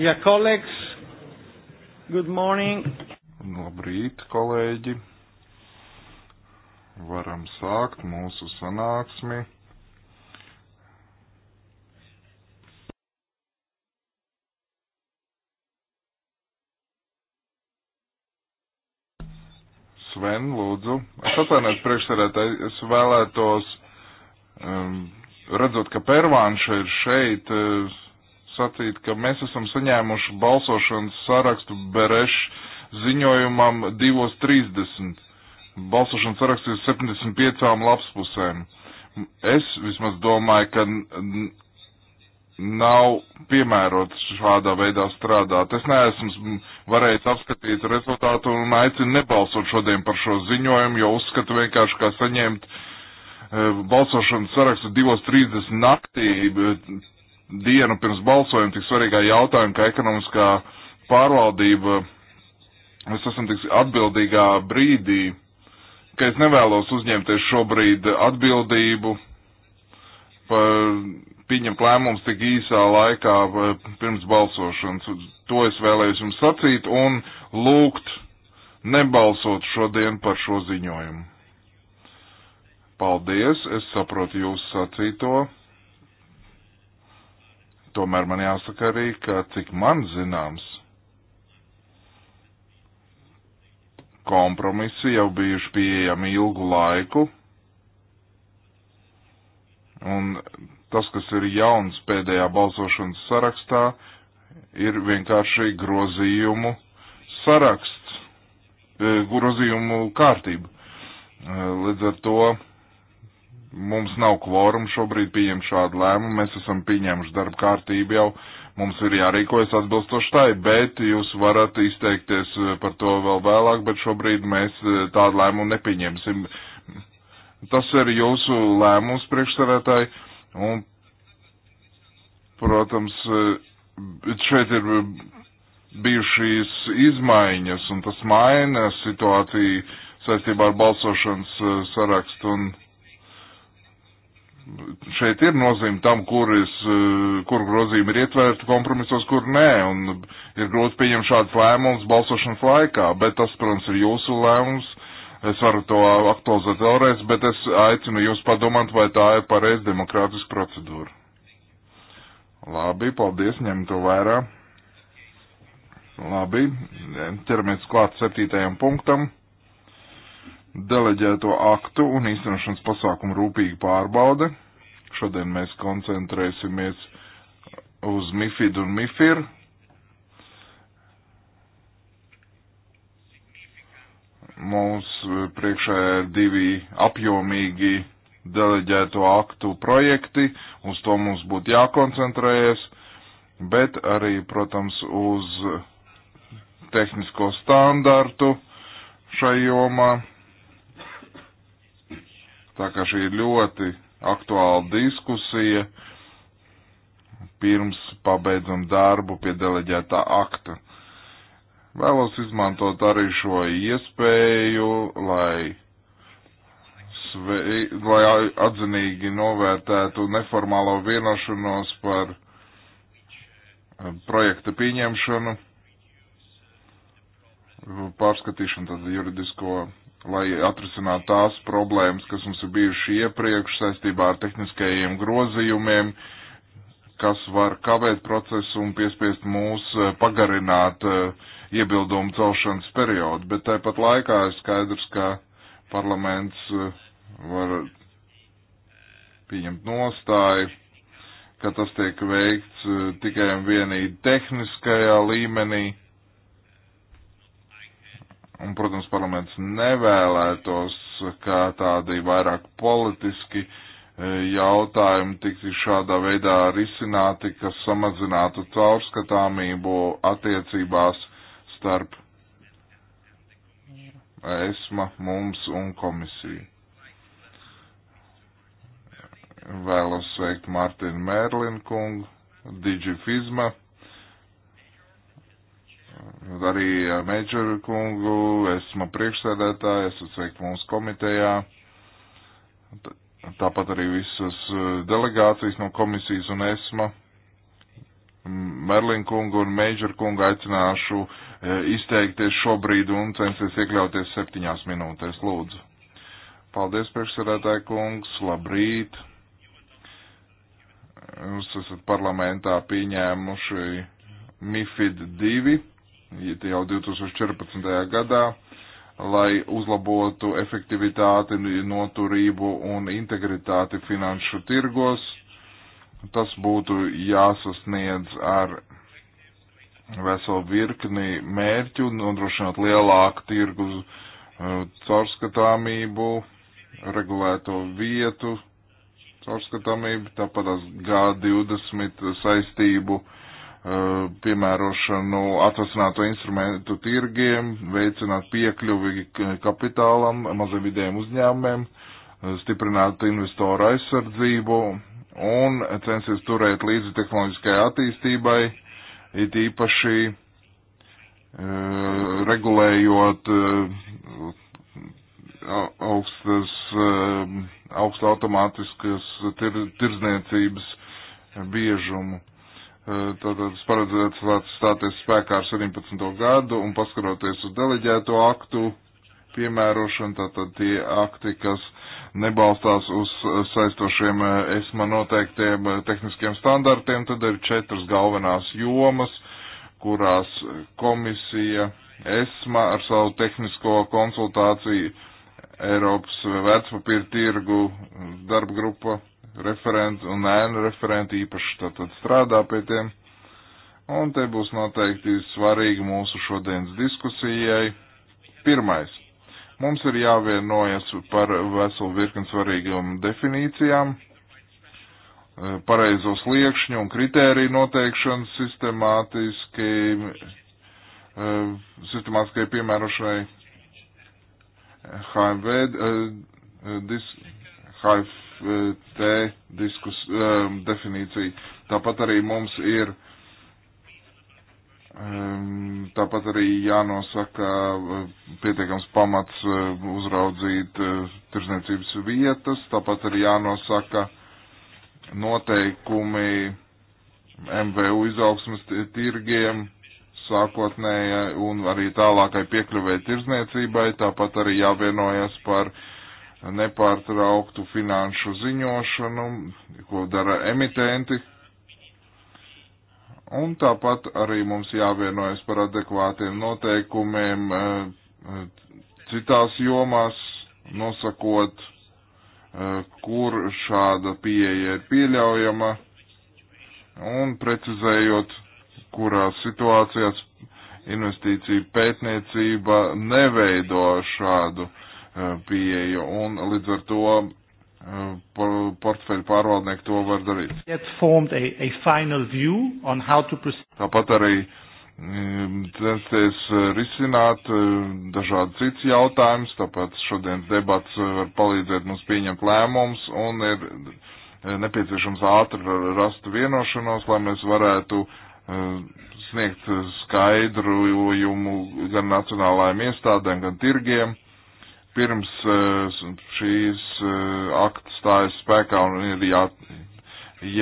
Dear colleagues, good morning. Labrīt, kolēģi. Varam sākt mūsu sanāksmi. Sven, lūdzu. Es atvainojos priekšsarētāji, es vēlētos, um, redzot, ka Pervānša ir šeit, uh, sacīt, ka mēs esam saņēmuši balsošanas sarakstu Bereš ziņojumam 2.30. Balsošanas saraksts ir 75 lapspusēm. Es vismaz domāju, ka nav piemērots šādā veidā strādāt. Es neesmu varējis apskatīt rezultātu un aicinu nebalsot šodien par šo ziņojumu, jo uzskatu vienkārši kā saņemt uh, balsošanas sarakstu 2.30 naktī dienu pirms balsojuma tik svarīgā jautājuma, kā ekonomiskā pārvaldība, mēs esam tik atbildīgā brīdī, ka es nevēlos uzņemties šobrīd atbildību par pieņemt lēmums tik īsā laikā pirms balsošanas. To es vēlējos jums sacīt un lūgt nebalsot šodien par šo ziņojumu. Paldies, es saprotu jūsu sacīto. Tomēr man jāsaka arī, ka cik man zināms, kompromisi jau bijuši pieejami ilgu laiku, un tas, kas ir jauns pēdējā balsošanas sarakstā, ir vienkārši grozījumu saraksts, eh, grozījumu kārtība. Eh, līdz ar to Mums nav kvorum šobrīd pieņemt šādu lēmumu, mēs esam pieņēmuši darba kārtību jau, mums ir jārīkojas atbilstoši tai, bet jūs varat izteikties eh, par to vēl vēlāk, bet šobrīd mēs eh, tādu lēmumu nepieņemsim. Tas ir jūsu lēmums priekšsarētāji, un, protams, eh, šeit ir bijušas izmaiņas, un tas maina situāciju saistībā ar balsošanas sarakstu. Un šeit ir nozīme tam, kuris, kur eh, grozījumi ir ietverti kompromisos, kur nē, un ir grūti pieņemt šādus lēmumus balsošanas laikā, bet tas, protams, ir jūsu lēmums. Es varu to aktualizēt vēlreiz, bet es aicinu jūs padomāt, vai tā ir pareiz demokrātiska procedūra. Labi, paldies, ņem to vērā. Labi, ķeramies klāt septītajam punktam deleģēto aktu un īstenošanas pasākumu rūpīgi pārbauda. Šodien mēs koncentrēsimies uz MIFID un MIFIR. Mums priekšā ir divi apjomīgi deleģēto aktu projekti, uz to mums būtu jākoncentrējas, bet arī, protams, uz tehnisko standartu šai jomā Tā kā šī ir ļoti aktuāla diskusija, pirms pabeidzam darbu pie deleģētā akta. Vēlos izmantot arī šo iespēju, lai, sve, lai atzinīgi novērtētu neformālo vienošanos par eh, projekta pieņemšanu, pārskatīšanu tad juridisko lai atrisinātu tās problēmas, kas mums ir bijuši iepriekš saistībā ar tehniskajiem grozījumiem, kas var kavēt procesu un piespiest mūs eh, pagarināt eh, iebildumu celšanas periodu. Bet tāpat laikā ir skaidrs, ka parlaments eh, var pieņemt nostāju, ka tas tiek veikts tikai un vienīgi tehniskajā līmenī Un, protams, parlaments nevēlētos, kā tādi vairāk politiski e, jautājumi tiktu šādā veidā risināti, kas samazinātu caurskatāmību attiecībās starp ESMA, mums un komisiju. Vēlos sveikt Martinu Mērlinu kungu, Digifizma arī eh, ar Meģeru kungu, esmu priekšsēdētāja, esmu sveikt mūsu komitejā. Tāpat arī visas eh, delegācijas no komisijas un esma. Merlin kungu un Meģeru kungu aicināšu eh, izteikties šobrīd un censties iekļauties septiņās minūtēs, lūdzu. Paldies, priekšsēdētāja kungs, labrīt. Jūs esat parlamentā pieņēmuši MIFID 2 jau 2014. gadā, lai uzlabotu efektivitāti, noturību un integritāti finanšu tirgos. Tas būtu jāsasniedz ar veselu virkni mērķu, nodrošinot lielāku tirgu eh, caurskatāmību, regulēto vietu caurskatāmību, tāpat tās G20 saistību uh, piemērošanu atvasināto instrumentu tirgiem, veicināt piekļuvi kapitālam, maziem vidējiem uzņēmumiem, stiprināt investoru aizsardzību un censties turēt līdzi tehnoloģiskai attīstībai, it īpaši e, regulējot e, augstas, e, augstu automātiskas tir, tirzniecības biežumu Tātad tas paredzēts lēts stāties spēkā ar 17. gadu un paskaroties uz deleģēto aktu piemērošanu, tātad tie akti, kas nebalstās uz saistošiem ESMA noteiktiem tehniskiem standartiem, tad ir četras galvenās jomas, kurās komisija ESMA ar savu tehnisko konsultāciju Eiropas vērtspapīra tirgu darba grupa referenti un ēnu referenti īpaši tātad strādā pie tiem. Un te būs noteikti svarīgi mūsu šodienas diskusijai. Pirmais. Mums ir jāvienojas par veselu virkni svarīgām definīcijām, eh, pareizo sliekšņu un kritēriju noteikšanu sistemātiski, eh, sistemātiskai piemērošanai HMV, eh, dis, HIV Eh, te diskus, um, definīciju. Tāpat arī mums ir um, tāpat arī jānosaka eh, pietiekams pamats uzraudzīt uh, tirzniecības vietas, tāpat arī jānosaka noteikumi MVU izaugsmas tirgiem, sākotnēja un arī tālākai piekļuvēja tirzniecībai, tāpat arī jāvienojas par uh, nepārtrauktu finanšu ziņošanu, ko dara emitenti. Un tāpat arī mums jāvienojas par adekvātiem noteikumiem eh, citās jomās, nosakot, eh, kur šāda pieeja ir pieļaujama un precizējot, kurās situācijās investīcija pētniecība neveido šādu uh, Eh, pieeju, un līdz ar to eh, portfeļu pārvaldnieki to var darīt. Tāpat arī mm, censties eh, risināt dažādi cits jautājums, tāpēc šodien debats var palīdzēt mums pieņemt lēmums un ir nepieciešams ātri rast vienošanos, lai mēs varētu sniegt skaidrojumu gan nacionālajiem iestādēm, gan tirgiem pirms eh, šīs eh, akta stājas spēkā un ir jā,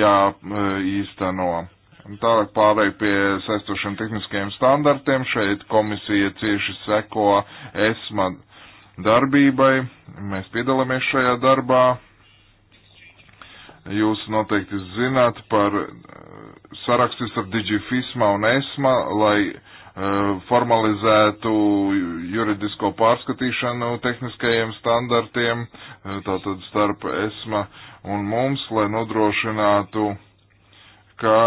jāīsteno. Eh, tālāk pārēj pie saistošiem tehniskajiem standartiem. Šeit komisija cieši seko ESMA darbībai. Mēs piedalāmies šajā darbā. Jūs noteikti zināt par sarakstus ar Digifisma un ESMA, lai formalizētu juridisko pārskatīšanu tehniskajiem standartiem, tātad starp ESMA un mums, lai nodrošinātu, ka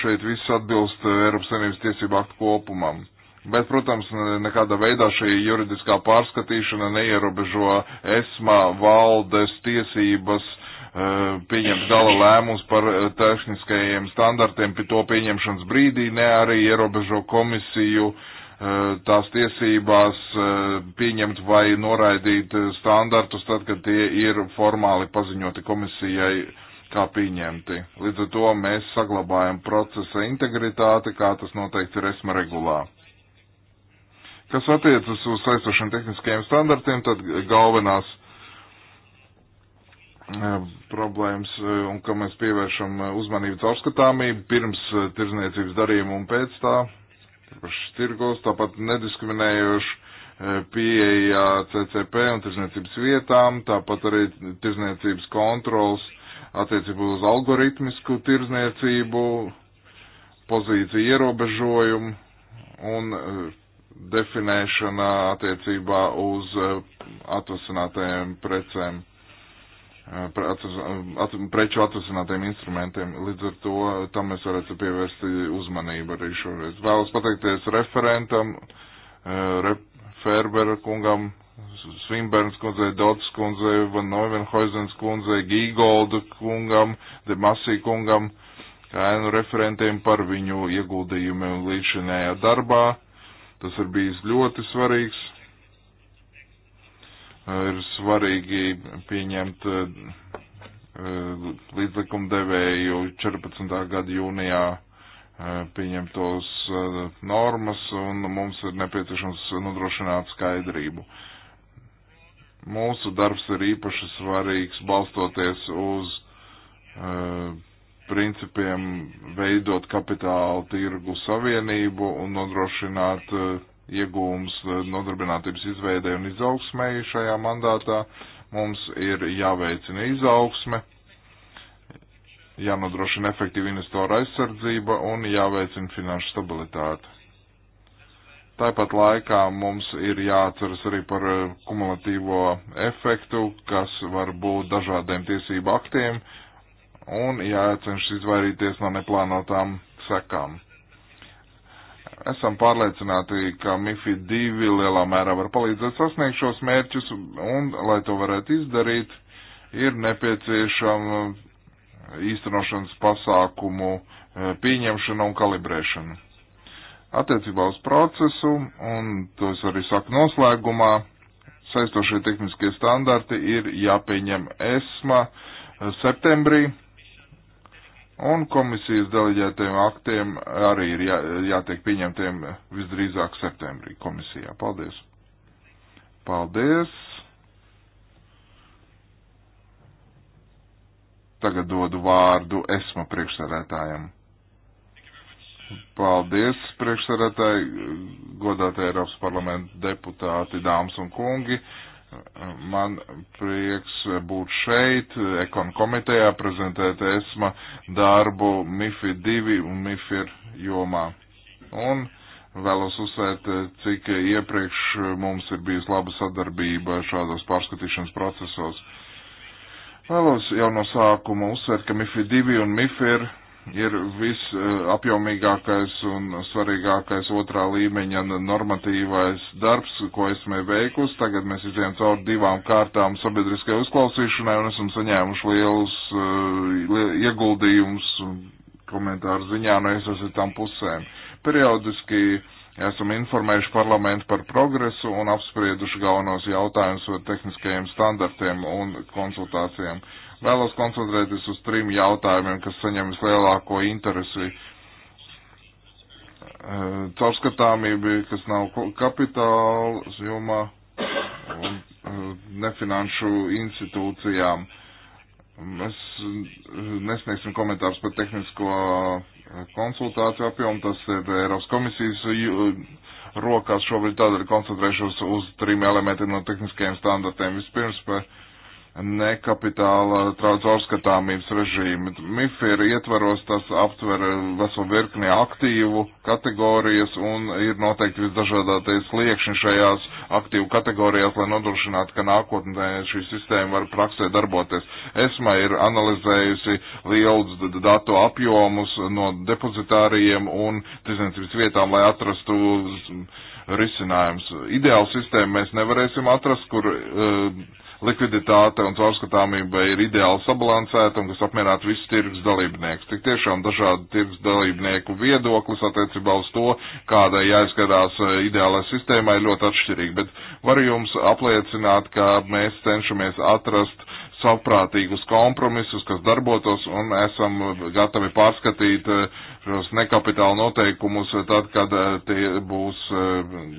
šeit viss atbilst Eiropas Savienības tiesību aktu kopumam. Bet, protams, nekādā veidā šī juridiskā pārskatīšana neierobežo ESMA valdes tiesības Eh, pieņems gala lēmums par eh, tehniskajiem standartiem, pie to pieņemšanas brīdī, ne arī ierobežo komisiju eh, tās tiesībās pieņemt vai noraidīt standartus tad, kad tie ir formāli paziņoti komisijai kā pieņemti. Līdz ar to mēs saglabājam procesa integritāti, kā tas noteikti ir esma regulā. Kas attiecas uz saistošiem tehniskajiem standartiem, tad galvenās problēmas un ka mēs pievēršam uzmanību caurskatāmību pirms tirzniecības darījuma un pēc tā, tirpaši tirgos, tāpat nediskriminējoši pieeja CCP un tirzniecības vietām, tāpat arī tirzniecības kontrols attiecībā uz algoritmisku tirzniecību, pozīciju ierobežojumu un definēšana attiecībā uz atvasinātajiem precēm at, preču atvasinātiem instrumentiem. Līdz ar to tam mēs varētu pievērst uzmanību arī šoreiz. Vēlos pateikties referentam, eh, rep, Ferbera kungam, Svinbērns kundzei, Dots kundzei, Van Neuvenhoizens kundzei, Gīgolda kungam, De Masī kungam, kā ēnu referentiem par viņu ieguldījumiem līdzinējā darbā. Tas ir bijis ļoti svarīgs ir svarīgi pieņemt eh, līdzlikumdevēju 14. gada jūnijā eh, pieņemtos eh, normas un mums ir nepieciešams nodrošināt skaidrību. Mūsu darbs ir īpaši svarīgs balstoties uz principiem veidot kapitāla tirgu savienību un nodrošināt uh, iegūmus eh, nodarbinātības izveidē un izaugsmēji šajā mandātā. Mums ir jāveicina izaugsme, jānodrošina efektīva investora aizsardzība un jāveicina finanšu stabilitāte. Tāpat laikā mums ir jāatceras arī par eh, kumulatīvo efektu, kas var būt dažādiem tiesību aktiem, un jācenšas izvairīties no neplānotām sekām. Esam pārliecināti, ka MIFID 2 lielā mērā var palīdzēt sasniegt šos mērķus, un, lai to varētu izdarīt, ir nepieciešama īstenošanas pasākumu eh, pieņemšana un kalibrēšana. Attiecībā uz procesu, un to es arī saku noslēgumā, saistošie tehniskie standarti ir jāpieņem ESMA eh, septembrī un komisijas deleģētajiem aktiem arī ir jā, jātiek pieņemtiem visdrīzāk septembrī komisijā. Paldies! Paldies! Tagad dodu vārdu ESMA priekšsarētājiem. Paldies, priekšsarētāji, godātie Eiropas parlamenta deputāti, dāmas un kungi. Man prieks būt šeit, ekon komitejā, prezentēt ESMA darbu MIFI 2 un MIFIR jomā. Un vēlos uzsvērt, cik iepriekš mums ir bijusi laba sadarbība šādos pārskatīšanas procesos. Vēlos jau no sākuma uzsvērt, ka MIFI 2 un MIFIR ir visapjomīgākais un svarīgākais otrā līmeņa normatīvais darbs, ko esmu veikusi. Tagad mēs izējām cauri divām kārtām sabiedriskajai uzklausīšanai un esam saņēmuši lielus uh, ieguldījumus komentāru ziņā no iesaistītām pusēm. Periodiski esam informējuši parlamentu par progresu un apsprieduši galvenos jautājumus par tehniskajiem standartiem un konsultācijām. Uh, Vēlos koncentrēties uz trim jautājumiem, kas saņem vislielāko interesi. Eh, caurskatāmība, kas nav kapitāla jomā un eh, nefinanšu institūcijām. Mēs eh, nesniegsim komentārus par tehnisko konsultāciju apjomu. Tas ir Eiropas komisijas rokās. Šobrīd tādēļ koncentrēšos uz trim elementiem no tehniskajiem standartiem. Vispirms par nekapitāla caurskatāmības režīmi. MIFIR ietvaros tas aptver veselu virkni aktīvu kategorijas un ir noteikti visdažādākie sliekšņi šajās aktīvu kategorijās, lai nodrošinātu, ka nākotnē šī sistēma var praksē darboties. ESMA ir analizējusi lielus datu apjomus no depozitārijiem un tirdzniecības vietām, lai atrastu risinājums. Ideālu sistēmu mēs nevarēsim atrast, kur uh, likviditāte un caurskatāmība ir ideāli sabalansēta un kas apmierinātu visus tirgus dalībniekus. Tik tiešām dažādu tirgus dalībnieku viedoklis attiecībā uz to, kādai jāizskatās eh, ideālai sistēmai, ļoti atšķirīgi, bet varu jums apliecināt, ka mēs cenšamies atrast saprātīgus kompromisus, kas darbotos, un esam gatavi pārskatīt eh, šos nekapitāla noteikumus eh, tad, kad eh, tie būs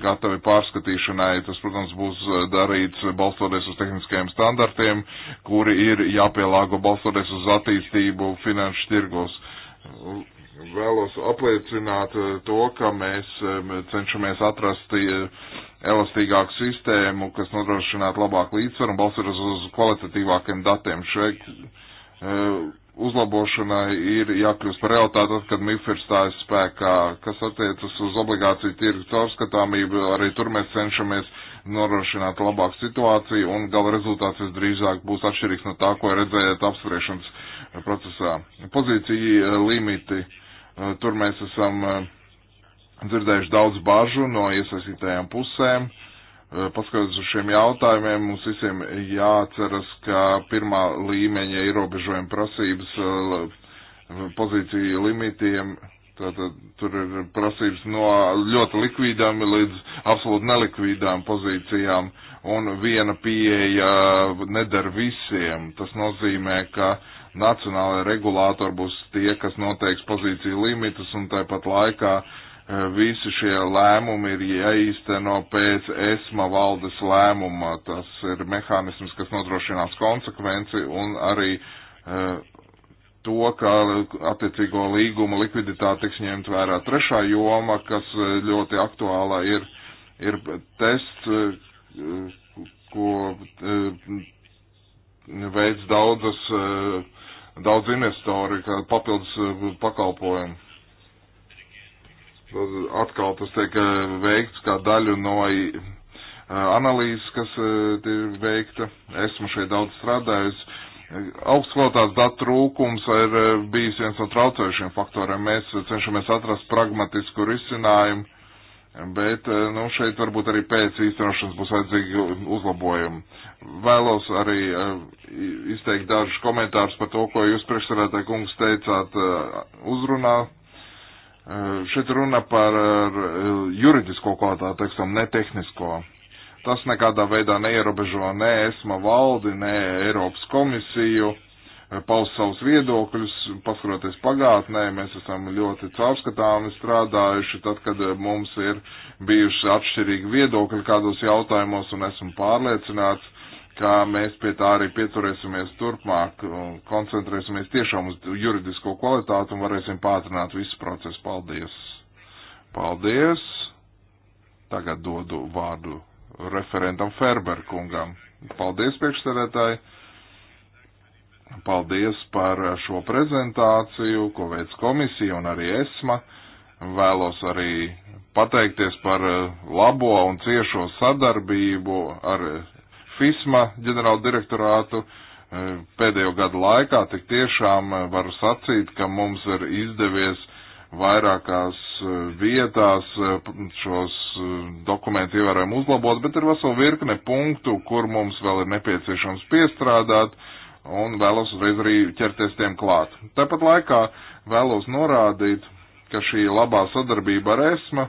gatavi pārskatīšanai. Tas, protams, būs darīts balstoties uz tehniskajiem standartiem, kuri ir jāpielāgo balstoties uz attīstību finanšu tirgos vēlos apliecināt eh, to, ka mēs eh, cenšamies atrast eh, elastīgāku sistēmu, kas nodrošinātu labāku līdzsvaru un balstītos uz kvalitatīvākiem datiem. Šeit uzlabošanai ir jākļūst par realitāti, tad, kad MIFIR stājas spēkā, kas attiecas uz obligāciju tirgu caurskatāmību, arī tur mēs cenšamies norošināt labāku situāciju un gala rezultāts visdrīzāk būs atšķirīgs no tā, ko redzējāt apspriešanas procesā. Pozīcija limiti. Uh, Eh, tur mēs esam eh, dzirdējuši daudz bažu no iesaistītajām pusēm. Eh, paskatoties uz šiem jautājumiem, mums visiem jāatceras, ka pirmā līmeņa ierobežojuma prasības pozīciju limitiem, tātad tur ir prasības no ļoti likvīdām līdz absolūti nelikvīdām pozīcijām, un viena pieeja neder visiem. Tas nozīmē, ka uh, nacionālai regulātori būs tie, kas noteiks pozīciju limitus un tāpat laikā e, visi šie lēmumi ir jāīsteno pēc ESMA valdes lēmuma. Tas ir mehānisms, kas nodrošinās konsekvenci un arī e, to, ka attiecīgo līguma likviditāte tiks ņemt vērā. Trešā joma, kas e, ļoti aktuāla ir, ir tests, ko veids daudzas daudz investori, kā papildus uh, pakalpojumu. Atkal tas tiek uh, veikts kā daļu no uh, analīzes, kas ir veikta. Esmu šeit daudz strādājusi. Augsts kvalitātes datu trūkums ir bijis viens no traucējušiem faktoriem. Mēs cenšamies atrast pragmatisku risinājumu Bet eh, nu, šeit varbūt arī pēc īstenošanas būs vajadzīgi uzlabojumi. Vēlos arī eh, izteikt dažus komentārus par to, ko jūs priekšsarētāji kungs teicāt eh, uzrunā. Šeit runa par juridisko kaut tā, teiksim, netehnisko. Tas nekādā veidā neierobežo ne ESMA valdi, ne Eiropas komisiju Eh, paust savus viedokļus, paskatoties pagātnē, mēs esam ļoti caurskatāmi strādājuši, tad, kad eh, mums ir bijuši atšķirīgi viedokļi kādos jautājumos, un esmu pārliecināts, ka mēs pie tā arī pieturēsimies turpmāk, koncentrēsimies tiešām uz juridisko kvalitāti un varēsim pātrināt visu procesu. Paldies! Paldies! Tagad dodu vārdu referentam Ferberkungam. Paldies, priekšsēdētāji! Paldies par šo prezentāciju, ko veids komisija un arī ESMA. Vēlos arī pateikties par eh, labo un ciešo sadarbību ar FISMA ģenerālu direktorātu eh, pēdējo gadu laikā. Tik tiešām eh, varu sacīt, ka mums ir izdevies vairākās vietās šos dokumentus ievērojami uzlabot, bet ir vesela virkne punktu, kur mums vēl ir nepieciešams piestrādāt un vēlos uzreiz arī ķerties tiem klāt. Tāpat laikā vēlos norādīt, ka šī labā sadarbība ar ESMA,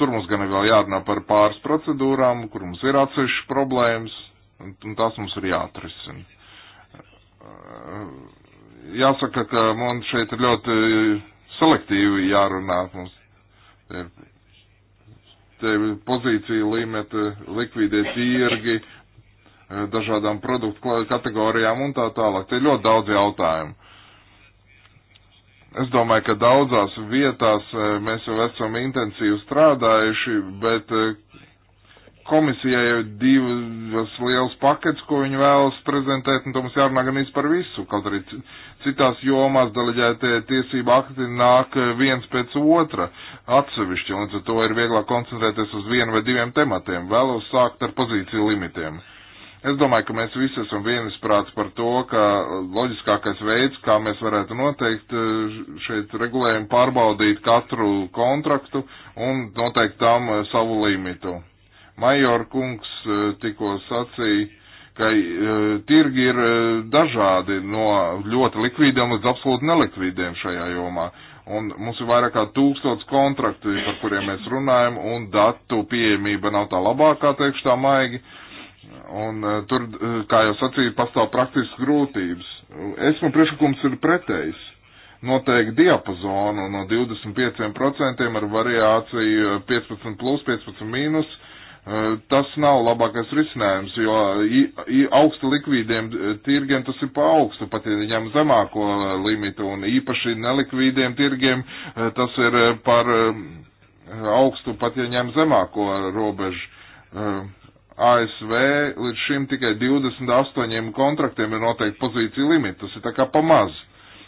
tur mums gan ir vēl jārunā par pāris procedūrām, kur mums ir atsevišķas problēmas, un, un tās mums ir jāatrisina. Jāsaka, ka mums šeit ir ļoti selektīvi jārunā. Mums ir pozīcija līmeta likvidē tirgi, Eh, dažādām produktu kategorijām un tā tālāk. Te ir ļoti daudz jautājumu. Es domāju, ka daudzās vietās eh, mēs jau esam intensīvi strādājuši, bet eh, komisijai jau divas liels pakets, ko viņi vēlas prezentēt, un to mums jārunā gan par visu, kaut arī citās jomās deleģētie tiesība akti nāk viens pēc otra atsevišķi, un līdz ar to ir vieglāk koncentrēties uz vienu vai diviem tematiem. Vēlos sākt ar pozīciju limitiem. Es domāju, ka mēs visi esam vienisprāts par to, ka loģiskākais veids, kā mēs varētu noteikt e, šeit regulējumu, pārbaudīt katru kontraktu un noteikt tam e, savu limitu. Major kungs e, tikko sacīja, ka tirgi ir dažādi no ļoti likvīdiem līdz absolūti nelikvīdiem šajā jomā. Un mums ir vairāk kā tūkstots kontraktu, par kuriem mēs runājam, un datu pieejamība nav tā labākā, teikšu tā maigi. Uh, Un eh, tur, eh, kā jau sacīju, pastāv praktisks grūtības. Esmu priekšlikums ir pretējs. Noteikti diapazonu no 25% ar variāciju 15 plus, 15 mīnus. Eh, tas nav labākais risinājums, jo augsta likvīdiem tirgiem tas ir pa augstu, pat ja viņam zemāko limitu, un īpaši nelikvīdiem tirgiem tas ir par augstu, pat ja ņem zemāko robežu ASV līdz šim tikai 28 kontraktiem ir noteikti pozīcija limita. Tas ir tā kā pamaz.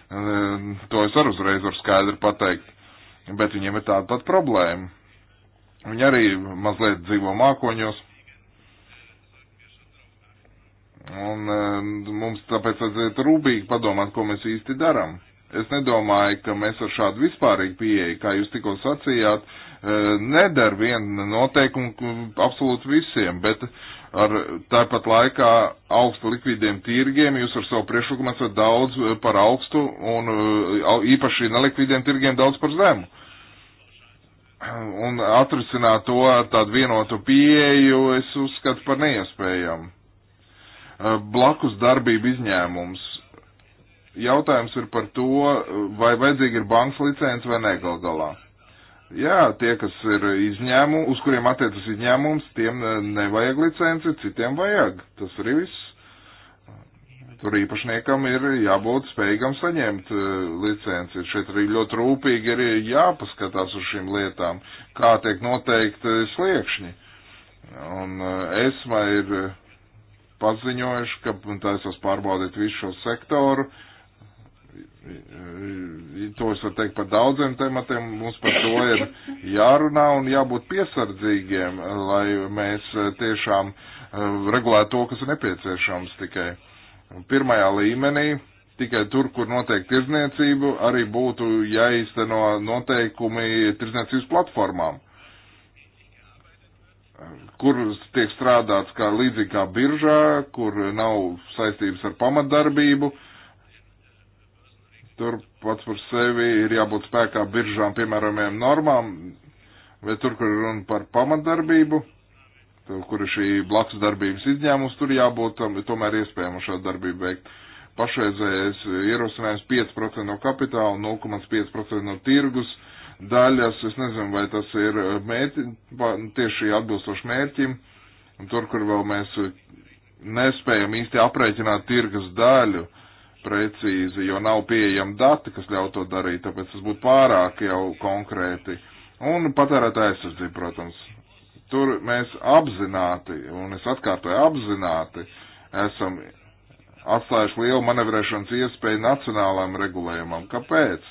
Um, to es arī uzreiz varu skaidri pateikt. Bet viņiem ir tāda pat problēma. Viņi arī mazliet dzīvo mākoņos. Un um, mums tāpēc vajadzētu rūpīgi padomāt, ko mēs īsti darām. Es nedomāju, ka mēs ar šādu vispārīgu pieeju, kā jūs tikko sacījāt, uh, Eh, nedara viena noteikuma absolūti visiem, bet ar tāpat laikā augstu likvidiem tirgiem jūs ar savu priekšlikumu esat daudz eh, par augstu un eh, īpaši nelikvidiem tirgiem daudz par zemu. Un atrisināt to ar tādu vienotu pieeju es uzskatu par neiespējamu. Blakus darbību izņēmums jautājums ir par to, vai vajadzīga ir bankas licence vai ne gal galā. Jā, tie, kas ir izņēmumi, uz kuriem attiecas izņēmums, tiem eh, nevajag licenci, citiem vajag. Tas arī viss. Tur īpašniekam ir jābūt spējīgam saņemt eh, licenci. Šeit arī ļoti rūpīgi ir jāpaskatās uz šīm lietām, kā tiek noteikti sliekšņi. Un eh, ESMA ir paziņojuši, ka taisās pārbaudīt visu šo sektoru, to es varu teikt par daudziem tematiem, mums par to ir jārunā un jābūt piesardzīgiem, lai mēs tiešām regulētu to, kas ir nepieciešams tikai pirmajā līmenī. Tikai tur, kur notiek tirzniecību, arī būtu jāizteno noteikumi tirzniecības platformām, kur tiek strādāts kā līdzīgi kā biržā, kur nav saistības ar pamatdarbību, uh, Tur pats par sevi ir jābūt spēkā biržām piemērojumiem normām, bet tur, kur runa par pamatdarbību, tur, kur ir šī blakus darbības izņēmums, tur jābūt tam, tomēr iespējama šāda darbība veikt. Pašreizējais ierosinājums 5% no kapitāla, 0,5% no tirgus daļas, es nezinu, vai tas ir mērķi, tieši atbilstoši mērķim, un tur, kur vēl mēs nespējam īsti aprēķināt tirgus daļu, uh, precīzi, jo nav pieejami dati, kas ļauj to darīt, tāpēc tas būtu pārāk jau konkrēti. Un patērētāja aizsardzība, protams. Tur mēs apzināti, un es atkārtoju, apzināti esam atstājuši lielu manevrēšanas iespēju nacionālām regulējumam. Kāpēc?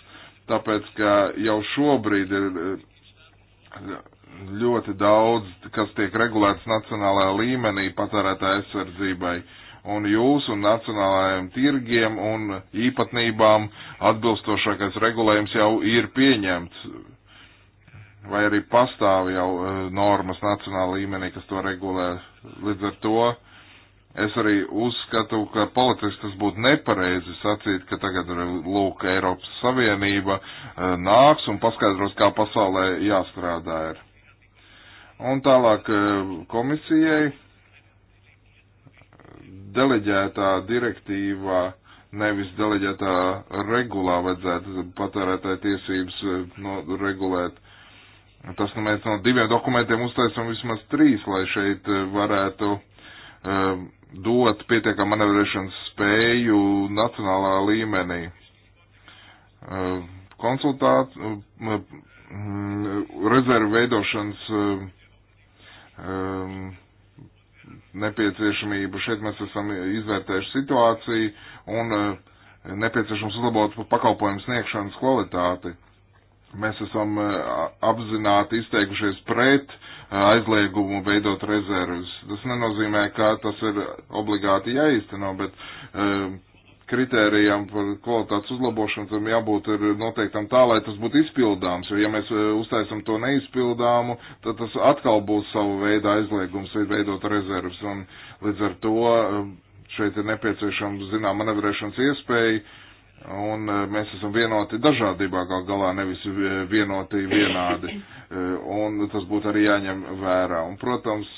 Tāpēc, ka jau šobrīd ir eh, ļoti daudz, kas tiek regulēts nacionālajā līmenī patērētāja aizsardzībai. Uh, un jūsu nacionālajiem tirgiem un īpatnībām atbilstošākais regulējums jau ir pieņemts. Vai arī pastāv jau e, normas nacionāla līmenī, kas to regulē. Līdz ar to Es arī uzskatu, ka politiski tas būtu nepareizi sacīt, ka tagad ir lūk Eiropas Savienība e, nāks un paskaidros, kā pasaulē jāstrādā ir. Un tālāk e, komisijai deleģētā direktīvā, nevis deleģētā regulā vajadzētu patērētāju tiesības eh, no, regulēt. Tas, nu, mēs no diviem dokumentiem uztaisam vismaz trīs, lai šeit eh, varētu um, dot pietiekam manevrēšanas spēju nacionālā līmenī. Um, konsultāt, um, rezervu veidošanas um, nepieciešamību. Šeit mēs esam izvērtējuši situāciju un eh, nepieciešams uzlabot pakalpojumu sniegšanas kvalitāti. Mēs esam eh, apzināti izteikušies pret eh, aizliegumu veidot rezervus. Tas nenozīmē, ka tas ir obligāti jāīsteno, bet kritērijām par kvalitātes uzlabošanu tam jābūt ir noteiktam tā, lai tas būtu izpildāms, jo ja mēs e, uztaisam to neizpildāmu, tad tas atkal būs savu veidu aizliegums veidot rezervas, un līdz ar to e, šeit ir nepieciešama zinām manevrēšanas iespēja, un e, mēs esam vienoti dažādībā gal galā, nevis vienoti vienādi, un tas būtu arī jāņem vērā. Un, protams,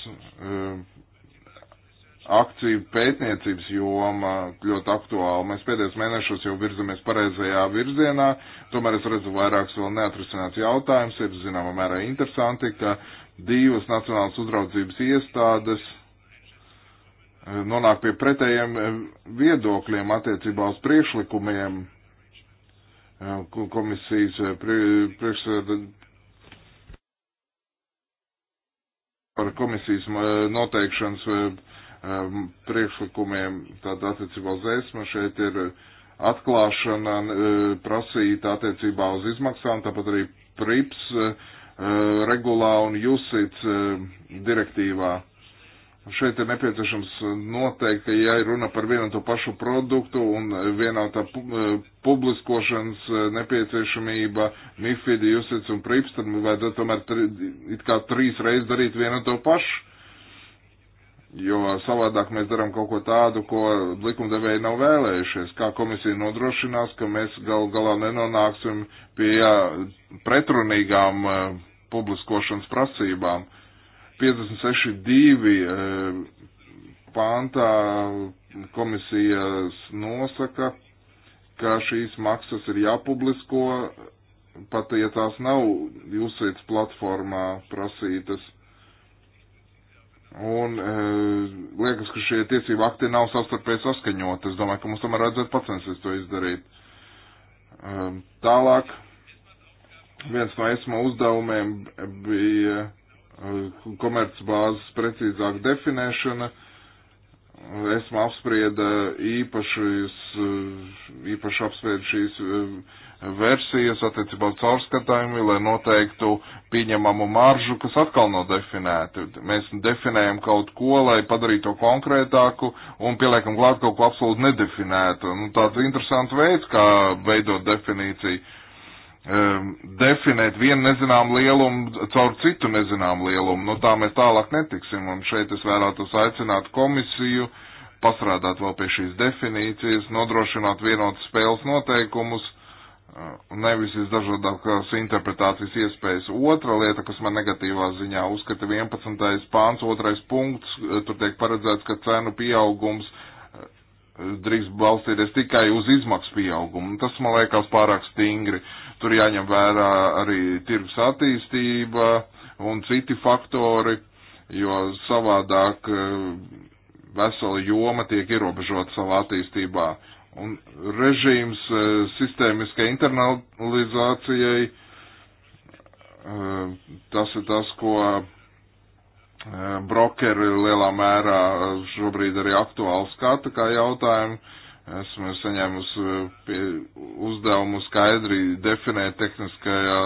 akciju pētniecības joma ļoti aktuāla. Mēs pēdējos mēnešos jau virzamies pareizajā virzienā, tomēr es redzu vairākus vēl neatrisināts jautājumus. Ir zināmā mērā interesanti, ka divas nacionālas uzraudzības iestādes eh, nonāk pie pretējiem eh, viedokļiem attiecībā uz priekšlikumiem eh, komisijas priekšsēdētāja par komisijas noteikšanas Um, priekšlikumiem, tāda attiecībā uz ESMA šeit ir atklāšana uh, prasīta attiecībā uz izmaksām, tāpat arī PRIPS uh, regulā un JUSIT uh, direktīvā. Šeit ir nepieciešams noteikt, ka ja ir runa par vienu to pašu produktu un vienotā publiskošanas nepieciešamība, MIFID, JUSITS un PRIPS, tad vajadzētu tomēr it kā trīs reizes darīt vienu to pašu jo savādāk mēs darām kaut ko tādu, ko likumdevēji nav vēlējušies. Kā komisija nodrošinās, ka mēs gal galā nenonāksim pie pretrunīgām uh, publiskošanas prasībām. 56.2. Uh, e, pāntā komisijas nosaka, ka šīs maksas ir jāpublisko, pat ja tās nav jūsītas platformā prasītas Un e, liekas, ka šie tiesību akti nav savstarpēji saskaņot. Es domāju, ka mums tomēr vajadzētu pacensties to izdarīt. E, tālāk, viens no esmu uzdevumiem bija e, komercbāzes precīzāk definēšana. Esmu apsprieda īpašas, e, īpaši apsprieda šīs e, versijas attiecībā uz caurskatājumu, lai noteiktu pieņemamu maržu, kas atkal nav definēta. Mēs definējam kaut ko, lai padarītu to konkrētāku un pieliekam klāt kaut ko absolūti nedefinētu. Nu, tāds interesants veids, kā veidot definīciju. Um, definēt vienu nezinām lielumu caur citu nezinām lielumu, nu tā mēs tālāk netiksim, un šeit es vēlētos aicināt komisiju pastrādāt vēl pie šīs definīcijas, nodrošināt vienotas spēles noteikumus, nevis visdažādākās interpretācijas iespējas. Otra lieta, kas man negatīvā ziņā uzskata 11. pāns, otrais punkts, tur tiek paredzēts, ka cenu pieaugums eh, drīkst balstīties tikai uz izmaksu pieaugumu. Tas man liekas pārāk stingri. Tur jāņem vērā arī tirgus attīstība un citi faktori, jo savādāk eh, vesela joma tiek ierobežota savā attīstībā. Un režīms e, sistēmiskai internalizācijai, e, tas ir tas, ko e, brokeri lielā mērā šobrīd arī aktuāli skata kā jautājumu. Esmu saņēmusi uzdevumu skaidri definēt tehniskajā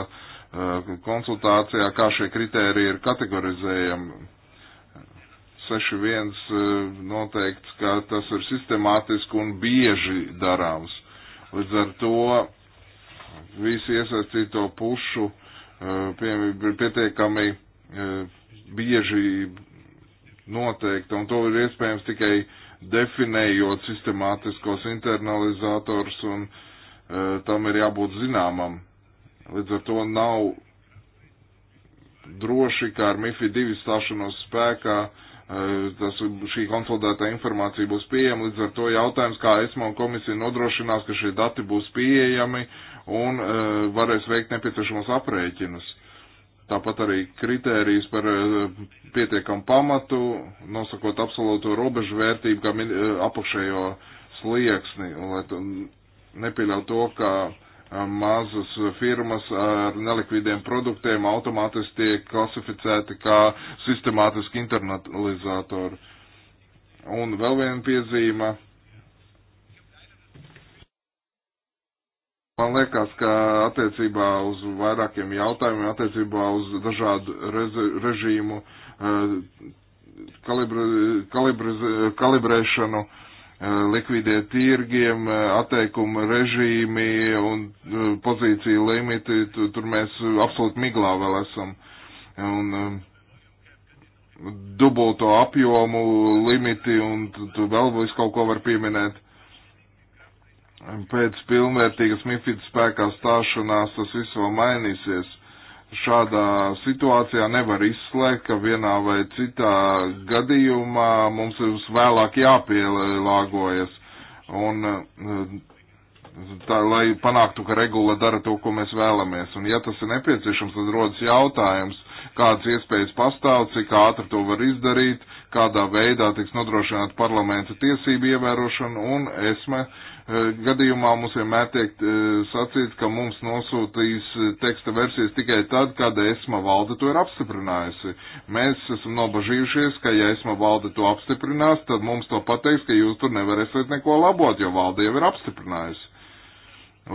konsultācijā, kā šie kriteriji ir kategorizējami. 61 eh, noteikts, ka tas ir sistemātiski un bieži darāms. Līdz ar to visi iesaistīto pušu eh, pie, pietiekami eh, bieži noteikta, un to ir iespējams tikai definējot sistemātiskos internalizators, un tam ir jābūt zināmam. Līdz ar to nav droši, kā ar MIFI 2 stāšanos spēkā, uh, tas, šī konsolidētā informācija būs pieejama. Līdz ar to jautājums, kā ESMO komisija nodrošinās, ka šie dati būs pieejami un uh, varēs veikt nepieciešamos aprēķinus. Tāpat arī kritērijas par uh, pietiekamu pamatu, nosakot absolūto robežu vērtību, kā min, uh, apakšējo slieksni, un lai nepieļautu to, ka uh, mazas firmas ar nelikvidiem produktiem automātiski tiek klasificēti kā sistemātiski internalizatori. Un vēl viena piezīme. Man liekas, ka attiecībā uz vairākiem jautājumiem, attiecībā uz dažādu režīmu kalibra, eh, kalibra, kalibrēšanu uh, Eh, likvidē tirgiem, eh, atteikuma režīmi un eh, pozīciju limiti, tur mēs absolūti miglā vēl esam. Un, dubulto apjomu limiti un tu vēl visu kaut ko var pieminēt. Pēc pilnvērtīgas MIFID spēkā stāšanās tas viss vēl mainīsies šādā situācijā nevar izslēgt, ka vienā vai citā gadījumā mums ir vēlāk jāpielāgojas. Un eh, tā, lai panāktu, ka regula dara to, ko mēs vēlamies. Un ja tas ir nepieciešams, tad rodas jautājums, kādas iespējas pastāv, cik ātri to var izdarīt, kādā veidā tiks nodrošināta parlamenta tiesība ievērošana un esme. Uh, Eh, gadījumā mums vienmēr tiek eh, sacīts, ka mums nosūtīs eh, teksta versijas tikai tad, kad ESMA valde to ir apstiprinājusi. Mēs esam nobažījušies, ka ja ESMA valde to apstiprinās, tad mums to pateiks, ka jūs tur nevarēsiet neko labot, jo valde jau ir apstiprinājusi.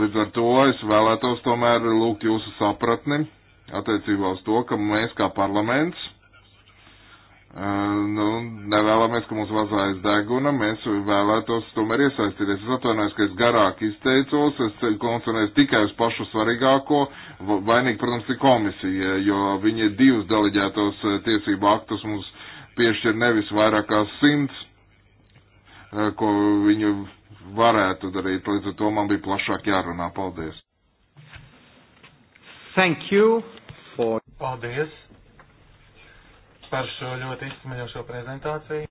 Līdz ar to es vēlētos tomēr lūgt jūsu sapratni attiecībā uz to, ka mēs kā parlaments Eh, nu, nevēlamies, ka mums vazājas deguna, mēs vēlētos tomēr iesaistīties. Es atvainojos, ka es garāk izteicos, es koncentrējos tikai uz pašu svarīgāko, vainīgi, protams, ir komisija, jo viņi divus deleģētos eh, tiesību aktus mums piešķir nevis vairāk kā simts, eh, ko viņu varētu darīt, līdz ar to man bija plašāk jārunā. Paldies! Thank you for... Paldies! par šo ļoti izsmeļošo prezentāciju.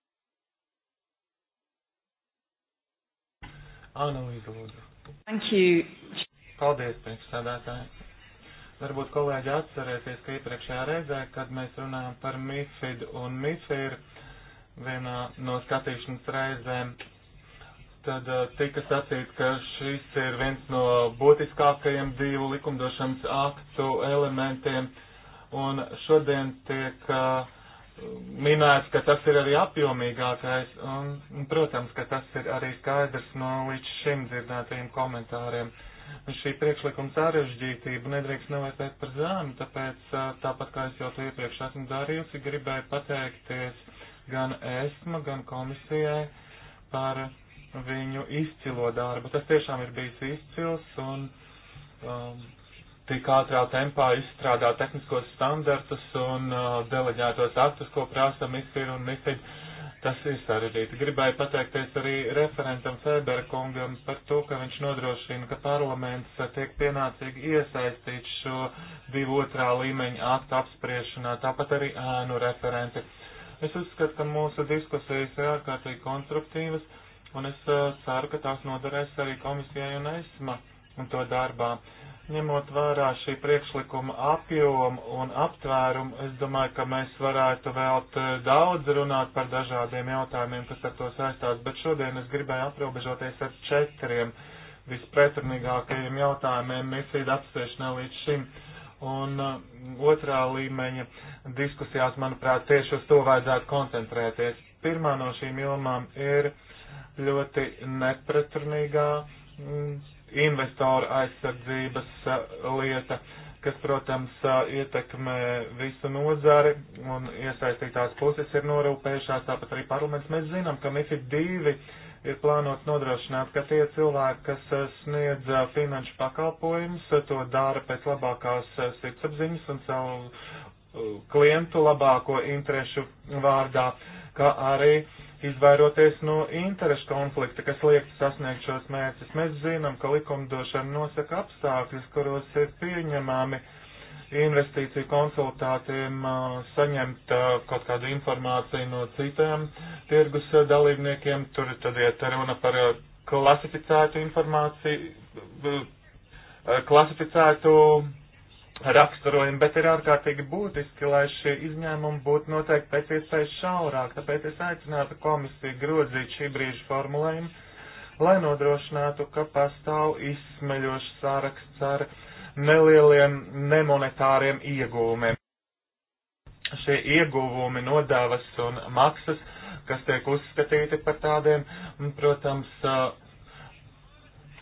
Analīze lūdzu. Thank you. Paldies, priekšsādātāji. Varbūt kolēģi atcerēsies, ka iepriekšējā reizē, kad mēs runājam par MIFID un MIFIR vienā no skatīšanas reizēm, tad uh, tika sacīts, ka šis ir viens no būtiskākajiem divu likumdošanas aktu elementiem, un šodien tiek uh, minēts, ka tas ir arī apjomīgākais, un, un, protams, ka tas ir arī skaidrs no līdz šim dzirdētajiem komentāriem. Un šī priekšlikuma sarežģītība nedrīkst novērtēt par zēmu, tāpēc, tāpat kā es jau to iepriekš esmu darījusi, gribēju pateikties gan ESMA, gan komisijai par viņu izcilo darbu. Tas tiešām ir bijis izcils, un um, tik ātrā tempā izstrādā tehniskos standartus un uh, deleģētos aktus, ko prasa MIFIR un MIFID. Tas ir sarežģīti. Gribēju pateikties arī referentam Fēberkungam par to, ka viņš nodrošina, ka parlaments tiek pienācīgi iesaistīts šo divu otrā līmeņa aktu apspriešanā, tāpat arī ēnu referenti. Es uzskatu, ka mūsu diskusijas ir ārkārtīgi konstruktīvas, un es uh, ceru, ka tās noderēs arī komisijai un ESMA un to darbā. Uh, Ņemot vērā šī priekšlikuma apjomu un aptvērumu, es domāju, ka mēs varētu vēl daudz runāt par dažādiem jautājumiem, kas ar to saistās, bet šodien es gribēju aprobežoties ar četriem vispretrunīgākajiem jautājumiem misiju apspriešanai līdz šim. Un uh, otrā līmeņa diskusijās, manuprāt, tieši uz to vajadzētu koncentrēties. Pirmā no šīm jomām ir ļoti nepretrunīgā. Mm, investoru aizsardzības uh, lieta, kas, protams, uh, ietekmē visu nozari un iesaistītās puses ir norūpējušās, tāpat arī parlaments. Mēs zinām, ka MIFID 2 ir plānots nodrošināt, ka tie cilvēki, kas uh, sniedz finanšu pakalpojumus, to dara pēc labākās sirdsapziņas un savu klientu labāko interešu vārdā, kā arī uh, izvairoties no interešu konflikta, kas liek sasniegt šos mērķus. Mēs zinām, ka likumdošana nosaka apstākļus, kuros ir pieņemami investīciju konsultātiem saņemt kaut kādu informāciju no citām tirgus dalībniekiem. Tur tad iet runa par klasificētu informāciju, klasificētu raksturojumi, bet ir ārkārtīgi būtiski, lai šie izņēmumi būtu noteikti pēc iespējas šaurāk. Tāpēc es aicinātu komisiju grozīt šī brīža formulējumu, lai nodrošinātu, ka pastāv izsmeļošs sāraksts ar nelieliem nemonetāriem ieguvumiem. Šie ieguvumi, nodevas un maksas, kas tiek uzskatīti par tādiem, protams, uh,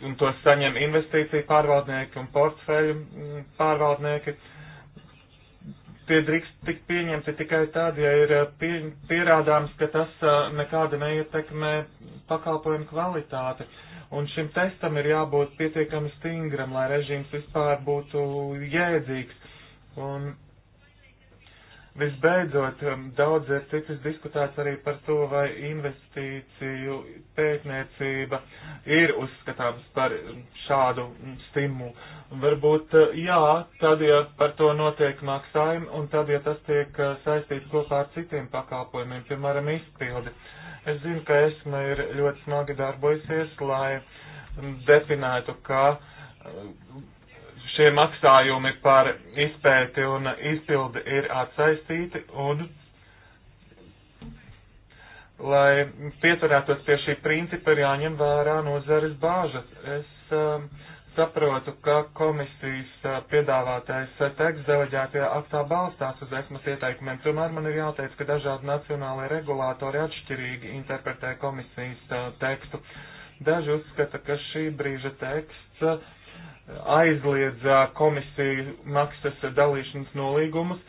un tos saņem investīciju pārvaldnieki un portfeļu mm, pārvaldnieki. Tie drīkst tikt pieņemti tikai tad, ja ir eh, pie, pierādāms, ka tas eh, nekāda neietekmē pakalpojumu kvalitāti. Un šim testam ir jābūt pietiekami stingram, lai režīms vispār būtu jēdzīgs. Un Visbeidzot, um, daudz ir ticis diskutēts arī par to, vai investīciju pētniecība ir uzskatāms par um, šādu um, stimulu. Varbūt uh, jā, tad, ja par to notiek maksājumi, un tad, ja tas tiek uh, saistīts kopā ar citiem pakalpojumiem, piemēram, izpildi. Es zinu, ka esmu ir ļoti smagi darbojusies, lai definētu, ka uh, šie maksājumi par izpēti un izpildi ir atsaistīti un lai pieturētos pie šī principa ir jāņem vērā nozares bāžas. Es um, saprotu, ka komisijas uh, piedāvātais uh, teksts deleģētajā aktā balstās uz esmas ieteikumiem. Tomēr man ir jāteic, ka dažādi nacionālai regulātori atšķirīgi interpretē komisijas uh, tekstu. Daži uzskata, ka šī brīža teksts uh, aizliedz komisiju maksas dalīšanas nolīgumus.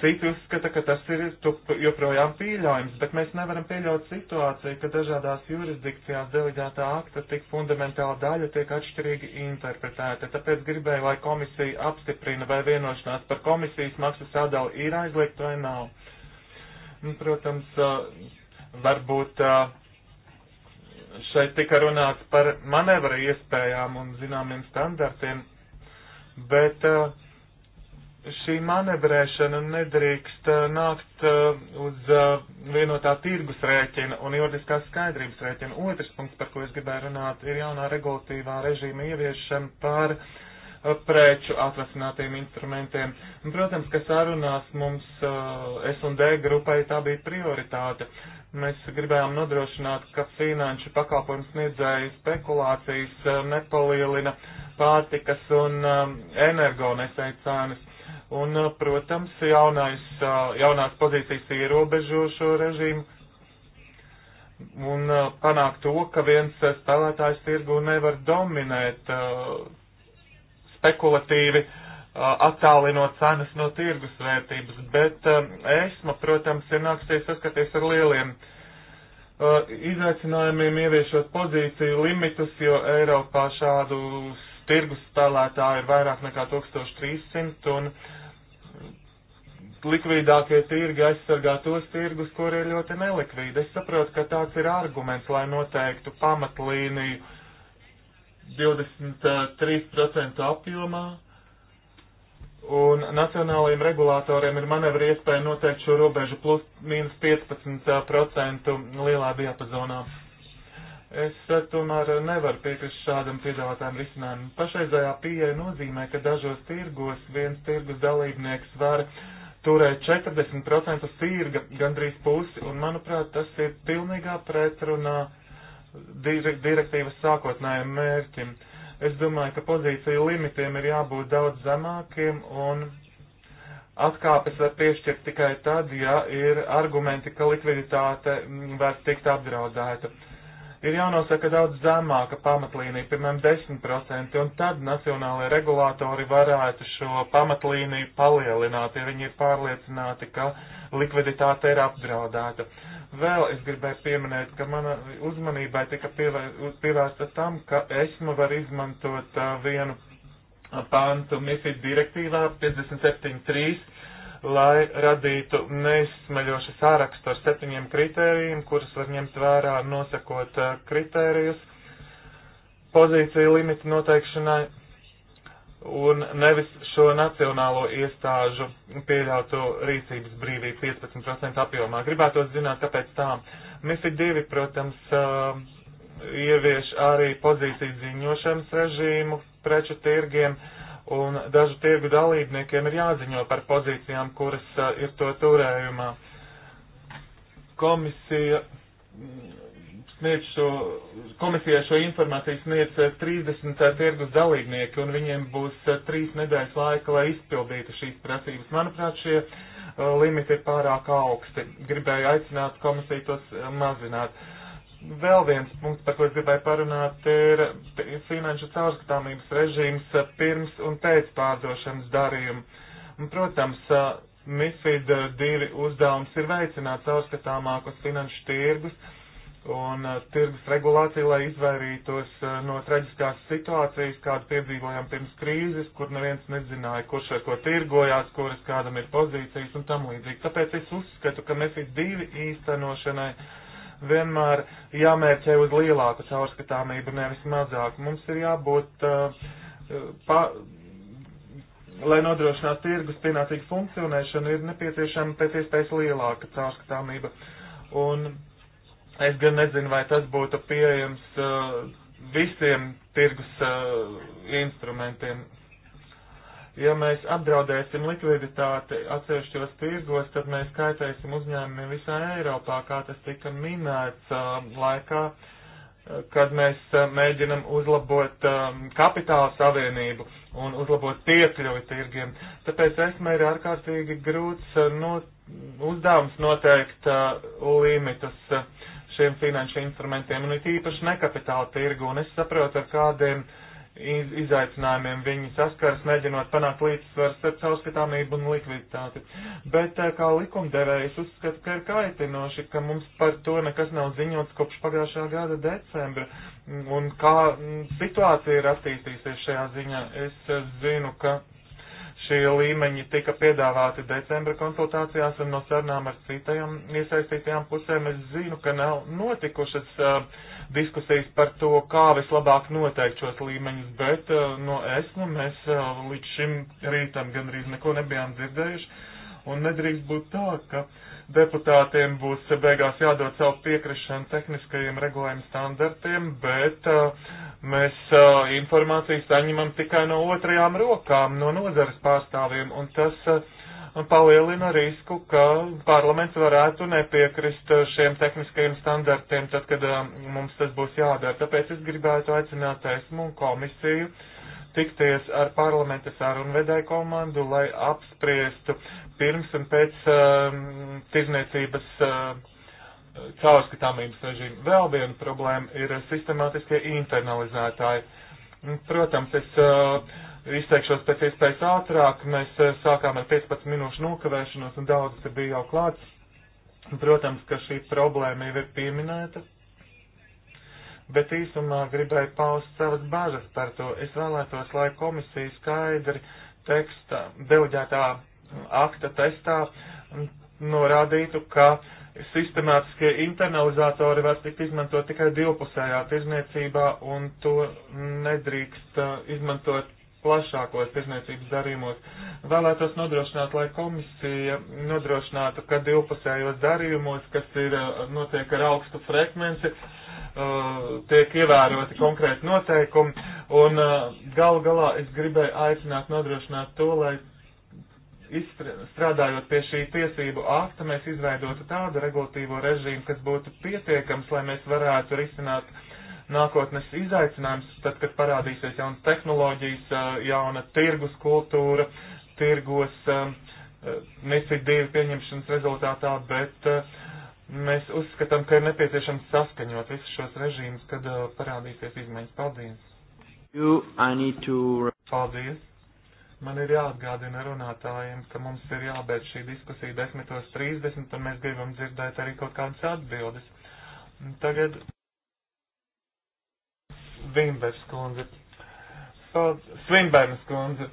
Citi uzskata, ka tas ir joprojām pieļaujams, bet mēs nevaram pieļaut situāciju, ka dažādās jurisdikcijās deleģētā akta tik fundamentāla daļa tiek atšķirīgi interpretēta. Tāpēc gribēju, lai komisija apstiprina, vai vienošanās par komisijas maksu sadali ir aizliegt vai nav. Protams, varbūt uh, šeit tika runāts par manevra iespējām un zināmiem standartiem, bet eh, šī manevrēšana nedrīkst eh, nākt eh, uz vienotā tirgus rēķina un juridiskās skaidrības rēķina. Otrs punkts, par ko es gribēju runāt, ir jaunā regulatīvā režīma ieviešana par preču atvasinātiem instrumentiem. Un, protams, ka sarunās mums S&D grupai tā bija prioritāte. Mēs gribējām nodrošināt, ka finanšu pakalpojumu sniedzēju spekulācijas eh, nepalielina pārtikas un eh, energonesēju cenas. Un, eh, protams, jaunais, jaunās pozīcijas ierobežo šo režīmu un panāk to, ka viens spēlētājs tirgu nevar dominēt spekulatīvi uh, attālinot cenas no tirgus vērtības, bet ESMA, protams, ir nāksies saskaties ar lieliem izaicinājumiem ieviešot pozīciju limitus, jo Eiropā šādu tirgus spēlētāju ir vairāk nekā 1300 un likvidākie tirgi aizsargā tos tirgus, kur ir ļoti nelikvīdi. Es saprotu, ka tāds ir arguments, lai noteiktu pamatlīniju 23% apjomā, Un nacionālajiem regulātoriem ir manevra iespēja noteikt šo robežu plus mīnus 15% uh, lielā diapazonā. Es uh, tomēr uh, nevaru piekrist šādam piedāvātājam risinājumam. Pašreizējā pieeja nozīmē, ka dažos tirgos viens tirgus dalībnieks var turēt 40% tirga, gandrīz pusi, un manuprāt, tas ir pilnīgā pretrunā direktīvas sākotnējiem mērķim. Uh, Es domāju, ka pozīciju limitiem ir jābūt daudz zemākiem un atkāpes var piešķirt tikai tad, ja ir argumenti, ka likviditāte var tikt apdraudēta. Ir jānosaka daudz zemāka pamatlīnija, piemēram, 10%, un tad nacionālajie regulātori varētu šo pamatlīniju palielināt, ja viņi ir pārliecināti, ka likviditāte ir apdraudēta. Uh, Vēl es gribēju pieminēt, ka mana uzmanībai tika pievērsta tam, ka esmu var izmantot uh, vienu pāntu MIFID direktīvā 57.3, lai radītu neizsmeļošu sārakstu ar septiņiem kritērijiem, kurus var ņemt vērā nosakot uh, kritērijus pozīciju limitu noteikšanai un nevis šo nacionālo iestāžu pieļautu rīcības brīvību 15% apjomā. Gribētos zināt, kāpēc tā. MIFID 2, protams, uh, ievieš arī pozīciju ziņošanas režīmu preču tirgiem, un dažu tirgu dalībniekiem ir jāziņo par pozīcijām, kuras uh, ir to turējumā. Komisija sniedz šo, komisijai šo informāciju sniedz 30 eh, eh, tirgus dalībnieki, un viņiem būs 3 eh, nedēļas laika, lai izpildītu šīs prasības. Manuprāt, šie uh, limiti ir pārāk augsti. Gribēju aicināt komisiju tos mazināt. Vēl viens punkts, par ko es gribēju parunāt, ir finanšu caurskatāmības režīms pirms un pēc pārdošanas darījumu. Un, protams, MIFID divi uzdevums ir veicināt caurskatāmākus finanšu tirgus un uh, tirgus regulācija, lai izvairītos uh, no traģiskās situācijas, kādu piedzīvojām pirms krīzes, kur neviens nezināja, kurš ar ko tirgojās, kuras kādam ir pozīcijas un tam līdzīgi. Tāpēc es uzskatu, ka mēs divi īstenošanai vienmēr jāmērķē uz lielāku caurskatāmību, nevis mazāku. Mums ir jābūt, uh, uh, pa, lai nodrošinātu tirgus pienācīgu funkcionēšanu, ir nepieciešama pēc iespējas lielāka caurskatāmība. Un Es gan nezinu, vai tas būtu pieejams uh, visiem tirgus uh, instrumentiem. Ja mēs apdraudēsim likviditāti atsevišķos tirgos, tad mēs kaitēsim uzņēmumiem visā Eiropā, kā tas tika minēts uh, laikā, uh, kad mēs uh, mēģinam uzlabot um, kapitāla savienību un uzlabot piekļuvi tirgiem. Tāpēc esmē ir ārkārtīgi grūts uh, no, uzdevums noteikt uh, limitus. Uh, šiem finanšu instrumentiem, un it īpaši nekapitāla tirgu, un es saprotu, ar kādiem iz, izaicinājumiem viņi saskars, mēģinot panākt līdzsvaru starp caurskatāmību un likviditāti. Bet eh, kā likumdevējs uzskatu, ka ir kaitinoši, ka mums par to nekas nav ziņots kopš pagājušā gada decembra, un kā situācija ir attīstījusies šajā ziņā, es eh, zinu, ka Šie līmeņi tika piedāvāti decembra konsultācijās un no sarunām ar citajām iesaistītajām pusēm. Es zinu, ka nav notikušas uh, diskusijas par to, kā vislabāk noteikt šos līmeņus, bet uh, no esmu mēs uh, līdz šim rītam gandrīz neko nebijām dzirdējuši. Un nedrīkst būt tā, ka uh, deputātiem būs beigās jādod savu piekrišanu tehniskajiem regulējuma standartiem, bet uh, mēs uh, informāciju saņemam tikai no otrajām rokām, no nozares pārstāvjiem, un tas uh, palielina risku, ka parlaments varētu nepiekrist uh, šiem tehniskajiem standartiem, tad, kad uh, mums tas būs jādara. Tāpēc es gribētu aicināt esmu un komisiju tikties ar parlamenta sarunvedēju komandu, lai apspriestu pirms un pēc uh, tirzniecības uh, caurskatāmības režīma. Vēl viena problēma ir sistemātiskie internalizētāji. Protams, es uh, izteikšos pēc iespējas ātrāk. Mēs uh, sākām ar 15 minūšu nokavēšanos un daudzas ir bija jau klāts. Protams, ka šī problēma jau ir pieminēta. Bet īsumā gribēju paust savas bažas par to. Es vēlētos, lai komisija skaidri teksta, deleģētā akta testā norādītu, ka sistemātiskie internalizatori var tikt izmantot tikai divpusējā tirzniecībā un to nedrīkst uh, izmantot plašākos tirzniecības darījumos. Vēlētos nodrošināt, lai komisija nodrošinātu, ka divpusējos darījumos, kas ir uh, notiek ar augstu frekvenci, uh, tiek ievēroti konkrēti noteikumi, un gal galā es gribēju aicināt nodrošināt to, lai strādājot pie šī tiesību akta, mēs izveidotu tādu regulatīvo režīmu, kas būtu pietiekams, lai mēs varētu risināt nākotnes izaicinājums, tad, kad parādīsies jaunas tehnoloģijas, jauna tirgus kultūra, tirgos necidīvi pieņemšanas rezultātā, bet mēs uzskatām, ka ir nepieciešams saskaņot visus šos režīmus, kad parādīsies izmaiņas. Paldies! You, to... Paldies! Man ir jāatgādina runātājiem, ka mums ir jābeidz šī diskusija 10.30, un mēs gribam dzirdēt arī kaut kādas atbildes. Tagad Vimbers kundze. Svinbērnas kundze.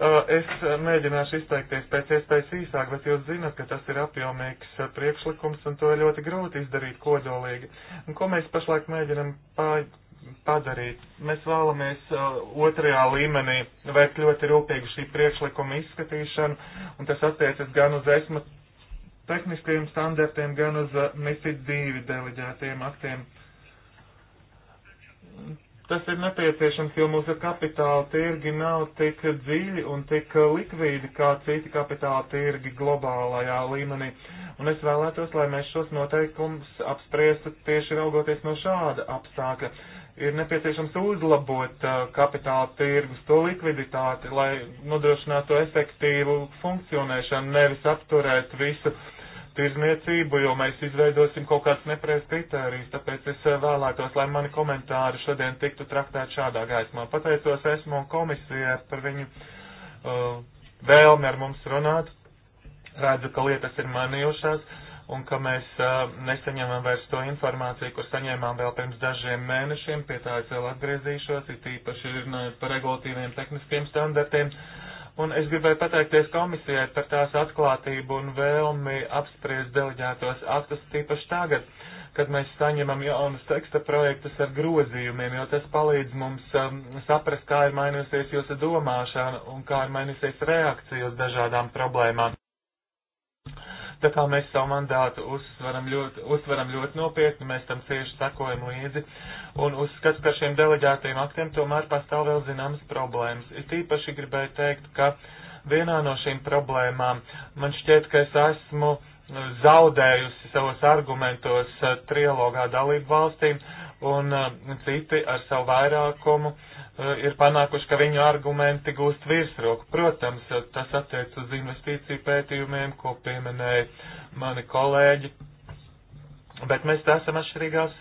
Uh, es mēģināšu izteikties pēc iespējas īsāk, bet jūs zinat, ka tas ir apjomīgs uh, priekšlikums un to ir ļoti grūti izdarīt kodolīgi. Un ko mēs pašlaik mēģinam pā padarīt. Mēs vēlamies uh, otrajā līmenī veikt ļoti rūpīgu šī priekšlikuma izskatīšanu, un tas attiecas gan uz esmu tehniskajiem standartiem, gan uz uh, MIFID 2 deleģētiem aktiem. Tas ir nepieciešams, jo mūsu kapitāla tirgi nav tik dziļi un tik uh, likvīdi kā citi kapitāla tirgi globālajā līmenī. Un es vēlētos, lai mēs šos noteikumus apspriestu tieši raugoties no šāda apstākļa ir nepieciešams uzlabot uh, kapitāla tirgus, to likviditāti, lai nodrošinātu efektīvu funkcionēšanu, nevis apturēt visu tirzniecību, jo mēs izveidosim kaut kādas nepareizas kritērijas. Tāpēc es uh, vēlētos, lai mani komentāri šodien tiktu traktēti šādā gaismā. Pateicos esmu komisijai par viņu uh, vēlmi ar mums runāt. Redzu, ka lietas ir mainījušās. Uh, un ka mēs uh, nesaņemam vairs to informāciju, kur saņēmām vēl pirms dažiem mēnešiem, pie tā es vēl atgriezīšos, it īpaši runājot par regulatīviem tehniskiem standartiem. Un es gribēju pateikties komisijai par tās atklātību un vēlmi apspriest deleģētos aktus tīpaši tagad, kad mēs saņemam jaunus teksta projektus ar grozījumiem, jo tas palīdz mums um, saprast, kā ir mainījusies jūsu domāšana un kā ir mainījusies reakcija uz dažādām problēmām. Tā kā mēs savu mandātu uzsveram ļoti, uzsveram ļoti nopietni, mēs tam cieši sakojam līdzi un uzskatu, ka šiem deleģētajiem aktiem tomēr pastāv vēl zināmas problēmas. Es īpaši gribēju teikt, ka vienā no šīm problēmām man šķiet, ka es esmu zaudējusi savos argumentos eh, trilogā dalību valstīm un uh, citi ar savu vairākumu uh, ir panākuši, ka viņu argumenti gūst virsroku. Protams, uh, tas attiec uz investīciju pētījumiem, ko pieminēja mani kolēģi, bet mēs esam atšķirīgās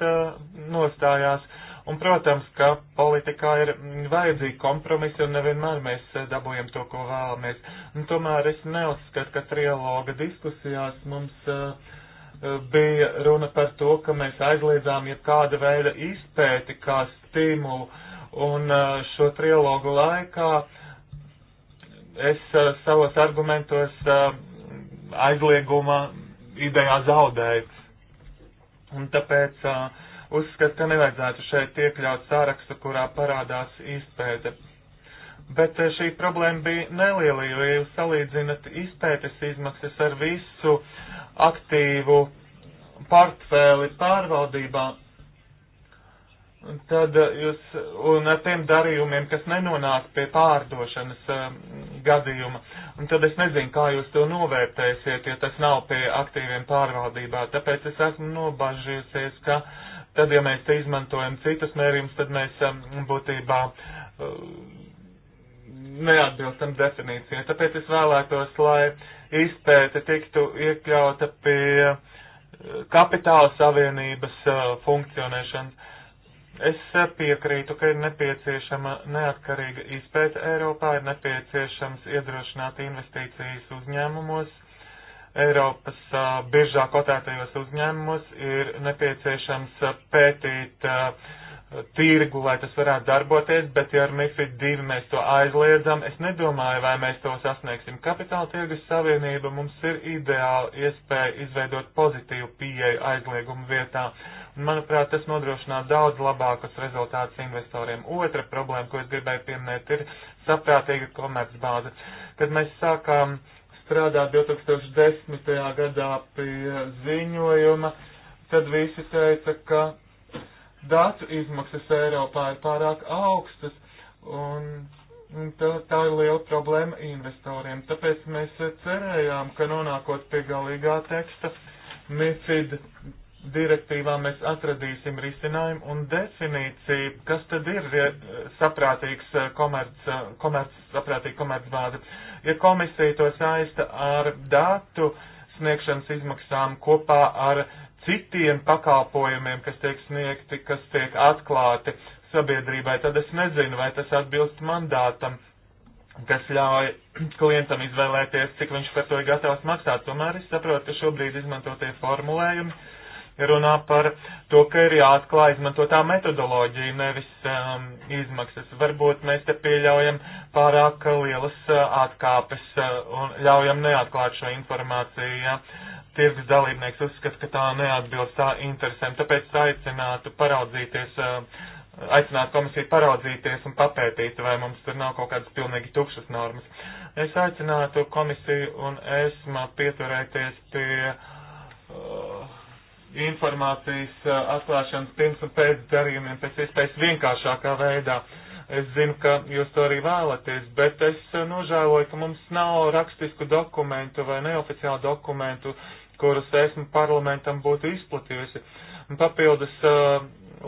nostājās. Un, protams, ka politikā ir vajadzīgi kompromisi un nevienmēr mēs dabūjam to, ko vēlamies. Un, tomēr es neuzskatu, ka trialoga diskusijās mums uh, bija runa par to, ka mēs aizliedzām jebkāda veida izpēti kā stimulu, un uh, šo trilogu laikā es uh, savos argumentos uh, aizlieguma idejā zaudēju. Un tāpēc uh, uzskatu, ka nevajadzētu šeit iekļaut sārakstu, kurā parādās izpēte. Bet šī problēma bija neliela, jo, ja jūs salīdzinat izpētes izmaksas ar visu uh, aktīvu portfēli pārvaldībā, tad jūs un ar tiem darījumiem, kas nenonāk pie pārdošanas um, gadījuma, un tad es nezinu, kā jūs to novērtēsiet, ja tas nav pie aktīviem pārvaldībā. Tāpēc es esmu nobažījusies, ka tad, ja mēs te izmantojam citus mērījumus, tad mēs um, būtībā um, neatbilstam definīcijai. Tāpēc es vēlētos, lai izpēte tiktu iekļauta pie eh, kapitāla savienības eh, funkcionēšanas. Es eh, piekrītu, ka ir nepieciešama neatkarīga izpēta Eiropā, ir nepieciešams iedrošināt investīcijas uzņēmumos. Eiropas biežāk kotētajos uzņēmumos ir nepieciešams pētīt uh, tirgu, lai tas varētu darboties, bet ja ar MIFID 2 mēs to aizliedzam, es nedomāju, vai mēs to sasniegsim. Kapitāla tirgus savienība mums ir ideāla iespēja izveidot pozitīvu pieeju aizliegumu vietā, un manuprāt, tas nodrošinā daudz labākus rezultātus investoriem. Otra problēma, ko es gribēju pieminēt, ir saprātīga komercbāze. Kad mēs sākām strādāt 2010. gadā pie ziņojuma, tad visi teica, ka datu izmaksas Eiropā ir pārāk augstas, un, un tā, tā ir liela problēma investoriem. Tāpēc mēs cerējām, ka nonākot pie galīgā teksta, MIFID direktīvā mēs atradīsim risinājumu un definīciju, kas tad ir saprātīgs eh, komerc, eh, komerc, saprātīgi komercbāze. Ja komisija to saista ar datu sniegšanas izmaksām kopā ar citiem pakalpojumiem, kas tiek sniegti, kas tiek atklāti sabiedrībai, tad es nezinu, vai tas atbilst mandātam, kas ļauj klientam izvēlēties, cik viņš par to ir gatavs maksāt. Tomēr es saprotu, ka šobrīd izmantotie formulējumi runā par to, ka ir jāatklāj izmantotā metodoloģija, nevis um, izmaksas. Varbūt mēs te pieļaujam pārāk lielas uh, atkāpes uh, un ļaujam neatklāt šo informāciju. Ja? Uh, tirgus dalībnieks uzskata, ka tā neatbilst tā interesēm, tāpēc aicinātu paraudzīties, aicinātu komisiju paraudzīties un papētīt, vai mums tur nav kaut kādas pilnīgi tukšas normas. Es aicinātu komisiju un esmu pieturēties pie uh, informācijas atklāšanas pirms un pēc darījumiem pēc iespējas vienkāršākā veidā. Uh, Es zinu, ka jūs to arī vēlaties, bet es nožēloju, ka mums nav rakstisku dokumentu vai neoficiālu dokumentu, kurus esmu parlamentam būtu izplatījusi. Papildus uh,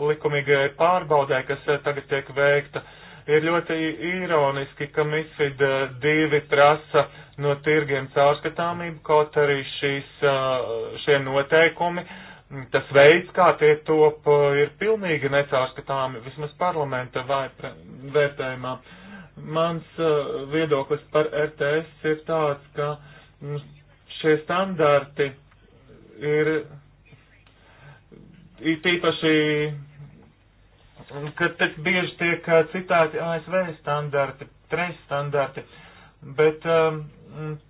likumīgajai pārbaudai, kas uh, tagad tiek veikta, ir ļoti ironiski, ka MISFID 2 uh, prasa no tirgiem caurskatāmību, kaut arī šīs, uh, šie noteikumi uh, tas veids, kā tie top, eh, ir pilnīgi necārskatāmi, vismaz parlamenta vai vērtējumā. Mans eh, viedoklis par RTS ir tāds, ka mm, šie standarti ir īpaši, ka tik bieži tiek eh, citāti ASV standarti, trešs standarti, bet um,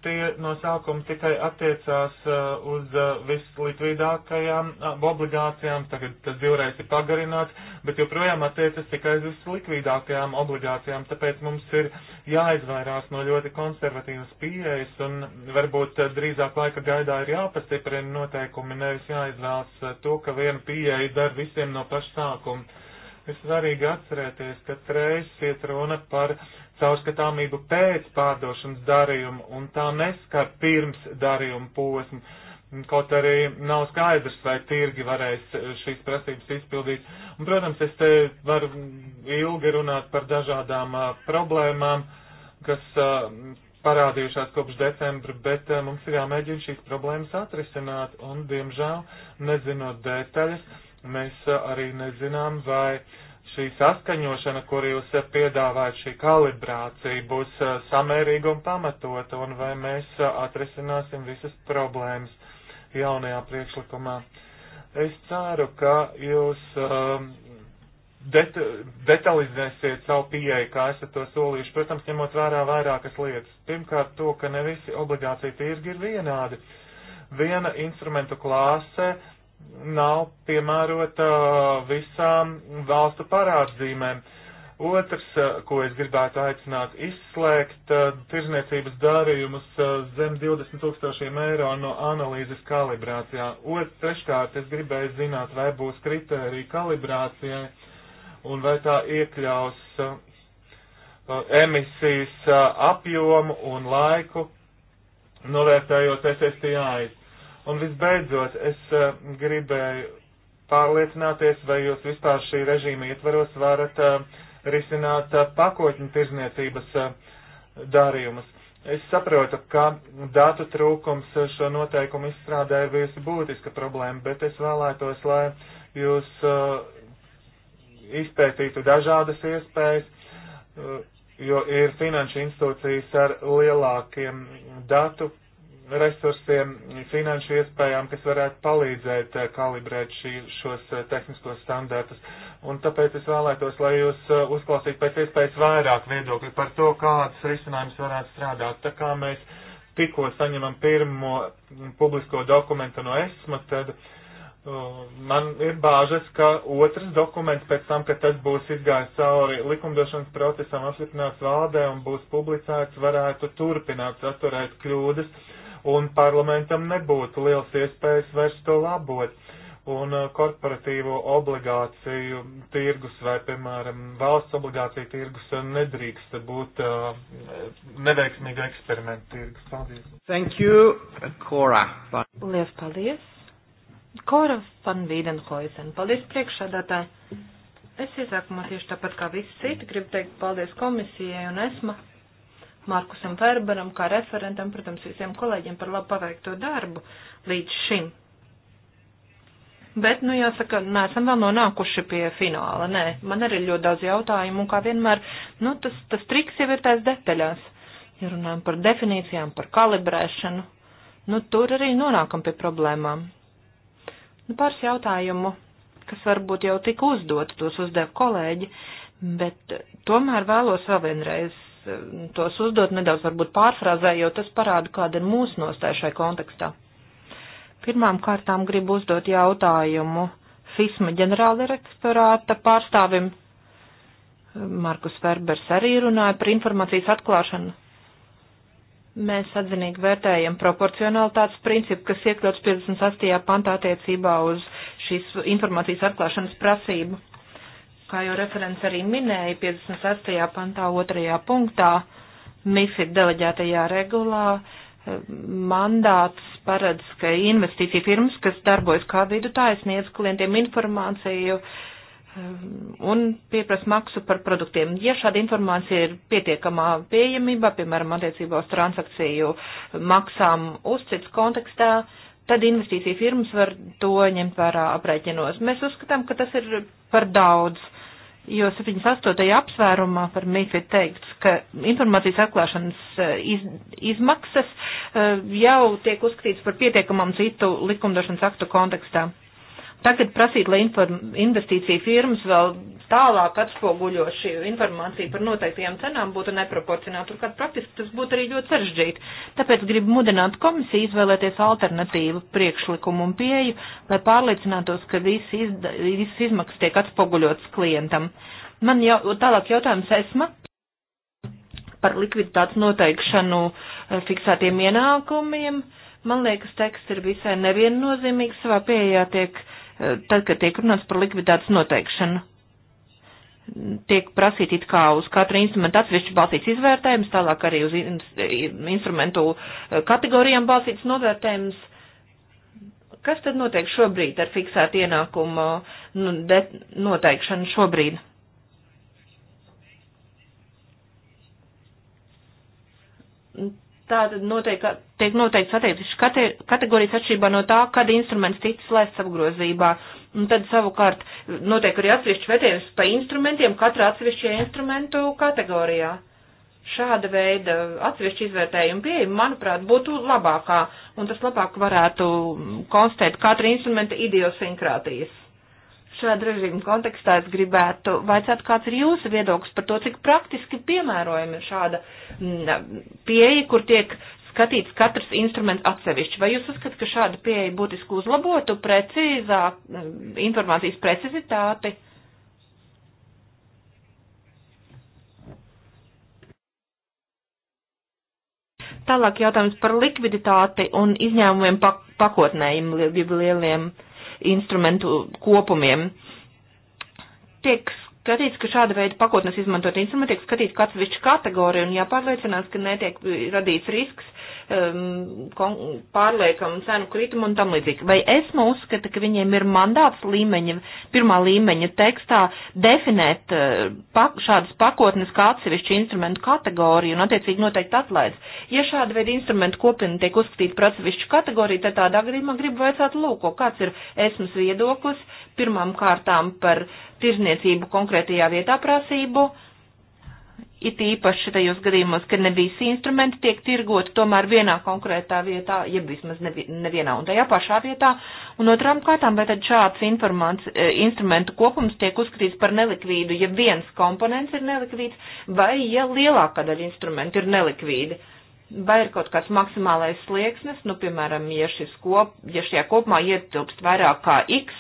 tie nosaukumi tikai attiecās uh, uz uh, vislikvidākajām uh, obligācijām, tagad tas divreiz ir pagarināts, bet joprojām attiecas tikai uz vislikvidākajām obligācijām, tāpēc mums ir jāizvairās no ļoti konservatīvas pieejas un varbūt drīzāk laika gaidā ir jāpastiprina noteikumi, nevis jāizvēlas to, ka viena pieeja dar visiem no paša sākuma. Ir svarīgi atcerēties, ka reiz iet runa par uh, caurskatāmību pēc pārdošanas darījuma un tā neskar pirms darījuma posmu. Kaut arī nav skaidrs, vai tirgi varēs eh, šīs prasības izpildīt. Un, protams, es te varu ilgi runāt par dažādām uh, problēmām, kas uh, parādījušās kopš decembra, bet uh, mums ir jāmēģina šīs problēmas atrisināt. Un, diemžēl, nezinot detaļas, mēs uh, arī nezinām, vai uh, šī saskaņošana, kur jūs eh, piedāvājat, šī kalibrācija būs eh, samērīga un pamatota, un vai mēs eh, atrisināsim visas problēmas jaunajā priekšlikumā. Es ceru, ka jūs um, deta detalizēsiet savu pieeju, kā esat to solījuši, protams, ņemot vērā vairākas lietas. Pirmkārt, to, ka ne visi obligācija tirgi ir vienādi. Viena instrumentu klāse uh, nav piemērota uh, visām valstu parādzīmēm. Otrs, uh, ko es gribētu aicināt, izslēgt uh, tirzniecības darījumus zem 20 tūkstošiem eiro no analīzes kalibrācijā. Otrs, treškārt, es gribēju zināt, vai būs kritērija kalibrācijai un vai tā iekļaus emisijas apjomu un laiku, novērtējot SSTI Un visbeidzot, es eh, gribēju pārliecināties, vai jūs vispār šī režīma ietvaros varat eh, risināt eh, pakotņu tirzniecības darījumus. Es saprotu, ka datu trūkums šo noteikumu izstrādē ir bijusi būtiska problēma, bet es vēlētos, lai jūs izpētītu dažādas iespējas, jo ir finanšu institūcijas ar lielākiem datu resursiem, finanšu iespējām, kas varētu palīdzēt eh, kalibrēt šī, šos eh, tehniskos standartus. Un tāpēc es vēlētos, lai jūs eh, uzklausītu pēc iespējas vairāk viedokļu par to, kādas risinājumas varētu strādāt. Tā kā mēs tikko saņemam pirmo publisko dokumentu no ESMA, tad uh, man ir bāžas, ka otrs dokuments pēc tam, kad tas būs izgājis cauri likumdošanas procesam, apstiprināts valdē un būs publicēts, varētu turpināt saturēt kļūdas un parlamentam nebūtu liels iespējas vairs to labot. Un uh, korporatīvo obligāciju tirgus vai, piemēram, valsts obligāciju tirgus uh, nedrīkst būt uh, neveiksmīga eksperimenta tirgus. Paldies. Thank you, Cora. Lielas paldies. Kora van Vīdenhoisen. Paldies priekšādātāji. Es iesākumā tieši tāpat kā visi citi gribu teikt paldies komisijai un esmu Markusam Ferberam, kā referentam, protams, visiem kolēģiem par labu paveikto darbu līdz šim. Bet, nu, jāsaka, neesam vēl nonākuši pie fināla. Nē, man arī ļoti daudz jautājumu, un kā vienmēr, nu, tas, tas triks jau ir tās detaļās. Ja runājam par definīcijām, par kalibrēšanu, nu, tur arī nonākam pie problēmām. Nu, pāris jautājumu, kas varbūt jau tika uzdot, tos uzdev kolēģi, bet tomēr vēlos vēl vienreiz tos uzdot, nedaudz varbūt pārfrāzējot, tas parāda, kāda ir mūsu nostāja šai kontekstā. Pirmām kārtām gribu uzdot jautājumu FISMA ģenerāldirektorāta pārstāvim. Markus Verbers arī runāja par informācijas atklāšanu. Mēs atzinīgi vērtējam proporcionalitātes principu, kas iekļauts 58. pantā attiecībā uz šīs informācijas atklāšanas prasību kā jau referents arī minēja, 58. pantā otrajā punktā MIFID deleģētajā regulā eh, mandāts paredz, ka investīcija firmas, kas darbojas kā vidutāja, sniedz klientiem informāciju eh, un pieprasa maksu par produktiem. Ja šāda informācija ir pietiekamā pieejamībā, piemēram, attiecībā uz transakciju maksām uzcits kontekstā, tad investīcija firmas var to ņemt vērā aprēķinos. Mēs uzskatām, ka tas ir par daudz jo 78. apsvērumā par MIFID teikts, ka informācijas atklāšanas eh, iz, izmaksas eh, jau tiek uzskatīts par pietiekamām citu likumdošanas aktu kontekstā. Tagad prasīt, lai investīcija firmas vēl tālāk atspoguļo šī informācija par noteiktajām cenām būtu neproporcionāli. Turklāt praktiski tas būtu arī ļoti sarežģīti. Tāpēc gribu mudināt komisiju izvēlēties alternatīvu priekšlikumu un pieju, lai pārliecinātos, ka visas izda, viss izmaksas tiek atspoguļotas klientam. Man jau tālāk jautājums esma par likviditātes noteikšanu eh, fiksētiem ienākumiem. Man liekas, teksts ir visai neviennozīmīgs, savā pieejā tiek tad, kad tiek runāts par likviditātes noteikšanu. Tiek prasīt it kā uz katru instrumentu atsevišķu balsīts izvērtējums, tālāk arī uz instrumentu eh, kategorijām balsīts novērtējums. Kas tad notiek šobrīd ar fiksētu ienākumu nu, noteikšanu šobrīd? Tātad noteik, tiek noteikts attiecīgs kategorijas atšķirībā no tā, kad instruments ticis laists apgrozībā. Un tad savukārt notiek arī atsevišķi vērtējums pa instrumentiem katra atsevišķie instrumentu kategorijā. Šāda veida atsevišķi izvērtējuma pieeja, manuprāt, būtu labākā, un tas labāk varētu konstatēt katra instrumenta idiosinkrātijas šāda režīma kontekstā es gribētu vaicāt, kāds ir jūsu viedoklis par to, cik praktiski piemērojama ir šāda mm, pieeja, kur tiek skatīts katrs instruments atsevišķi. Vai jūs uzskatāt, ka šāda pieeja būtiski uzlabotu precīzāk mm, informācijas precizitāti? Tālāk jautājums par likviditāti un izņēmumiem pakotnējiem lieliem. Li li li li li li li li instrumentu kopumiem. Tiek skatīts, ka šāda veida pakotnes izmantot instrumenti tiek skatīts kāds višķi kategorija un jāpārliecinās, ka netiek uh, radīts risks um, pārliekam cenu kritumu un tam līdzīgi. Vai esmu uzskata, ka viņiem ir mandāts līmeņa, pirmā līmeņa tekstā definēt uh, pak, šādas pakotnes kā atsevišķu instrumentu kategoriju un attiecīgi noteikti atlaids? Ja šāda veida instrumentu kopina tiek uzskatīta par atsevišķu kategoriju, tad tādā gadījumā gribu vaicāt lūko, kāds ir esmas viedoklis pirmām kārtām par tirzniecību konkrētajā vietā prasību. It īpaši tajos gadījumos, kad nevisi instrumenti tiek tirgoti tomēr vienā konkrētā vietā, jeb vismaz nevienā un tajā pašā vietā. Un otrām kārtām, vai tad šāds e, instrumentu kopums tiek uzskatīts par nelikvīdu, ja viens komponents ir nelikvīds, vai ja lielākā daļa instrumentu ir nelikvīdi vai ir kaut kāds maksimālais slieksnis, nu, piemēram, ja, kop, ja šajā kopumā ietilpst vairāk kā x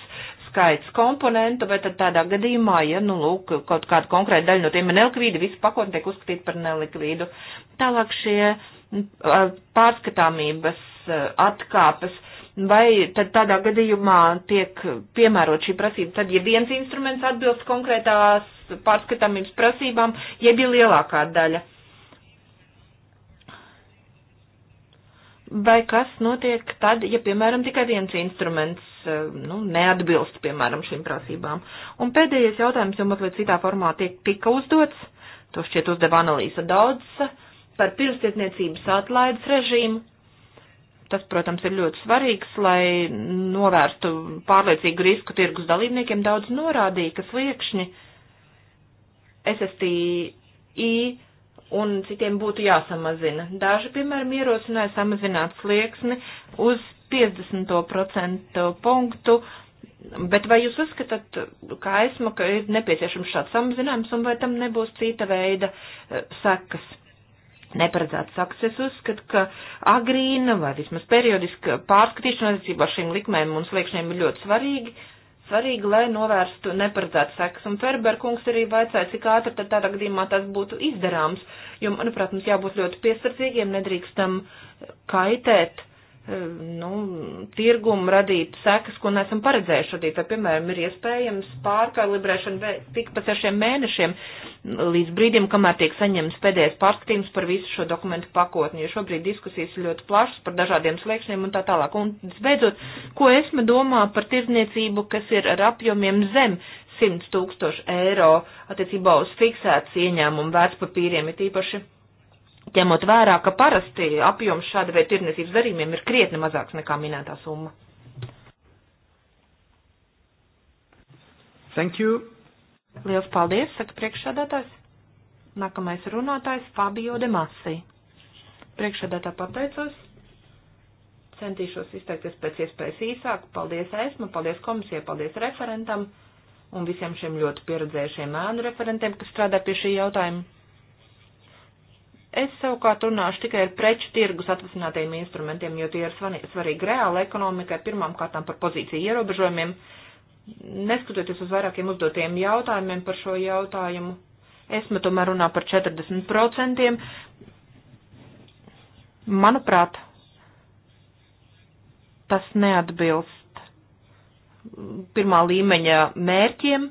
skaits komponentu, vai tad tādā gadījumā, ja, nu, lūk, kaut kāda konkrēta daļa no tiem ir nelikvīda, visu pakotni tiek uzskatīt par nelikvīdu. Tālāk šie pārskatāmības atkāpes, vai tad tādā gadījumā tiek piemērot šī prasība, tad, ja viens instruments atbilst konkrētās pārskatāmības prasībām, jeb ir lielākā daļa. vai kas notiek tad, ja, piemēram, tikai viens instruments Eh, nu, neatbilst, piemēram, šīm prasībām. Un pēdējais jautājums jau mazliet citā formā tiek tika uzdots, to šķiet uzdeva analīza daudz, par pirmstietniecības atlaides režīmu. Tas, protams, ir ļoti svarīgs, lai novērstu pārliecīgu risku tirgus dalībniekiem. Daudz norādīja, ka sliekšņi SSTI un citiem būtu jāsamazina. Daži, piemēram, ierosināja samazināt slieksni uz 50% punktu, bet vai jūs uzskatāt, kā esmu, ka ir nepieciešams šāds samazinājums un vai tam nebūs cita veida e, sekas? Neparedzēts sakas, es uzskatu, ka agrīna vai vismaz periodiska pārskatīšana attiecībā šīm likmēm un sliekšņiem ir ļoti svarīgi, svarīgi, lai novērstu neparedzētu sekas. Un Ferberkungs arī vaicāja, cik ātri tad tādā gadījumā tas būtu izdarāms, jo, manuprāt, mums jābūt ļoti piesardzīgiem, nedrīkstam kaitēt nu, tirgumu radīt sekas, ko neesam paredzējuši radīt. Vai, piemēram, ir iespējams pārkalibrēšana tik pa sešiem mēnešiem līdz brīdim, kamēr tiek saņemts pēdējais pārskatījums par visu šo dokumentu pakotni, jo šobrīd diskusijas ir ļoti plašas par dažādiem slēgšaniem un tā tālāk. Un, beidzot, ko esmu domā par tirdzniecību, kas ir ar apjomiem zem 100 tūkstoši eiro attiecībā uz fiksētas ieņēmumu vērtspapīriem, ir īpaši ņemot vērā, ka parasti apjoms šāda veida tirdzniecības darījumiem ir krietni mazāks nekā minētā summa. Thank you. Liels paldies, saka priekšsādātājs. Nākamais runātājs Fabio de Masi. Priekšsādātā pateicos. Centīšos izteikties pēc iespējas īsāk. Paldies ESMA, paldies komisijai, paldies referentam un visiem šiem ļoti pieredzējušiem ēnu referentiem, kas strādā pie šī jautājuma Es savukārt runāšu tikai ar preču tirgus atvasinātajiem instrumentiem, jo tie ir svarīgi reāli ekonomikai, pirmām kārtām par pozīciju ierobežojumiem. Neskatoties uz vairākiem uzdotiem jautājumiem par šo jautājumu, esmu tomēr runā par 40%. Manuprāt, tas neatbilst pirmā līmeņa mērķiem,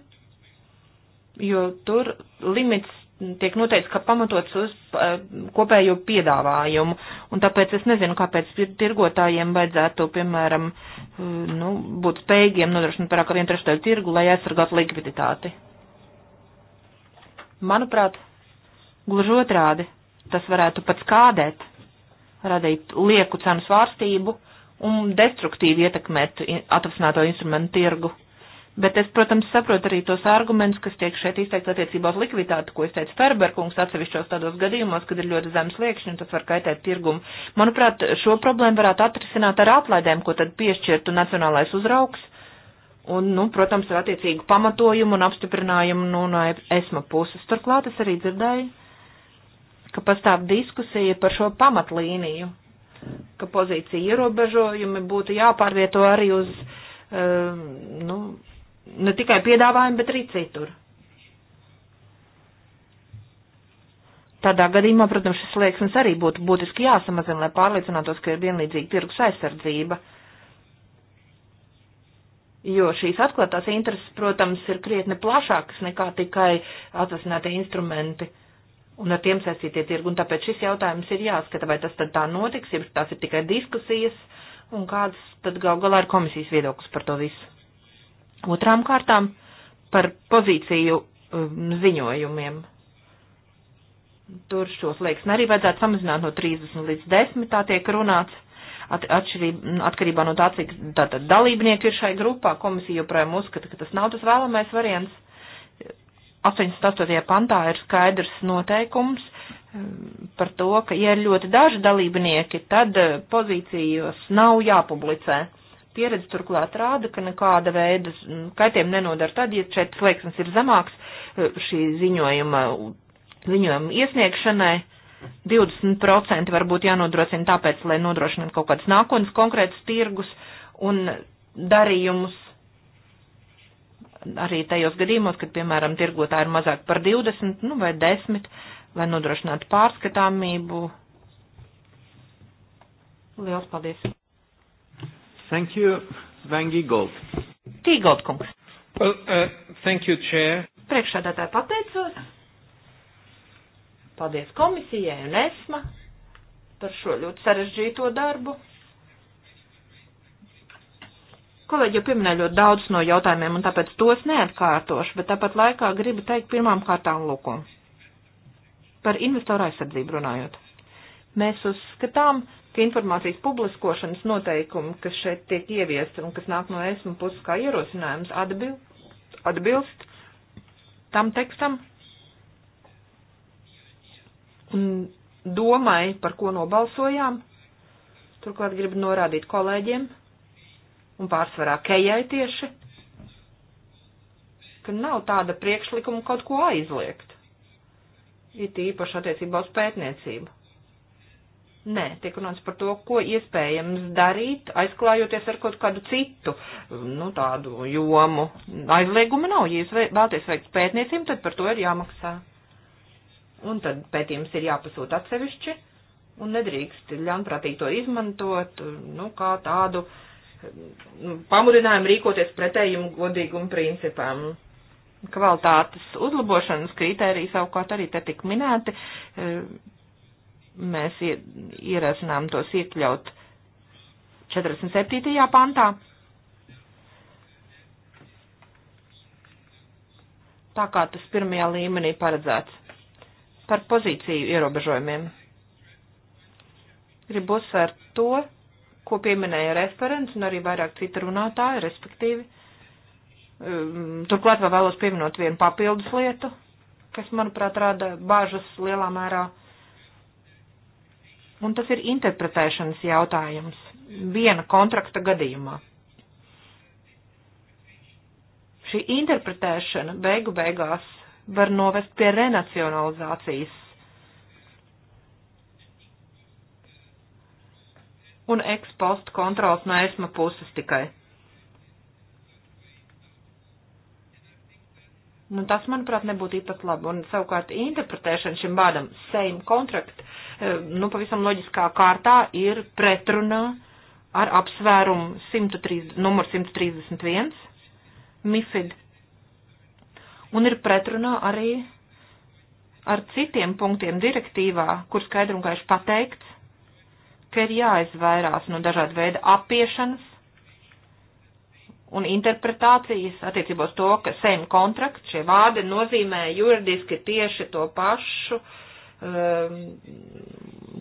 jo tur limits tiek noteikts, ka pamatots uz eh, kopējo piedāvājumu. Un tāpēc es nezinu, kāpēc tirgotājiem vajadzētu, piemēram, eh, nu, būt spējīgiem nodrošināt pārāk vienu trešdaļu tirgu, lai aizsargātu likviditāti. Manuprāt, gluži otrādi, tas varētu pat skādēt, radīt lieku cenu svārstību un destruktīvi ietekmēt atrasināto instrumentu tirgu. Bet es, protams, saprotu arī tos argumentus, kas tiek šeit izteikts attiecībā uz likviditāti, ko izteica Ferberkungs atsevišķos tādos gadījumos, kad ir ļoti zems liekšņi un tas var kaitēt tirgumu. Manuprāt, šo problēmu varētu atrisināt ar atlaidēm, ko tad piešķirtu nacionālais uzraugs. Un, nu, protams, ar attiecīgu pamatojumu un apstiprinājumu nu, no esma puses. Turklāt es arī dzirdēju, ka pastāv diskusija par šo pamatlīniju, ka pozīcija ierobežojumi būtu jāpārvieto arī uz, uh, nu, ne tikai piedāvājumi, bet arī citur. Tādā gadījumā, protams, šis slieksnis arī būtu būtiski jāsamazina, lai pārliecinātos, ka ir vienlīdzīga tirgus aizsardzība. Jo šīs atklātās intereses, protams, ir krietni plašākas nekā tikai atvasinātie instrumenti un ar tiem saistītie tirgi. Un tāpēc šis jautājums ir jāskata, vai tas tad tā notiks, ja tās ir tikai diskusijas, un kāds tad gal galā ir komisijas viedoklis par to visu. Otrām kārtām par pozīciju um, ziņojumiem. Tur šos liekas arī vajadzētu samazināt no 30 līdz 10, tā tiek runāts, at, atšķirība, mm, atkarībā no tā, cik tātad dalībnieki ir šai grupā. Komisija joprojām uzskata, ka tas nav tas vēlamais variants. 88. pantā ir skaidrs noteikums um, par to, ka, ja ir ļoti daži dalībnieki, tad uh, pozīcijos nav jāpublicē Pieredze turklāt rāda, ka nekāda veida mm, kaitiem nenodara tad, ja šeit slieksnis ir zemāks e, šī ziņojuma, ziņojuma iesniegšanai. 20% varbūt jānodrošina tāpēc, lai nodrošinātu kaut kādas nākotnes konkrētas tirgus un darījumus arī tajos gadījumos, kad, piemēram, tirgotāji ir mazāk par 20 nu, vai 10, lai nodrošinātu pārskatāmību. Lielas paldies! Thank you, Sven Giegold. Giegold kungs. Well, uh, thank you, Chair. Priekšsēdētāji pateicos. Paldies komisijai un ESMA par šo ļoti sarežģīto darbu. Kolēģi jau pieminēja ļoti daudz no jautājumiem, un tāpēc tos neatkārtošu, bet tāpat laikā gribu teikt pirmām kārtām lūkumu. Par investoru aizsardzību runājot. Mēs uzskatām, informācijas publiskošanas noteikumi, kas šeit tiek ieviesti un kas nāk no esmu puses kā ierosinājums, atbil, atbilst tam tekstam un domai, par ko nobalsojām. Turklāt gribu norādīt kolēģiem un pārsvarā Kejai tieši, ka nav tāda priekšlikuma kaut ko aizliegt. It īpaši attiecībā uz pētniecību Nē, tiek runāts par to, ko iespējams darīt, aizklājoties ar kaut kādu citu, nu, tādu jomu. Aizlieguma nav, ja jūs vēlaties veikt pētniecību, tad par to ir jāmaksā. Un tad pētījums ir jāpasūta atsevišķi, un nedrīkst ļaunprātīgi to izmantot, nu, kā tādu nu, pamudinājumu rīkoties pretējumu godīgumu principam kvalitātes uzlabošanas kritēriji savukārt arī te tik minēti, Mēs ierasinām tos iekļaut 47. pantā. Tā kā tas pirmajā līmenī paredzēts par pozīciju ierobežojumiem. Gribu uzsvērt to, ko pieminēja referents un arī vairāk cita runātāja, respektīvi. Um, turklāt vēl vēlos pieminot vienu papildus lietu, kas, manuprāt, rada bāžas lielā mērā Un tas ir interpretēšanas jautājums viena kontrakta gadījumā. Šī interpretēšana beigu beigās var novest pie renacionalizācijas un ekspostu kontrols no ESMA puses tikai. Nu, tas, manuprāt, nebūtu īpat labi. Un savukārt interpretēšana šim vārdam same contract, eh, nu, pavisam loģiskā kārtā ir pretrunā ar apsvērumu 103, numur 131, MIFID. Un ir pretrunā arī ar citiem punktiem direktīvā, kur skaidri un gaiši pateikts, ka ir jāizvairās no dažāda veida apiešanas un interpretācijas attiecībos to, ka sen kontrakts, šie vārdi nozīmē juridiski tieši to pašu um,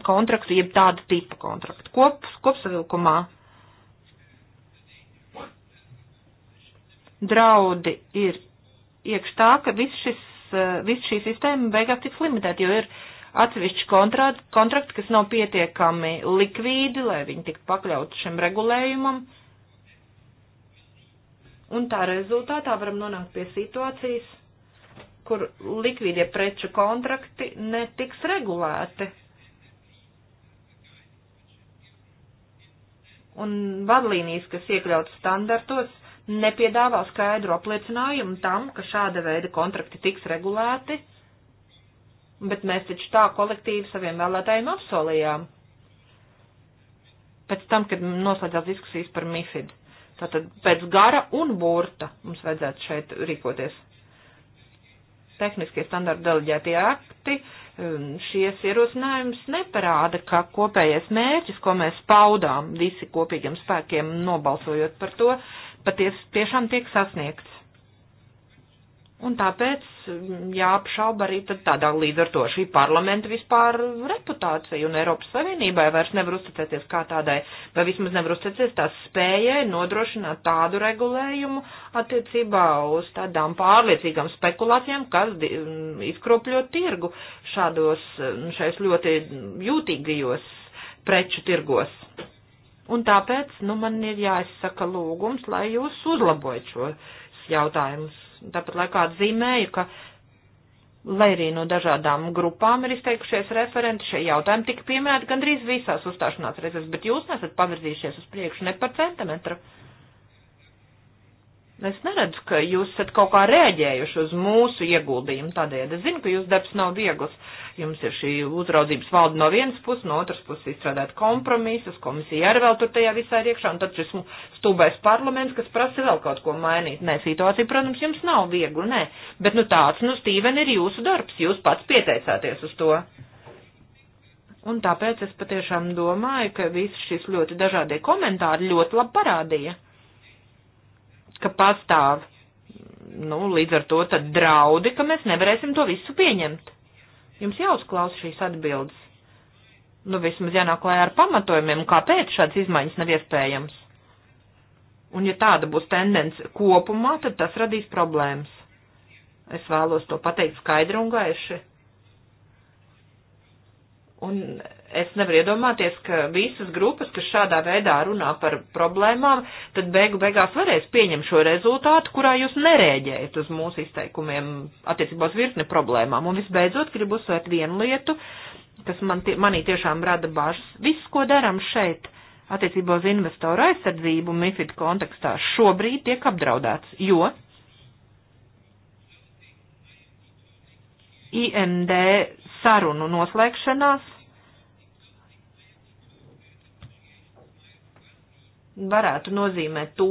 kontraktu, jeb tādu tipu kontraktu. Kop, kopsavilkumā draudi ir iekš tā, ka viss šis, uh, viss šī sistēma beigās tiks limitēta, jo ir atsevišķi kontrakti, kontrakti, kas nav pietiekami likvīdi, lai viņi tiktu pakļauti šim regulējumam. Uh, Un tā rezultātā varam nonākt pie situācijas, kur likvīdie preču kontrakti netiks regulēti. Un vadlīnijas, kas iekļautas standartos, nepiedāvā skaidru apliecinājumu tam, ka šāda veida kontrakti tiks regulēti, bet mēs taču tā kolektīvi saviem vēlētājiem apsolījām. Pēc tam, kad noslēdzās diskusijas par MIFID. Tātad pēc gara un burta mums vajadzētu šeit rīkoties. Tehniskie standarta deleģētie akti, um, šies ierosinājums neparāda, ka kopējais mērķis, ko mēs paudām visi kopīgiem spēkiem nobalsojot par to, patiesi tiešām tiek sasniegts. Un tāpēc mm, jāapšauba arī tādā līdz ar to šī parlamenta vispār reputācija un Eiropas Savienībai vairs nevar uzticēties kā tādai, vai vismaz nevar uzticēties tās spējai nodrošināt tādu regulējumu attiecībā uz tādām pārliecīgām spekulācijām, kas mm, izkropļo tirgu šādos, mm, šais ļoti jūtīgajos preču tirgos. Un tāpēc, nu, man ir jāizsaka lūgums, lai jūs uzlabojat šos jautājumus tāpat laikā atzīmēju, ka, lai arī no dažādām grupām ir izteikušies referenti, šie jautājumi tika pieminēti gandrīz visās uzstāšanās reizēs, bet jūs nesat pavirzījušies uz priekšu ne par centimetru. Uh, Es neredzu, ka jūs esat kaut kā rēģējuši uz mūsu ieguldījumu tādēļ. Es zinu, ka jūsu darbs nav viegls. Jums ir šī uzraudzības valda no vienas puses, no otras puses izstrādāt kompromisus, komisija arī vēl tur tajā visā ir iekšā, un tad šis stūbais parlaments, kas prasa vēl kaut ko mainīt. Nē, situācija, protams, jums nav viegla, nē. Bet, nu, tāds, nu, Stīven, ir jūsu darbs, jūs pats pieteicāties uz to. Un tāpēc es patiešām domāju, ka visi šīs ļoti dažādie komentāri ļoti labi parādīja ka pastāv, nu, līdz ar to tad draudi, ka mēs nevarēsim to visu pieņemt. Jums jāuzklaus šīs atbildes. Nu, vismaz jānāk klājā ar pamatojumiem, kāpēc šāds izmaiņas nav iespējams. Un ja tāda būs tendence kopumā, tad tas radīs problēmas. Es vēlos to pateikt skaidri un gaiši. Un es nevaru iedomāties, ka visas grupas, kas šādā veidā runā par problēmām, tad beigu beigās varēs pieņemt šo rezultātu, kurā jūs nerēģējat uz mūsu izteikumiem attiecībā uz virkni problēmām. Un visbeidzot, gribu uzsvērt vienu lietu, kas man tie, manī tiešām rada bažas. Viss, ko daram šeit attiecībā uz investoru aizsardzību MIFID kontekstā, šobrīd tiek apdraudēts, jo IMD sarunu noslēgšanās varētu nozīmēt to,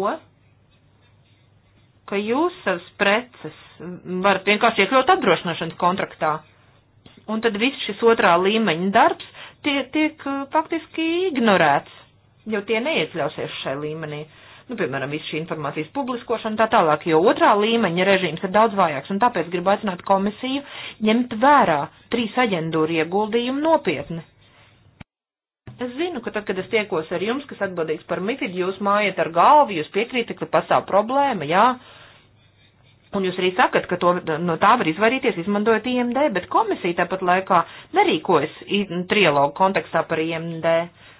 ka jūs savas preces varat vienkārši iekļaut apdrošināšanas kontraktā. Un tad viss šis otrā līmeņa darbs tie, tiek eh, faktiski ignorēts, jo tie neiekļausies šai līmenī. Uh, nu, piemēram, visu šī informācijas publiskošanu tā tālāk, jo otrā līmeņa režīms ir daudz vājāks, un tāpēc gribu aicināt komisiju ņemt vērā trīs aģentūru ieguldījumu nopietni. Es zinu, ka tad, kad es tiekos ar jums, kas atbildīgs par MIFID, jūs mājiet ar galvu, jūs piekrītat, ka pastāv problēma, jā. Un jūs arī sakat, ka to, no tā var izvairīties, izmantojot IMD, bet komisija tāpat laikā nerīkojas trialogu kontekstā par IMD.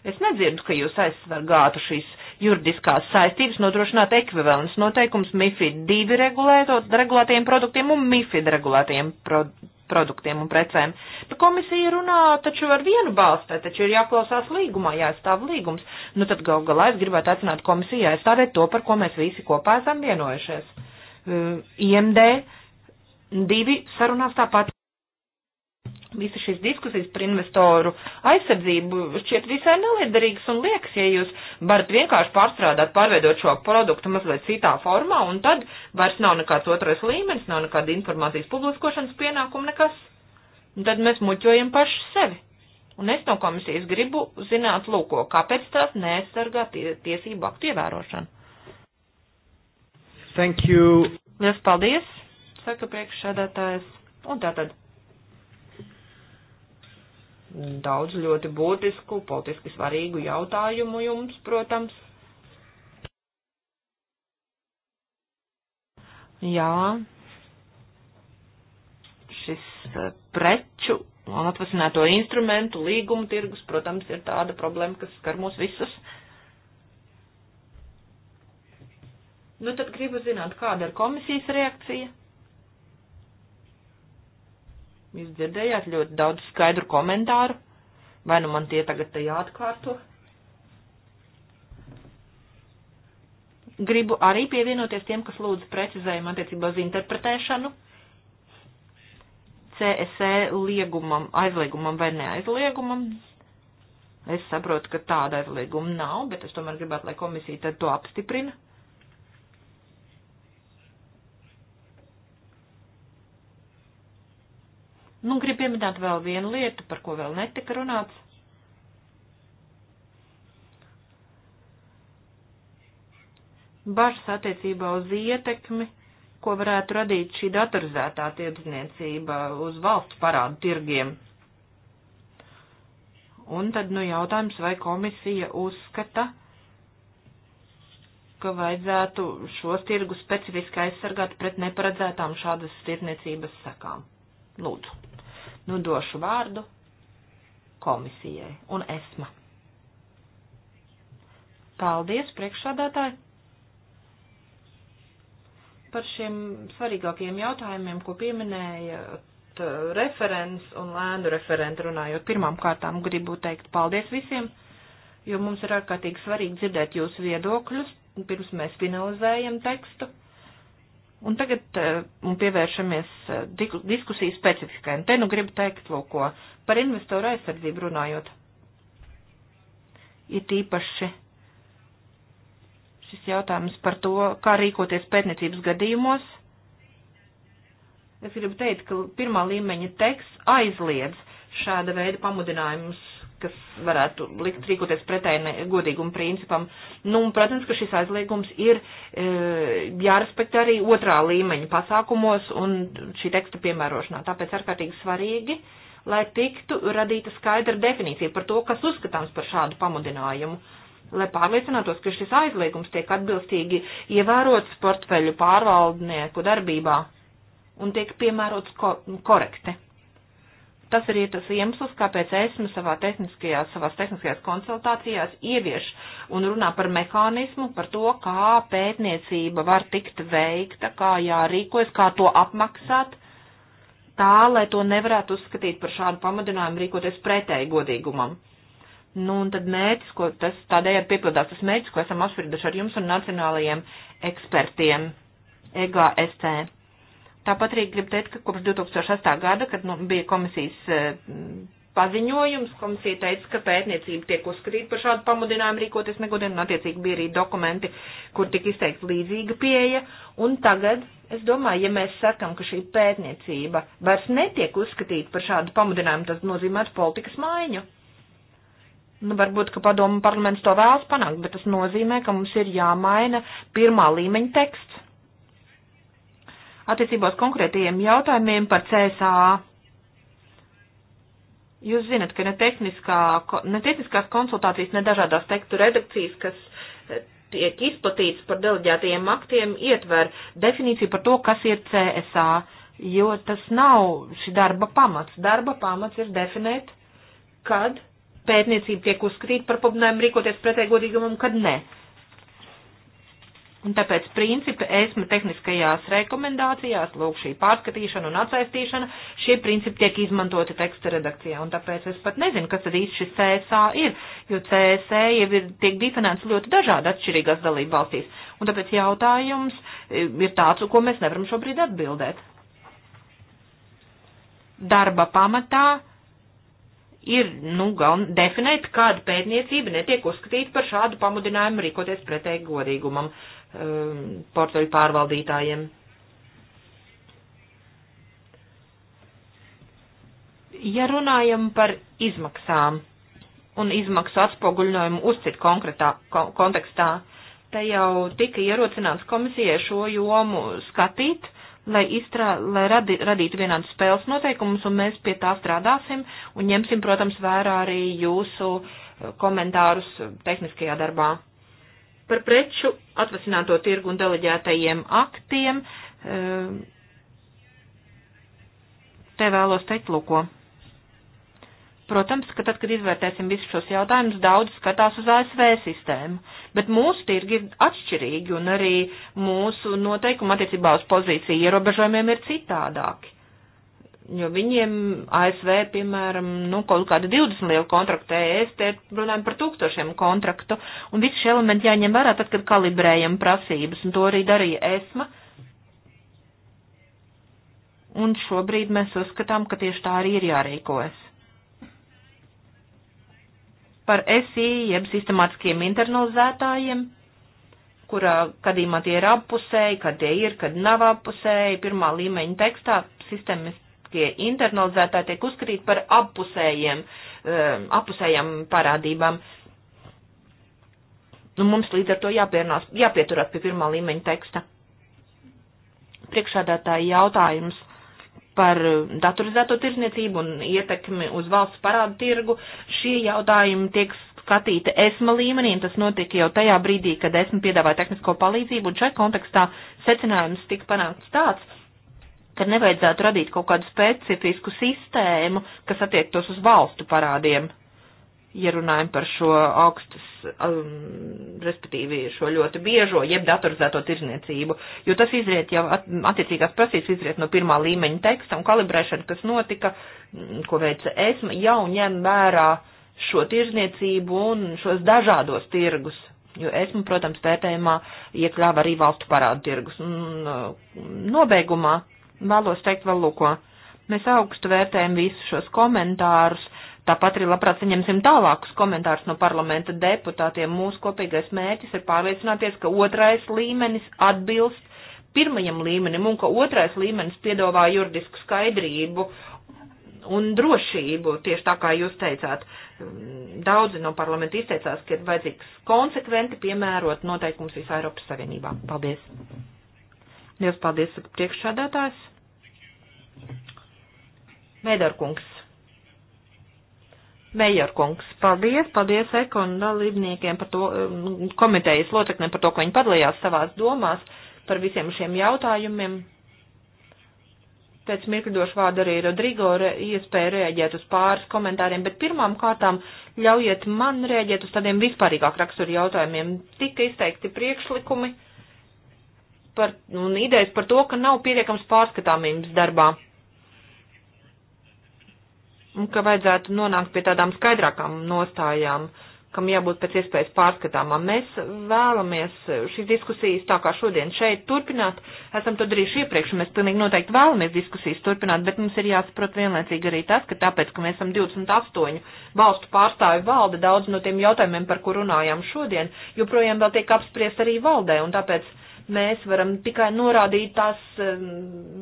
Es nedzirdu, ka jūs aizsargātu šīs uh, juridiskās saistības nodrošināt ekvivalents noteikums MIFID 2 regulētajiem produktiem un MIFID regulētajiem pro produktiem un precēm. Nu, komisija runā taču ar vienu balstu, taču ir jāklausās līgumā, jāizstāv līgums. Nu, tad gal galā es gribētu aicināt komisiju aizstāvēt to, par ko mēs visi kopā esam vienojušies. Uh, IMD divi sarunās tāpat Visa šīs diskusijas par investoru aizsardzību šķiet visai neliederīgas un liekas, ja jūs varat vienkārši pārstrādāt, pārveidot šo produktu mazliet citā formā, un tad vairs nav nekāds otrais līmenis, nav nekāda informācijas publiskošanas pienākuma, nekas. Un tad mēs muļķojam paši sevi. Un es no komisijas gribu zināt, lūko, kāpēc tās neaizsargā tie, tiesību aktu ievērošanu. Thank you. Liels paldies, saka priekšsādātājs. Un tātad daudz ļoti būtisku, politiski svarīgu jautājumu jums, protams. Jā, šis eh, preču un atvasināto instrumentu līguma tirgus, protams, ir tāda problēma, kas skar mūs visus. Nu tad gribu zināt, kāda ir komisijas reakcija? Jūs dzirdējāt ļoti daudz skaidru komentāru, vai nu man tie tagad te jāatkārto? Gribu arī pievienoties tiem, kas lūdzu precizējumu attiecībā uz interpretēšanu. CSE liegumam, aizliegumam vai neaizliegumam. Es saprotu, ka tāda aizlieguma nav, bet es tomēr gribētu, lai komisija tad to apstiprina. Nu, gribu pieminēt vēl vienu lietu, par ko vēl netika runāts. Bažas attiecībā uz ietekmi, ko varētu radīt šī datorizētā tirdzniecība uz valsts parādu tirgiem. Un tad, nu, jautājums, vai komisija uzskata, ka vajadzētu šos tirgus specifiski aizsargāt pret neparedzētām šādas tirdzniecības sekām. Lūdzu. Nu došu vārdu komisijai un esma. Paldies, priekšsādātāji! Par šiem svarīgākajiem jautājumiem, ko pieminēja eh, referents un lēnu referentu runājot. Pirmām kārtām gribu teikt paldies visiem, jo mums ir ārkārtīgi svarīgi dzirdēt jūsu viedokļus, pirms mēs finalizējam tekstu. Uh, Un tagad eh, un pievēršamies eh, diskusiju specifikai. Un te nu gribu teikt, lūk, par investoru aizsardzību runājot. Ir tīpaši šis jautājums par to, kā rīkoties pētniecības gadījumos. Es gribu teikt, ka pirmā līmeņa teksts aizliedz šāda veida pamudinājumus kas varētu likt rīkoties pretēji godīguma principam. Nu, un, protams, ka šis aizliegums ir e, jārespektē arī otrā līmeņa pasākumos un šī teksta piemērošanā. Tāpēc ārkārtīgi svarīgi, lai tiktu radīta skaidra definīcija par to, kas uzskatāms par šādu pamudinājumu. Lai pārliecinātos, ka šis aizliegums tiek atbilstīgi ievērots portfeļu pārvaldnieku darbībā un tiek piemērots ko korekti. Tas arī ir tas iemesls, kāpēc esmu savā tehniskajā, savās tehniskajās konsultācijās ievieš un runā par mehānismu, par to, kā pētniecība var tikt veikta, kā jārīkojas, kā to apmaksāt, tā, lai to nevarētu uzskatīt par šādu pamudinājumu rīkoties pretēji godīgumam. Nu, un tad mērķis, ko tas tādējādi piepildās, tas mērķis, ko esam apsprieduši ar jums un nacionālajiem ekspertiem EGST. Tāpat arī gribu teikt, ka kopš 2008. gada, kad nu, bija komisijas eh, paziņojums, komisija teica, ka pētniecība tiek uzskatīta par šādu pamudinājumu rīkoties negodiem, un attiecīgi bija arī dokumenti, kur tika izteikta līdzīga pieeja, un tagad Es domāju, ja mēs sakam, ka šī pētniecība vairs netiek uzskatīta par šādu pamudinājumu, tas nozīmētu politikas maiņu. Nu, varbūt, ka padomu parlaments to vēlas panākt, bet tas nozīmē, ka mums ir jāmaina pirmā līmeņa teksts attiecībos konkrētajiem jautājumiem par CSA. Jūs zinat, ka ne, tehniskā, ne tehniskās konsultācijas, ne dažādās tekstu redakcijas, kas eh, tiek izplatīts par deleģētajiem aktiem, ietver definīciju par to, kas ir CSA, jo tas nav šī darba pamats. Darba pamats ir definēt, kad pētniecība tiek uzskatīta par pabudinājumu rīkoties pretēji godīgumam, kad nē. Ne Un tāpēc principi ESMA tehniskajās rekomendācijās, lūk, šī pārskatīšana un atsaistīšana, šie principi tiek izmantoti teksta redakcijā. Un tāpēc es pat nezinu, kas tad īsti šis CSA ir, jo CSA jau ir, tiek definēts ļoti dažādi atšķirīgās dalību valstīs. Un tāpēc jautājums e, ir tāds, ko mēs nevaram šobrīd atbildēt. Darba pamatā ir, nu, gal, definēt, kāda pētniecība netiek uzskatīta par šādu pamudinājumu rīkoties pretēji godīgumam. Uh, Um, portfeļu pārvaldītājiem. Ja runājam par izmaksām un izmaksu atspoguļojumu uzcit konkrētā ko, kontekstā, te jau tika ierocināts komisijai šo jomu skatīt, lai, izstrā, lai radi, radītu vienādas spēles noteikumus, un mēs pie tā strādāsim un ņemsim, protams, vērā arī jūsu uh, komentārus uh, tehniskajā darbā par preču atvasināto tirgu un deleģētajiem aktiem. Ehm, te vēlos teikt lūko. Protams, ka tad, kad izvērtēsim visus šos jautājumus, daudz skatās uz ASV sistēmu, bet mūsu tirgi ir atšķirīgi un arī mūsu noteikumi attiecībā uz pozīciju ierobežojumiem ir citādāki jo viņiem ASV, piemēram, nu, kaut kāda 20 liela kontrakta ES, te runājam par tūkstošiem kontraktu, un visi šie elementi jāņem vērā tad, kad kalibrējam prasības, un to arī darīja ESMA. Un šobrīd mēs uzskatām, ka tieši tā arī ir jārīkojas. Par SI, jeb sistemātiskiem internalizētājiem kurā gadījumā tie ir appusēji, kad tie ir, kad nav appusēji, pirmā līmeņa tekstā sistēmas tie internalizētāji tiek uzskatīt par appusējiem, eh, appusējām parādībām. Nu, mums līdz ar to jāpiernās, jāpieturās pie pirmā līmeņa teksta. Priekšādātāji jautājums par datorizēto tirzniecību un ietekmi uz valsts parādu tirgu. Šie jautājumi tiek skatīti ESMA līmenī, un tas notiek jau tajā brīdī, kad ESMA piedāvāja tehnisko palīdzību, un šai kontekstā secinājums tika panākts tāds, ka nevajadzētu radīt kaut kādu specifisku sistēmu, kas attiektos uz valstu parādiem, ja runājam par šo augstas, um, respektīvi šo ļoti biežo, jeb datorizēto tirzniecību, jo tas izriet jau at, attiecīgās prasības izriet no pirmā līmeņa teksta un kalibrēšana, kas notika, mm, ko veica ESMA, jau ņem vērā šo tirzniecību un šos dažādos tirgus. Jo esmu, protams, pētējumā iekļāva arī valstu parādu tirgus. Un, uh, nobeigumā vēlos teikt vēl lūko. Mēs augstu vērtējam visus šos komentārus, tāpat arī labprāt saņemsim tālākus komentārus no parlamenta deputātiem. Mūsu kopīgais mērķis ir pārliecināties, ka otrais līmenis atbilst pirmajam līmenim un ka otrais līmenis piedāvā juridisku skaidrību un drošību, tieši tā kā jūs teicāt. Daudzi no parlamenta izteicās, ka ir vajadzīgs konsekventi piemērot noteikums visā Eiropas Savienībā. Paldies! Liels paldies, saka priekšsādātājs. Mēdarkungs. Mējarkungs, paldies, paldies ekonu dalībniekiem par to, mm, komitejas locekļiem par to, ka viņi padalījās savās domās par visiem šiem jautājumiem. Pēc mirkļdošu vārdu arī Rodrigo re, iespēja rēģēt uz pāris komentāriem, bet pirmām kārtām ļaujiet man rēģēt uz tādiem vispārīgāk raksturu jautājumiem. Tika izteikti priekšlikumi. Uh, par, un idejas par to, ka nav pietiekams pārskatāmības darbā. Un ka vajadzētu nonākt pie tādām skaidrākām nostājām, kam jābūt pēc iespējas pārskatāmām. Mēs vēlamies šīs diskusijas tā kā šodien šeit turpināt. Esam to darījuši iepriekš, un mēs pilnīgi noteikti vēlamies diskusijas turpināt, bet mums ir jāsaprot vienlaicīgi arī tas, ka tāpēc, ka mēs esam 28 valstu pārstāvi valde, daudz no tiem jautājumiem, par kur runājām šodien, joprojām vēl tiek apspriest arī valdē, un tāpēc Mēs varam tikai norādīt tās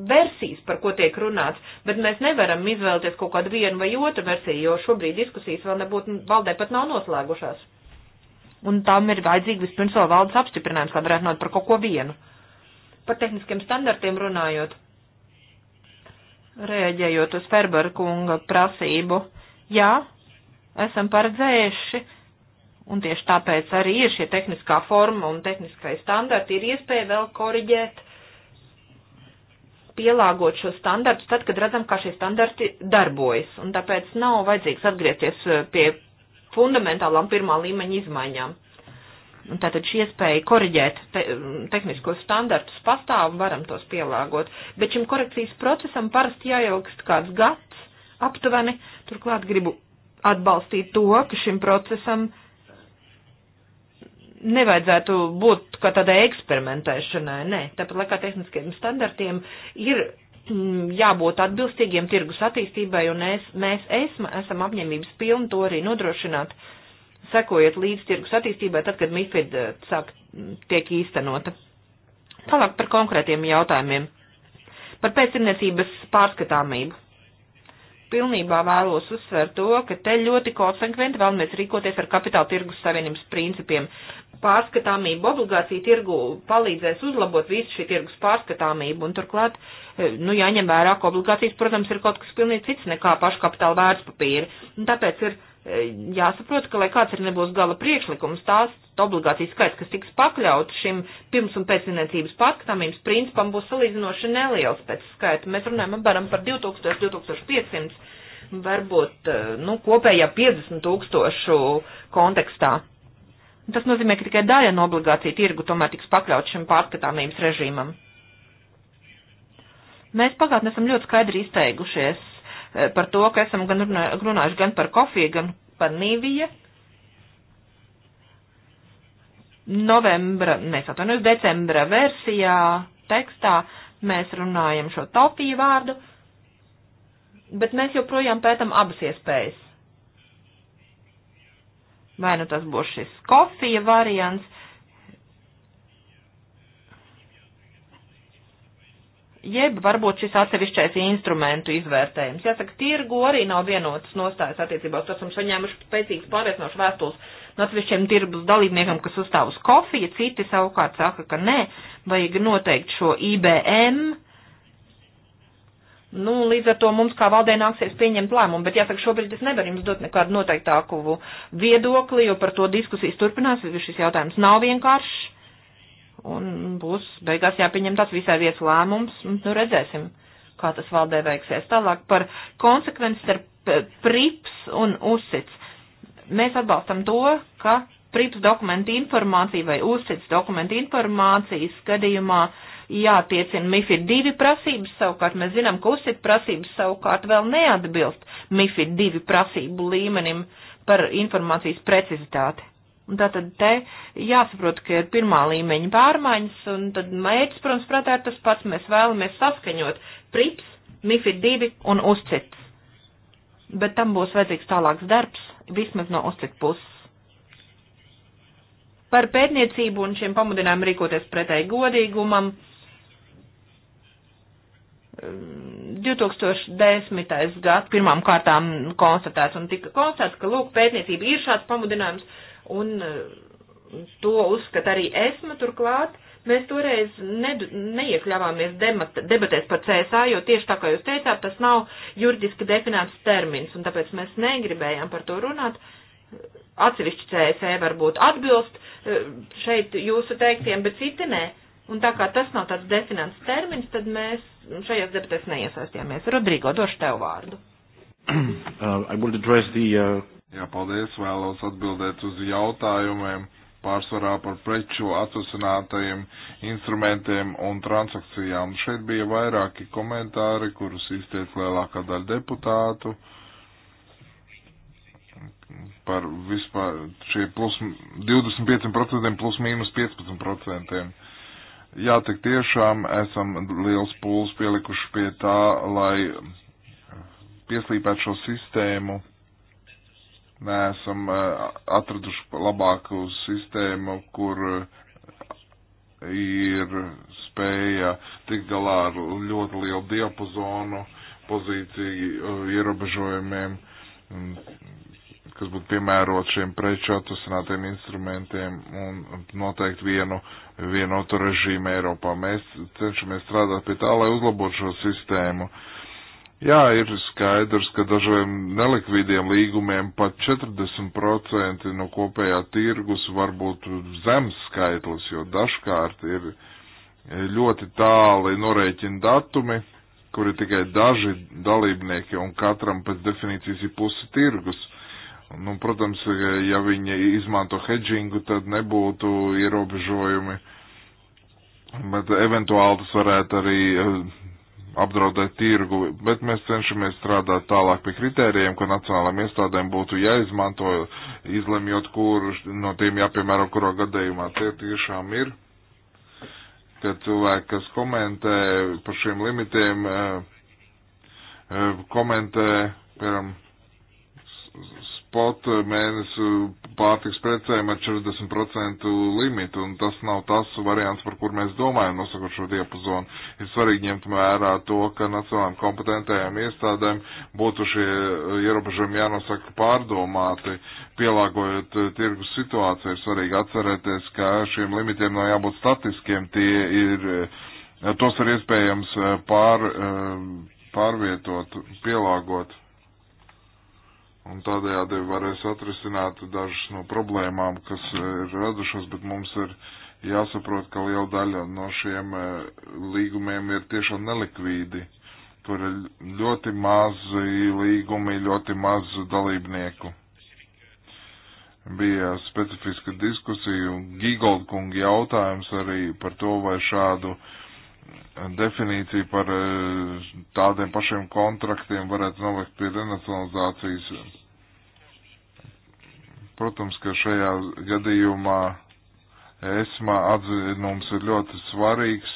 versijas, par ko tiek runāts, bet mēs nevaram izvēlēties kaut kādu vienu vai otru versiju, jo šobrīd diskusijas vēl nebūtu, valdē pat nav noslēgušās. Un tam ir vajadzīgi vispirms vēl valdes apstiprinājums, lai varētu nākt par kaut ko vienu. Par tehniskiem standartiem runājot, rēģējot uz Ferberkunga prasību, jā, esam paredzējuši Un tieši tāpēc arī ir šie tehniskā forma un tehniskai standarti, ir iespēja vēl koriģēt, pielāgot šo standartu tad, kad redzam, kā šie standarti darbojas. Un tāpēc nav vajadzīgs atgriezties eh, pie fundamentālām pirmā līmeņa izmaiņām. Un tātad šī iespēja koriģēt te, mm, tehniskos standartus pastāv, varam tos pielāgot, bet šim korekcijas procesam parasti jāielgst kāds gads aptuveni. Turklāt gribu atbalstīt to, ka šim procesam uh, nevajadzētu būt kā tādai eksperimentēšanai, nē, tāpat laikā tehniskiem standartiem ir mm, jābūt atbilstīgiem tirgus attīstībai, un es, mēs esma, esam apņemības pilni to arī nodrošināt, sekojiet līdz tirgus attīstībai, tad, kad MIFID eh, sāk mm, tiek īstenota. Tālāk par konkrētiem jautājumiem. Par pēcimniecības pārskatāmību. Pilnībā vēlos uzsvērt to, ka te ļoti konsekventi vēlamies rīkoties ar kapitāla tirgus savienības principiem pārskatāmība obligācija tirgu palīdzēs uzlabot visu šī tirgus pārskatāmību un turklāt, e, nu, jāņem vērā, ka obligācijas, protams, ir kaut kas pilnīgi cits nekā paškapitāla vērtspapīri. Un tāpēc ir e, jāsaprot, ka, lai kāds ir nebūs gala priekšlikums, tās obligācijas skaits, kas tiks pakļaut šim pirms un pēcniecības pārskatāmības principam, būs salīdzinoši neliels pēc skaita. Mēs runājam apmēram par 2000-2500, varbūt, e, nu, kopējā 50 tūkstošu kontekstā. Tas nozīmē, ka tikai daļa no obligāciju tirgu tomēr tiks pakļaut šim pārskatāmības režīmam. Mēs pagātnē esam ļoti skaidri izteigušies eh, par to, ka esam gan runājuši gan par kofiju, gan par nīviju. Novembra, mēs atvainojos, decembra versijā tekstā mēs runājam šo topiju vārdu, bet mēs joprojām pētam abas iespējas Vai nu tas būs šis kofija variants. Jeb varbūt šis atsevišķais instrumentu izvērtējums. Jāsaka, tirgu arī nav vienotas nostājas attiecībā. Esam saņēmuši spēcīgas pārliecinošas vēstules no atsevišķiem tirgus dalībniekam, kas uzstāv uz kofiju, citi savukārt saka, ka nē, vajag noteikt šo IBM Nu, līdz ar to mums kā valdē nāksies pieņemt lēmumu, bet jāsaka, šobrīd es nevaru jums dot nekādu noteiktāku viedokli, jo par to diskusijas turpinās, jo šis jautājums nav vienkāršs. Un būs beigās jāpieņem tāds visai vietas lēmums, nu, nu redzēsim, kā tas valdē veiksies. Tālāk par konsekvences ar prips un uzsits. Mēs atbalstam to, ka prips dokumentu informācija vai uzsits dokumentu informācijas gadījumā uh, jātiecina MIFID 2 prasības, savukārt mēs zinām, ka USIT prasības savukārt vēl neatbilst MIFID 2 prasību līmenim par informācijas precizitāti. Un tātad te jāsaprot, ka ir pirmā līmeņa pārmaiņas, un tad mērķis, protams, prātā ir tas pats, mēs vēlamies saskaņot PRIPS, MIFID 2 un USIT. Bet tam būs vajadzīgs tālāks darbs, vismaz no USIT puses par pētniecību un šiem pamudinājumu rīkoties pretēji godīgumam. 2010. gads pirmām kārtām konstatēts un tika konstatēts, ka, lūk, pētniecība ir šāds pamudinājums un eh, to uzskata arī esma turklāt. Mēs toreiz ne, neiekļāvāmies demat, debatēs par CSA, jo tieši tā kā jūs teicāt, tas nav juridiski definēts termins, un tāpēc mēs negribējām par to runāt. Atsevišķi CSE varbūt atbilst eh, šeit jūsu teiktiem, bet citi nē. Uh, Un tā kā tas nav tāds definēts termins, tad mēs šajās debatēs neiesaistījāmies. Rodrigo, došu tev vārdu. Uh, the, uh... Jā, paldies, vēlos atbildēt uz jautājumiem pārsvarā par preču atvasinātajiem instrumentiem un transakcijām. Šeit bija vairāki komentāri, kurus izteica lielākā daļa deputātu par vispār šie plus 25% plus mīnus 15%. Jā, tik tiešām esam liels pūls pielikuši pie tā, lai pieslīpētu šo sistēmu. Neesam eh, atraduši labāku sistēmu, kur eh, ir spēja tikt galā ar ļoti lielu diapazonu pozīciju eh, ierobežojumiem, kas būtu piemērot šiem preču atrasinātiem instrumentiem un noteikti vienu vienotu režīmu Eiropā. Mēs cenšamies strādāt pie tā, lai uzlabotu šo sistēmu. Jā, ir skaidrs, ka dažiem nelikvidiem līgumiem pat 40% no kopējā tirgus var būt zems skaitlis, jo dažkārt ir ļoti tāli norēķina datumi, kur ir tikai daži dalībnieki un katram pēc definīcijas ir pusi tirgus. Nu, protams, ja viņi izmanto hedžingu, tad nebūtu ierobežojumi, bet eventuāli tas varētu arī eh, apdraudēt tirgu, bet mēs cenšamies strādāt tālāk pie kritērijiem, ko nacionālām iestādēm būtu jāizmanto, izlemjot, kur no tiem jāpiemēro, kuro gadījumā tie tiešām ir, ka cilvēki, kas komentē par šiem limitiem, eh, eh, komentē, piemēram, spot mēnesu pārtiks precēm ar 40% limitu, un tas nav tas variants, par kur mēs domājam nosakot šo diapazonu. Ir svarīgi ņemt mērā to, ka nacionālām kompetentējām iestādēm būtu šie ierobežojumi jānosaka pārdomāti, pielāgojot tirgus situāciju. Ir svarīgi atcerēties, ka šiem limitiem nav jābūt statiskiem, tie ir, tos ir iespējams pār, pārvietot, pielāgot un tādējādi varēs atrisināt dažas no problēmām, kas eh, ir radušas, bet mums ir jāsaprot, ka liela daļa no šiem eh, līgumiem ir tiešām nelikvīdi. Tur ir ļoti mazi līgumi, ļoti maz dalībnieku. Bija specifiska diskusija un Gigoldkunga jautājums arī par to, vai šādu uh, definīciju par e, tādiem pašiem kontraktiem varētu novest pie renacionalizācijas. Protams, ka šajā gadījumā ESMA atzinums ir ļoti svarīgs.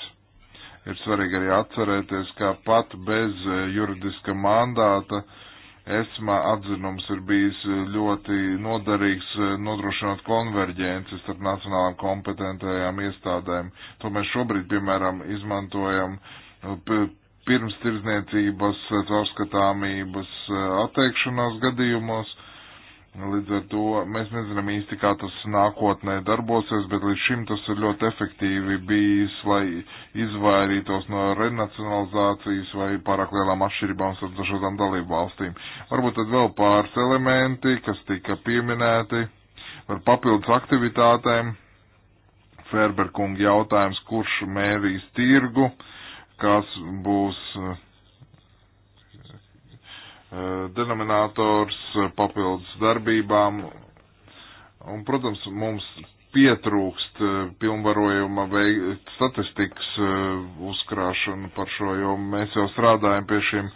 Ir svarīgi arī atcerēties, ka pat bez e, juridiska mandāta uh, ESMA atzinums ir bijis eh, ļoti noderīgs eh, nodrošinot konverģenci starp nacionālām kompetentajām iestādēm. To mēs šobrīd, piemēram, izmantojam eh, pirms tirdzniecības, caurskatāmības atteikšanās gadījumos, Līdz ar to mēs nezinām īsti, kā tas nākotnē darbosies, bet līdz šim tas ir ļoti efektīvi bijis, lai izvairītos no renacionalizācijas vai pārāk lielām atšķirībām starp dažādām dalību valstīm. Varbūt tad vēl pāris elementi, kas tika pieminēti par papildus aktivitātēm. Ferberkunga jautājums, kurš mērīs tirgu, kas būs. Uh, denominators papildus darbībām. Un, protams, mums pietrūkst eh, pilnvarojuma veikt statistikas eh, uzkrāšanu par šo, jo mēs jau strādājam pie šiem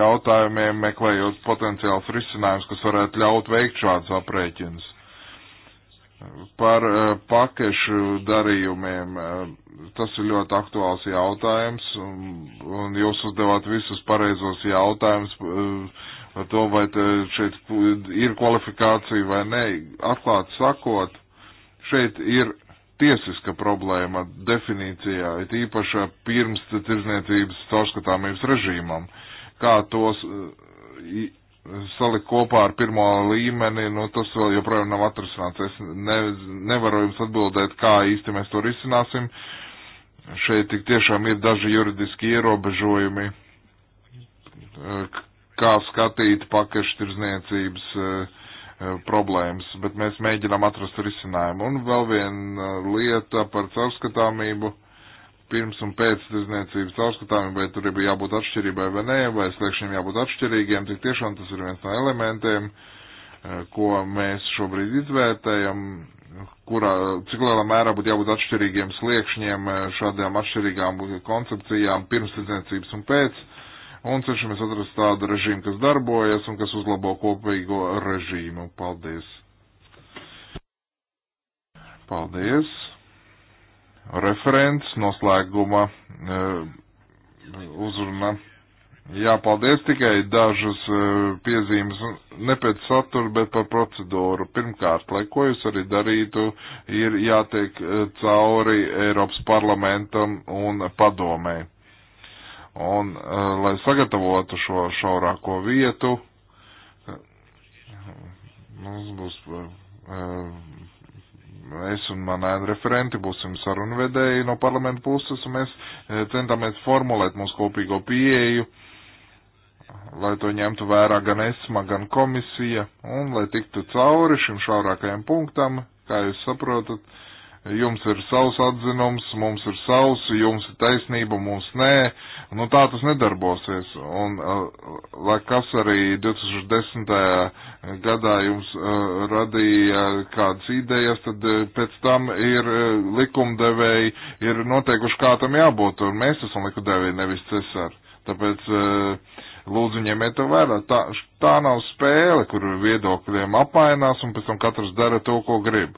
jautājumiem, meklējot potenciāls risinājums, kas varētu ļaut veikt šādus aprēķinus par eh, pakešu darījumiem. Eh, tas ir ļoti aktuāls jautājums, un jūs uzdevāt visus pareizos jautājumus eh, par to, vai šeit ir kvalifikācija vai nē. Atklāt sakot, šeit ir tiesiska problēma definīcijā, it īpaši pirms tirzniecības caurskatāmības režīmam, kā tos salikt kopā ar pirmo līmeni, nu tas vēl joprojām nav atrasināts. Es ne, nevaru jums atbildēt, kā īsti mēs to risināsim. Šeit tik tiešām ir daži juridiski ierobežojumi, kā skatīt pakašķirzniecības eh, problēmas, bet mēs mēģinām atrast risinājumu. Un vēl viena lieta par caurskatāmību pirms un pēc tirdzniecības caurskatāmība, vai tur ir jābūt atšķirībai vai nē, vai sliekšņiem jābūt atšķirīgiem, tik tiešām tas ir viens no elementiem, eh, ko mēs šobrīd izvērtējam, kurā, cik lielā mērā būtu jābūt atšķirīgiem sliekšņiem, eh, šādām atšķirīgām koncepcijām pirms tirdzniecības un pēc, un cenšamies atrast tādu režīmu, kas darbojas un kas uzlabo kopīgo režīmu. Paldies! Paldies! referents noslēguma e, uzruna. Jā, paldies tikai dažas e, piezīmes, ne pēc satura, bet par procedūru. Pirmkārt, lai ko jūs arī darītu, ir jātiek e, cauri Eiropas parlamentam un padomē. Un, lai sagatavotu šo šaurāko vietu, mums būs es un manēna referenti būsim sarunvedēji no parlamenta puses, un mēs e, centāmies formulēt mūsu kopīgo pieeju, lai to ņemtu vērā gan ESMA, gan komisija, un lai tiktu cauri šim šaurākajam punktam, kā jūs saprotat, jums ir savs atzinums, mums ir savs, jums ir taisnība, mums nē. Nu tā tas nedarbosies. Un uh, lai kas arī 2010. gadā jums uh, radīja kādas idejas, tad uh, pēc tam ir likumdevēji, ir noteikuši, kā tam jābūt. Un mēs esam likumdevēji, nevis cesari. Tāpēc lūdzu ņemiet to vērā. Tā, tā nav spēle, kur viedokļiem apmainās un pēc tam katrs dara to, ko grib.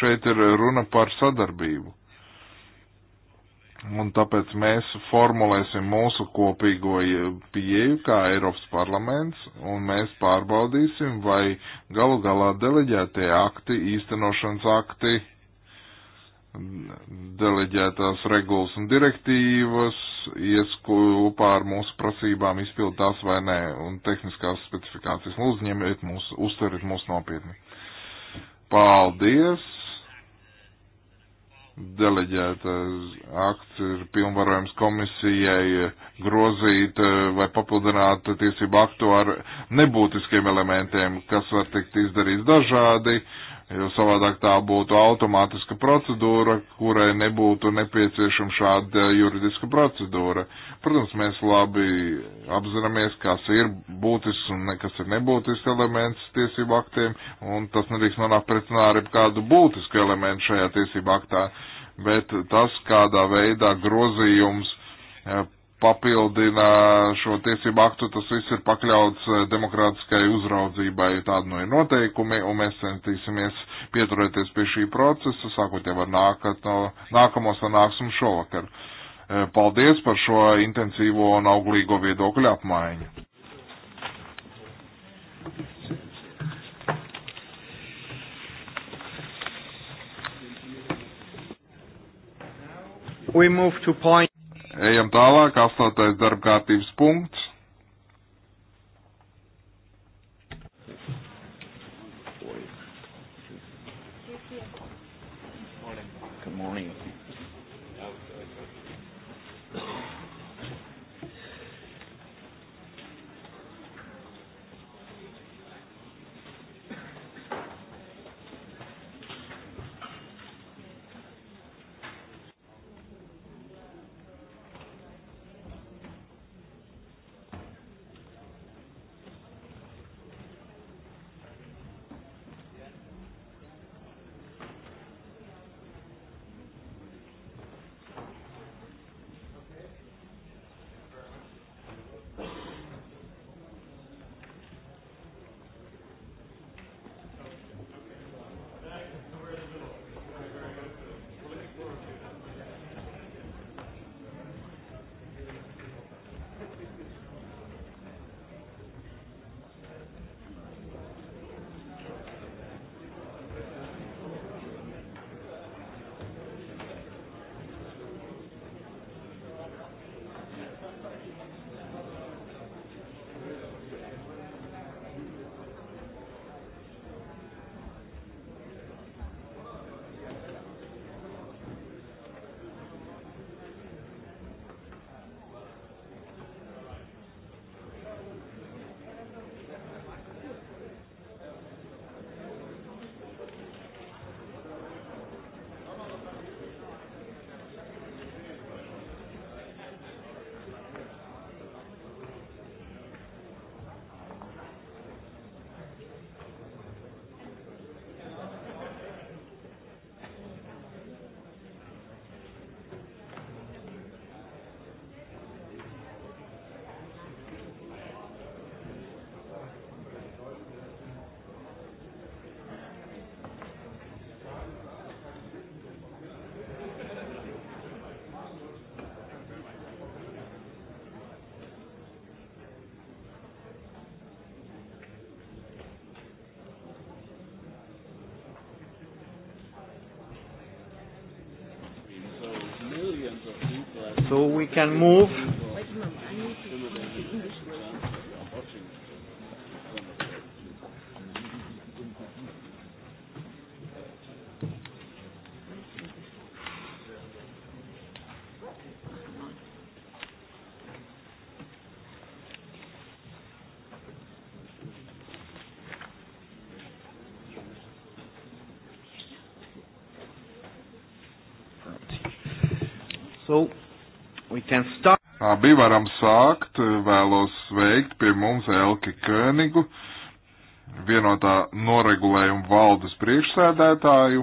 Šeit ir runa par sadarbību. Un tāpēc mēs formulēsim mūsu kopīgo pieeju kā Eiropas parlaments, un mēs pārbaudīsim, vai galu galā deleģētie akti, īstenošanas akti, deleģētās regulas un direktīvas ies kopā ar mūsu prasībām izpild tās vai nē, un tehniskās specifikācijas. Lūdzu, ņemiet mūs, uztveriet mūs nopietni. Paldies! deleģēta akts ir pilnvarojums komisijai grozīt eh, vai papildināt tiesību aktu ar nebūtiskiem elementiem, kas var tikt izdarīts dažādi. Uh, jo savādāk tā būtu automātiska procedūra, kurai nebūtu nepieciešama šāda juridiska procedūra. Protams, mēs labi apzināmies, kas ir būtisks un kas ir nebūtisks elements tiesību aktiem, un tas nedrīkst nonākt pretinā ar kādu būtisku elementu šajā tiesību aktā, bet tas, kādā veidā grozījums eh, papildina šo tiesību aktu, tas viss ir pakļauts eh, demokrātiskai uzraudzībai, tāda nu ir noteikumi, un mēs centīsimies pieturēties pie šī procesa, sākot jau ar nākat, no, nākamo sanāksmu šovakar. Eh, paldies par šo intensīvo un auglīgo viedokļu apmaiņu. We move to point Ejam tālāk, astotais darba kārtības punkts. can move Abi varam sākt. Vēlos sveikt pie mums Elki Königu, vienotā noregulējuma valdes priekšsēdētāju,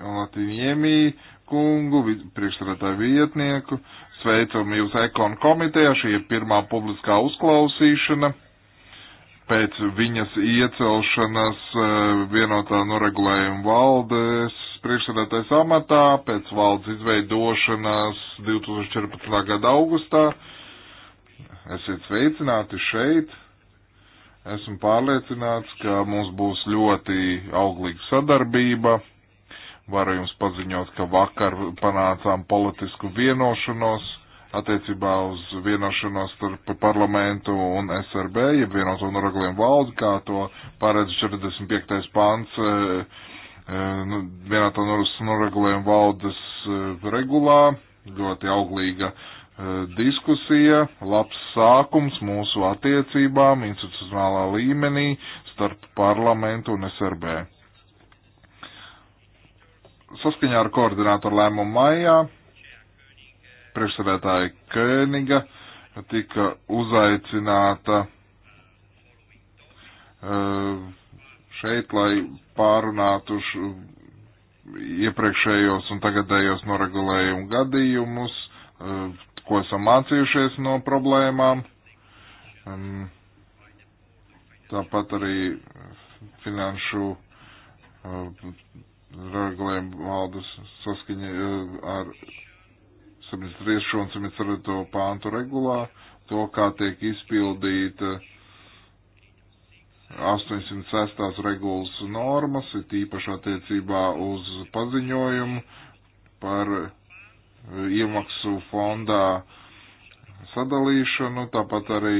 Latīņiemī kungu, priekšsēdētāju vietnieku. Sveicam jūs Ekon komitejā, šī ir pirmā publiskā uzklausīšana pēc viņas iecelšanas eh, vienotā noregulējuma valdes priekšsēdētājs amatā pēc valdes izveidošanās 2014. gada augustā. Esiet sveicināti šeit. Esmu pārliecināts, ka mums būs ļoti auglīga sadarbība. Varu jums paziņot, ka vakar panācām politisku vienošanos attiecībā uz vienošanos starp parlamentu un SRB, jeb vienoto un regulējumu valdi, kā to paredz 45. pants nu, vienotā noregulējuma valdes regulā. Ļoti auglīga diskusija, labs sākums mūsu attiecībām institucionālā līmenī starp parlamentu un SRB. Saskaņā ar koordinātoru lēmumu maijā priekšsēdētāja Kēniga tika uzaicināta uh, šeit, lai pārunātu iepriekšējos un tagadējos noregulējumu gadījumus, e, ko esam mācījušies no problēmām. Tāpat arī finanšu e, regulējumu valdes saskaņa e, ar 73. un 74. pāntu regulā, to, kā tiek izpildīta uh, 806. regulas normas, ir tīpaši attiecībā uz paziņojumu par e, iemaksu fondā sadalīšanu, tāpat arī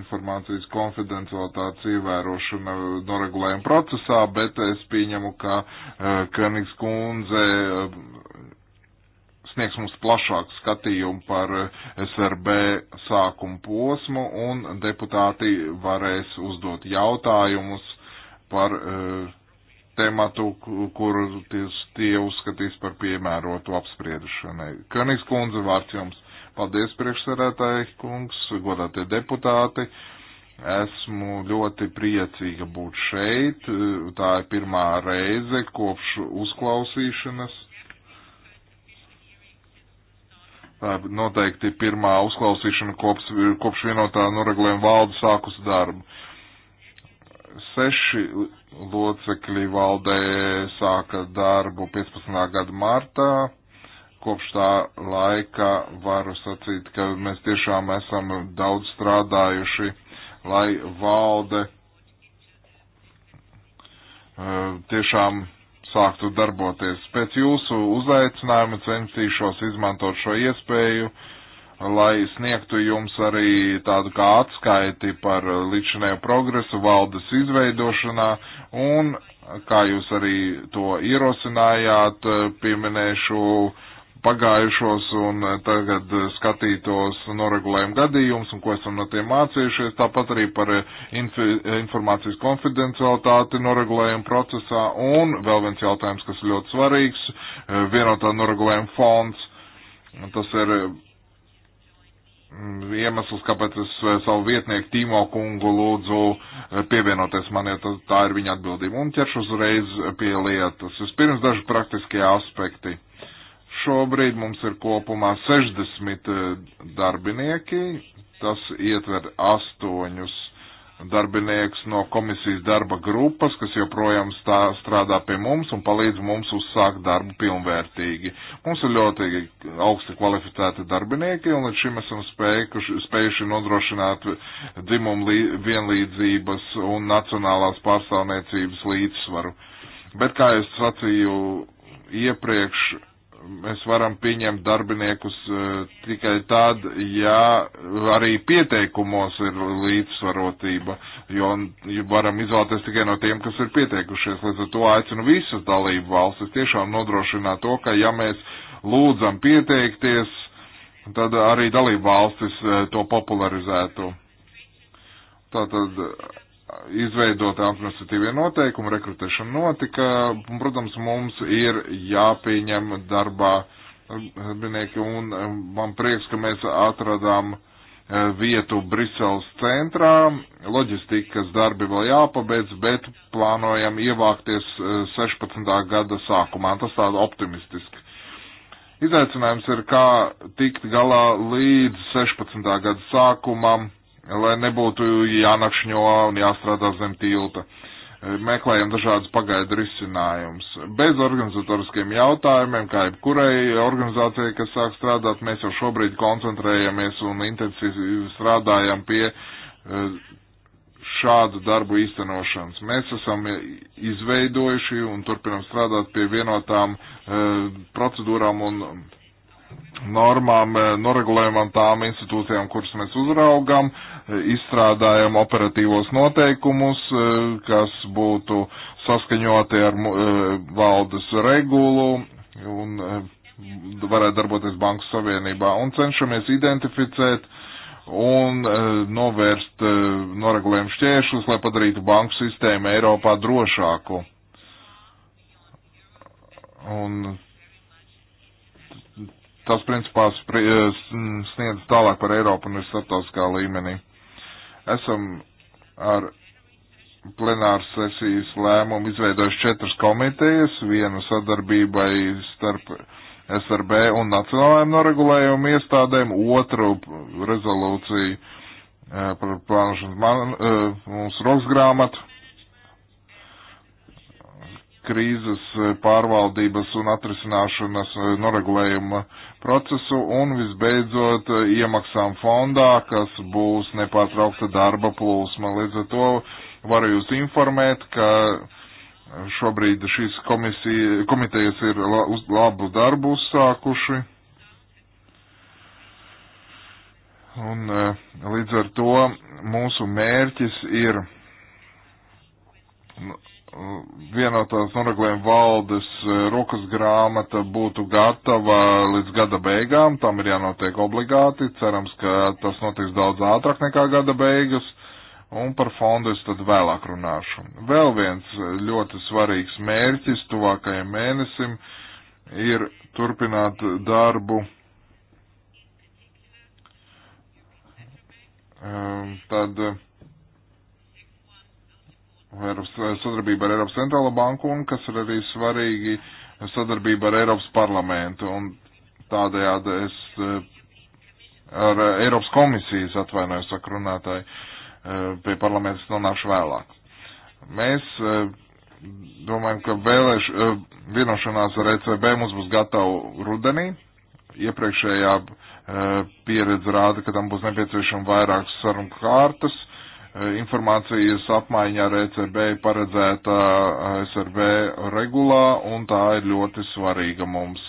informācijas konfidencialitātes ievērošana noregulējuma procesā, bet es pieņemu, ka e, Kenigs kundze sniegs mums plašāku skatījumu par eh, SRB sākumu posmu un deputāti varēs uzdot jautājumus par uh, tematu, kuru tie uzskatīs par piemērotu apspriedušanai. Kanīgs kundze, vārds jums. Paldies priekšsarētāji kungs, godātie deputāti. Esmu ļoti priecīga būt šeit. Tā ir pirmā reize kopš uzklausīšanas noteikti pirmā uzklausīšana kops, kopš vienotā noregulējuma valda sākus darbu. Seši locekļi valdē sāka darbu 15. gada martā. Kopš tā laika varu sacīt, ka mēs tiešām esam daudz strādājuši, lai valde eh, tiešām sāktu darboties. Pēc jūsu uzaicinājuma censīšos izmantot šo iespēju, lai sniegtu jums arī tādu kā atskaiti par līdzinējo progresu valdes izveidošanā un, kā jūs arī to ierosinājāt, pieminēšu uh, pagājušos un eh, tagad eh, skatītos noregulējumu gadījumus un ko esam no tiem mācījušies, tāpat arī par eh, infi, informācijas konfidencialitāti noregulējumu procesā un vēl viens jautājums, kas ļoti svarīgs, vienotā noregulējuma fonds. Tas ir mm, iemesls, kāpēc es savu vietnieku Tīmo kungu lūdzu pievienoties man, jo tā ir viņa atbildība. Un ķeršu uzreiz pie lietas. Vispirms daži praktiskie aspekti Šobrīd mums ir kopumā 60 e, darbinieki, tas ietver astoņus darbinieks no komisijas darba grupas, kas joprojām stā, strādā pie mums un palīdz mums uzsākt darbu pilnvērtīgi. Mums ir ļoti augsti kvalificēti darbinieki un līdz šim esam spējuši, spējuši nodrošināt dzimumu lī, vienlīdzības un nacionālās pārstāvniecības līdzsvaru. Bet, kā es sacīju iepriekš, mēs varam pieņemt darbiniekus e, tikai tad, ja arī pieteikumos ir līdzsvarotība, jo varam izvēlēties tikai no tiem, kas ir pieteikušies. Līdz ar to aicinu visas dalību valstis tiešām nodrošināt to, ka ja mēs lūdzam pieteikties, tad arī dalību valstis e, to popularizētu. Tātad izveidot administratīvie noteikumi, rekrutēšana notika, un, protams, mums ir jāpieņem darbā eh, darbinieki, un eh, man prieks, ka mēs atradām eh, vietu Briseles centrā, loģistikas darbi vēl jāpabeidz, bet plānojam ievākties 16. gada sākumā, tas tāda optimistiski. Izaicinājums ir, kā tikt galā līdz 16. gada sākumam lai nebūtu jānakšņo un jāstrādā zem tilta. Meklējam dažādas pagaidu risinājumus. Bez organizatoriskiem jautājumiem, kā jebkurai organizācijai, kas sāk strādāt, mēs jau šobrīd koncentrējamies un intensīvi strādājam pie e, šādu darbu īstenošanas. Mēs esam izveidojuši un turpinam strādāt pie vienotām e, procedūrām un normām, eh, noregulējumam tām institūcijām, kuras mēs uzraugam, eh, izstrādājam operatīvos noteikumus, eh, kas būtu saskaņoti ar valdes regulu un varētu darboties Banku Savienībā un cenšamies identificēt un novērst noregulējumu šķēršļus, lai padarītu banku sistēmu Eiropā drošāku. Un tas principā eh, sniedz tālāk par Eiropu un ir starptautiskā līmenī. Esam ar plenāru sesijas lēmumu izveidojuši četras komitejas, vienu sadarbībai starp SRB un nacionālajiem noregulējumu iestādēm, otru rezolūciju eh, par plānošanas man, eh, mums roksgrāmatu, krīzes eh, pārvaldības un atrisināšanas eh, noregulējuma procesu un visbeidzot eh, iemaksām fondā, kas būs nepārtraukta darba plūsma. Līdz ar to varu jūs informēt, ka šobrīd šīs komisija, komitejas ir labu darbu uzsākuši. Un līdz ar to mūsu mērķis ir vienotās noregulējuma valdes eh, rokas grāmata būtu gatava līdz gada beigām, tam ir jānotiek obligāti, cerams, ka tas notiks daudz ātrāk nekā gada beigas, un par fondu es tad vēlāk runāšu. Vēl viens eh, ļoti svarīgs mērķis tuvākajam mēnesim ir turpināt darbu. Eh, tad sadarbība ar Eiropas centrālo banku un kas ir arī svarīgi sadarbība ar Eiropas parlamentu. Un tādējādi es eh, ar Eiropas komisijas atvainojos sakrunātāji eh, pie parlamentas nonākšu vēlāk. Mēs eh, domājam, ka vēlēš, vienošanās ar ECB mums būs gatava rudenī. Iepriekšējā pieredze rāda, ka tam būs nepieciešama vairākas sarunu kārtas Informācijas apmaiņa ar ECB paredzēta SRB e regulā, un tā ir ļoti svarīga mums.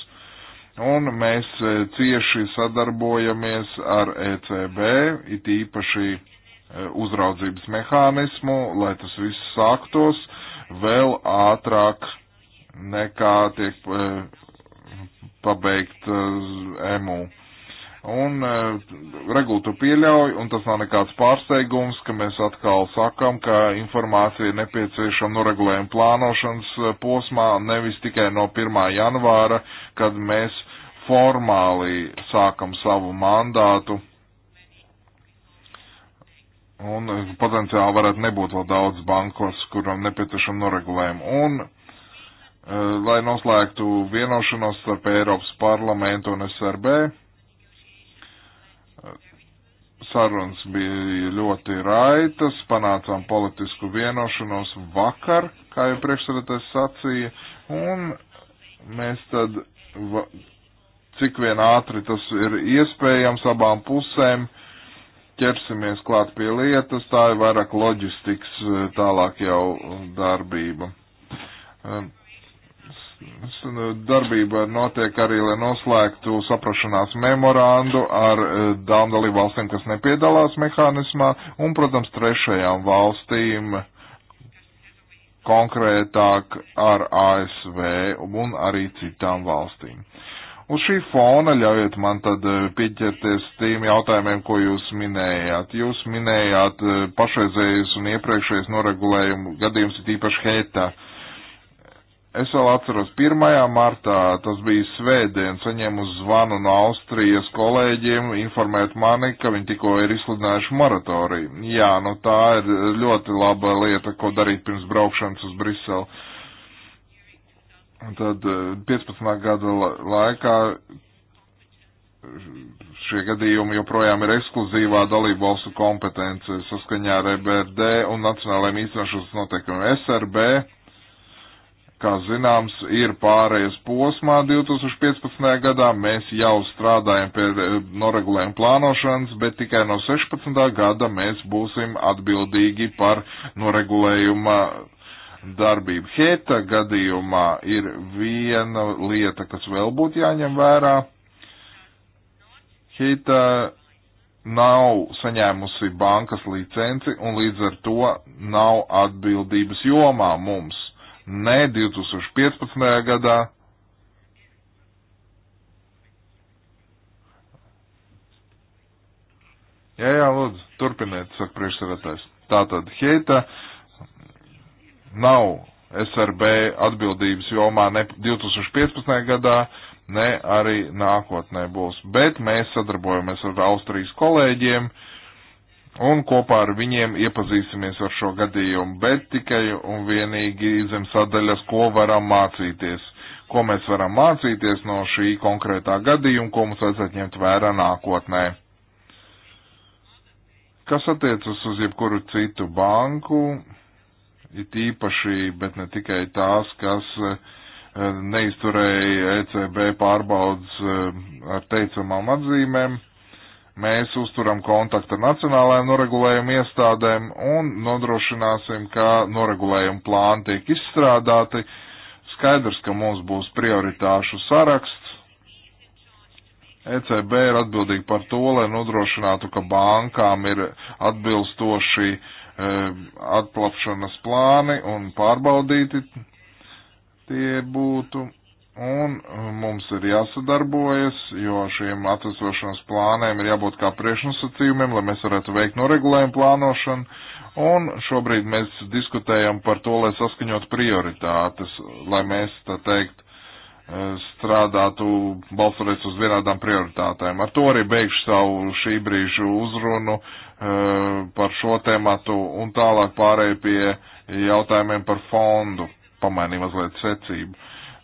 Un mēs e, cieši sadarbojamies ar ECB, it īpaši e, uzraudzības mehānismu, lai tas viss sāktos vēl ātrāk nekā tiek pabeigt EMU un e, regula to pieļauj, un tas nav nekāds pārsteigums, ka mēs atkal sakam, ka informācija ir nepieciešama noregulējuma plānošanas e, posmā, nevis tikai no 1. janvāra, kad mēs formāli sākam savu mandātu. Un e, potenciāli varētu nebūt vēl daudz bankos, kuram nepieciešama noregulējuma. Un, lai noslēgtu vienošanos starp Eiropas parlamentu un SRB, Sarunas bija ļoti raitas, panācām politisku vienošanos vakar, kā jau priekšsēdētājs sacīja, un mēs tad, cik vien ātri tas ir iespējams abām pusēm, ķersimies klāt pie lietas, tā ir vairāk loģistikas eh, tālāk jau darbība. Um, Uh, darbība notiek arī, lai noslēgtu saprašanās memorandu ar uh, tām dalību valstīm, kas nepiedalās mehānismā, un, protams, trešajām valstīm konkrētāk ar ASV un arī citām valstīm. Uz šī fona ļaujiet man tad uh, pieķerties tiem jautājumiem, ko jūs minējāt. Jūs minējāt pašreizējais un iepriekšējais noregulējumu gadījums, ir īpaši hēta. Uh, Es vēl atceros, 1. martā, tas bija svētdien, saņēmu zvanu no Austrijas kolēģiem, informēt mani, ka viņi tikko ir izsludinājuši moratoriju. Jā, nu tā ir ļoti laba lieta, ko darīt pirms braukšanas uz Briselu. Tad 15. Eh, gada laikā šie gadījumi joprojām ir ekskluzīvā dalību valstu kompetence saskaņā ar EBRD un nacionālajiem īstenošanas noteikumiem SRB kā zināms, ir pārējais posmā 2015. gadā. Mēs jau strādājam pie eh, noregulējuma plānošanas, bet tikai no 16. gada mēs būsim atbildīgi par noregulējuma darbību. Heta gadījumā ir viena lieta, kas vēl būtu jāņem vērā. Heta nav saņēmusi bankas licenci un līdz ar to nav atbildības jomā mums ne 2015. gadā. Jā, jā, lūdzu, turpiniet, saka priekšsēdētājs. Tātad Heita nav SRB atbildības jomā ne 2015. gadā, ne arī nākotnē būs, bet mēs sadarbojamies ar Austrijas kolēģiem, uh, un kopā ar viņiem iepazīsimies ar šo gadījumu, bet tikai un vienīgi zem sadaļas, ko varam mācīties, ko mēs varam mācīties no šī konkrētā gadījuma, ko mums vajadzētu ņemt vērā nākotnē. Kas attiecas uz jebkuru citu banku, it īpaši, bet ne tikai tās, kas eh, neizturēja ECB pārbaudas eh, ar teicamām atzīmēm Mēs uzturam kontaktu ar nacionālajām noregulējuma iestādēm un nodrošināsim, ka noregulējuma plāni tiek izstrādāti. Skaidrs, ka mums būs prioritāšu saraksts. ECB ir atbildīga par to, lai nodrošinātu, ka bankām ir atbilstoši e, atklāšanas plāni un pārbaudīti tie būtu Un uh, mums ir jāsadarbojas, jo šiem atvesošanas plāniem ir jābūt kā priekšnosacījumiem, lai mēs varētu veikt noregulējumu plānošanu. Un šobrīd mēs diskutējam par to, lai saskaņot prioritātes, lai mēs, tā teikt, uh, strādātu balstoties uz vienādām prioritātēm. Ar to arī beigšu savu šī brīža uzrunu uh, par šo tematu un tālāk pārēju pie jautājumiem par fondu. Pamainīju mazliet secību.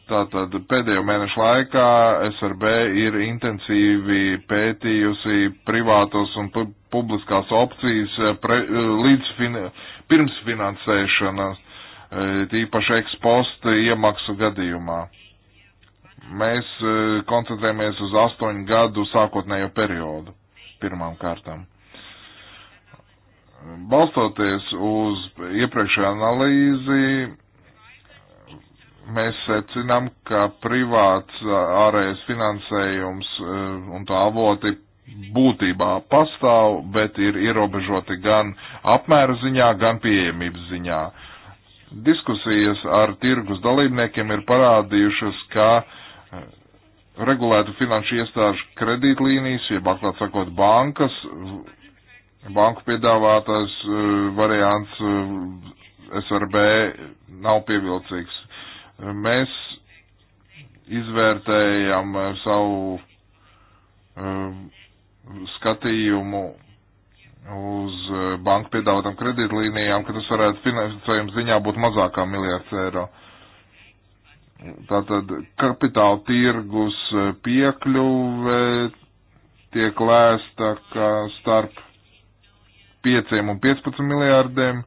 Tātad pēdējo mēnešu laikā SRB ir intensīvi pētījusi privātos un pu publiskās opcijas eh, pre, eh, līdz fin pirmsfinansēšanas, eh, tīpaši eksposta iemaksu gadījumā. Mēs koncentrējamies uz astoņu gadu sākotnējo periodu pirmām kārtām. Balstoties uz iepriekšēju analīzi, mēs secinām, ka privāts ārējais finansējums un tā avoti būtībā pastāv, bet ir ierobežoti gan apmēra ziņā, gan pieejamības ziņā. Diskusijas ar tirgus dalībniekiem ir parādījušas, ka regulētu finanšu iestāžu kredītlīnijas, jeb atklāt sakot bankas, banku piedāvātais variants SRB nav pievilcīgs Mēs izvērtējam eh, savu eh, skatījumu uz eh, banku piedāvātām kredītlīnijām, ka tas varētu finansējums ziņā būt mazākā miljārds eiro. Tātad kapitāla tirgus piekļuve tiek lēsta, ka starp 5 un 15 miljārdiem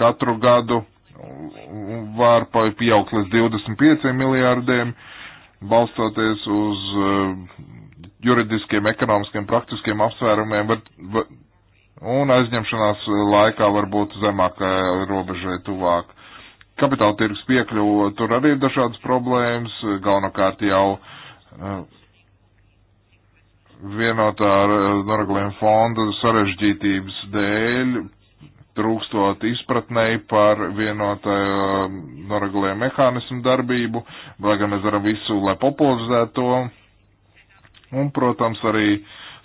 katru gadu var pieaugt līdz 25 miljārdiem, balstoties uz eh, juridiskiem, ekonomiskiem, praktiskiem apsvērumiem, var, un aizņemšanās laikā var būt zemākā robežai tuvāk. Kapitāla tirgus piekļuva, tur arī ir dažādas problēmas, galvenokārt jau eh, vienotā eh, noregulējuma fonda sarežģītības dēļ trūkstot izpratnei par vienotā um, noregulējuma mehānismu darbību, lai gan mēs varam visu, lai popularizētu to. Un, protams, arī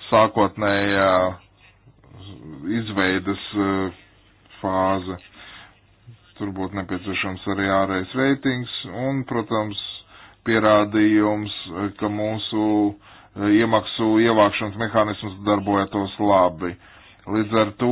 sākotnējā izveidas uh, fāze. Tur būtu nepieciešams arī ārējais reitings un, protams, pierādījums, uh, ka mūsu uh, iemaksu ievākšanas mehānisms darbojatos labi. Uh, Līdz ar to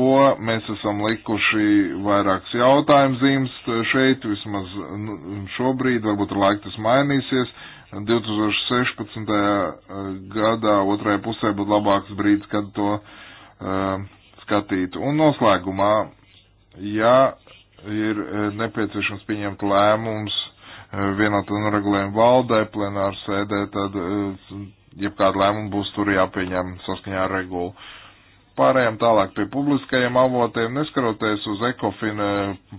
mēs esam likuši vairākas jautājumu zīmes šeit, vismaz nu, šobrīd, varbūt ar laiku tas mainīsies. 2016. Eh, gadā otrajā pusē būtu labāks brīdis, kad to uh, skatītu. Un noslēgumā, ja ir eh, nepieciešams pieņemt lēmums vienot un regulējumu valdē, plenāru sēdē, tad uh, jebkāda lēmuma būs tur jāpieņem saskaņā ar regulu. Uh, Pārējām tālāk pie publiskajiem avotiem, neskaroties uz Ekofina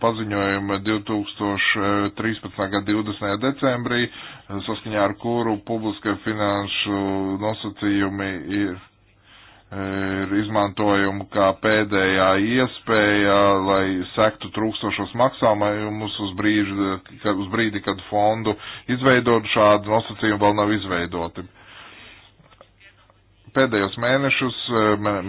paziņojumu 2013. gada 20. decembrī, eh, saskaņā ar kuru publiskie finanšu nosacījumi ir, eh, ir izmantojumi kā pēdējā iespēja, lai sektu trūkstošos maksājumus uz brīdi, kad, uz brīdi, kad fondu izveidot, šādu nosacījumu vēl nav izveidoti pēdējos mēnešus e,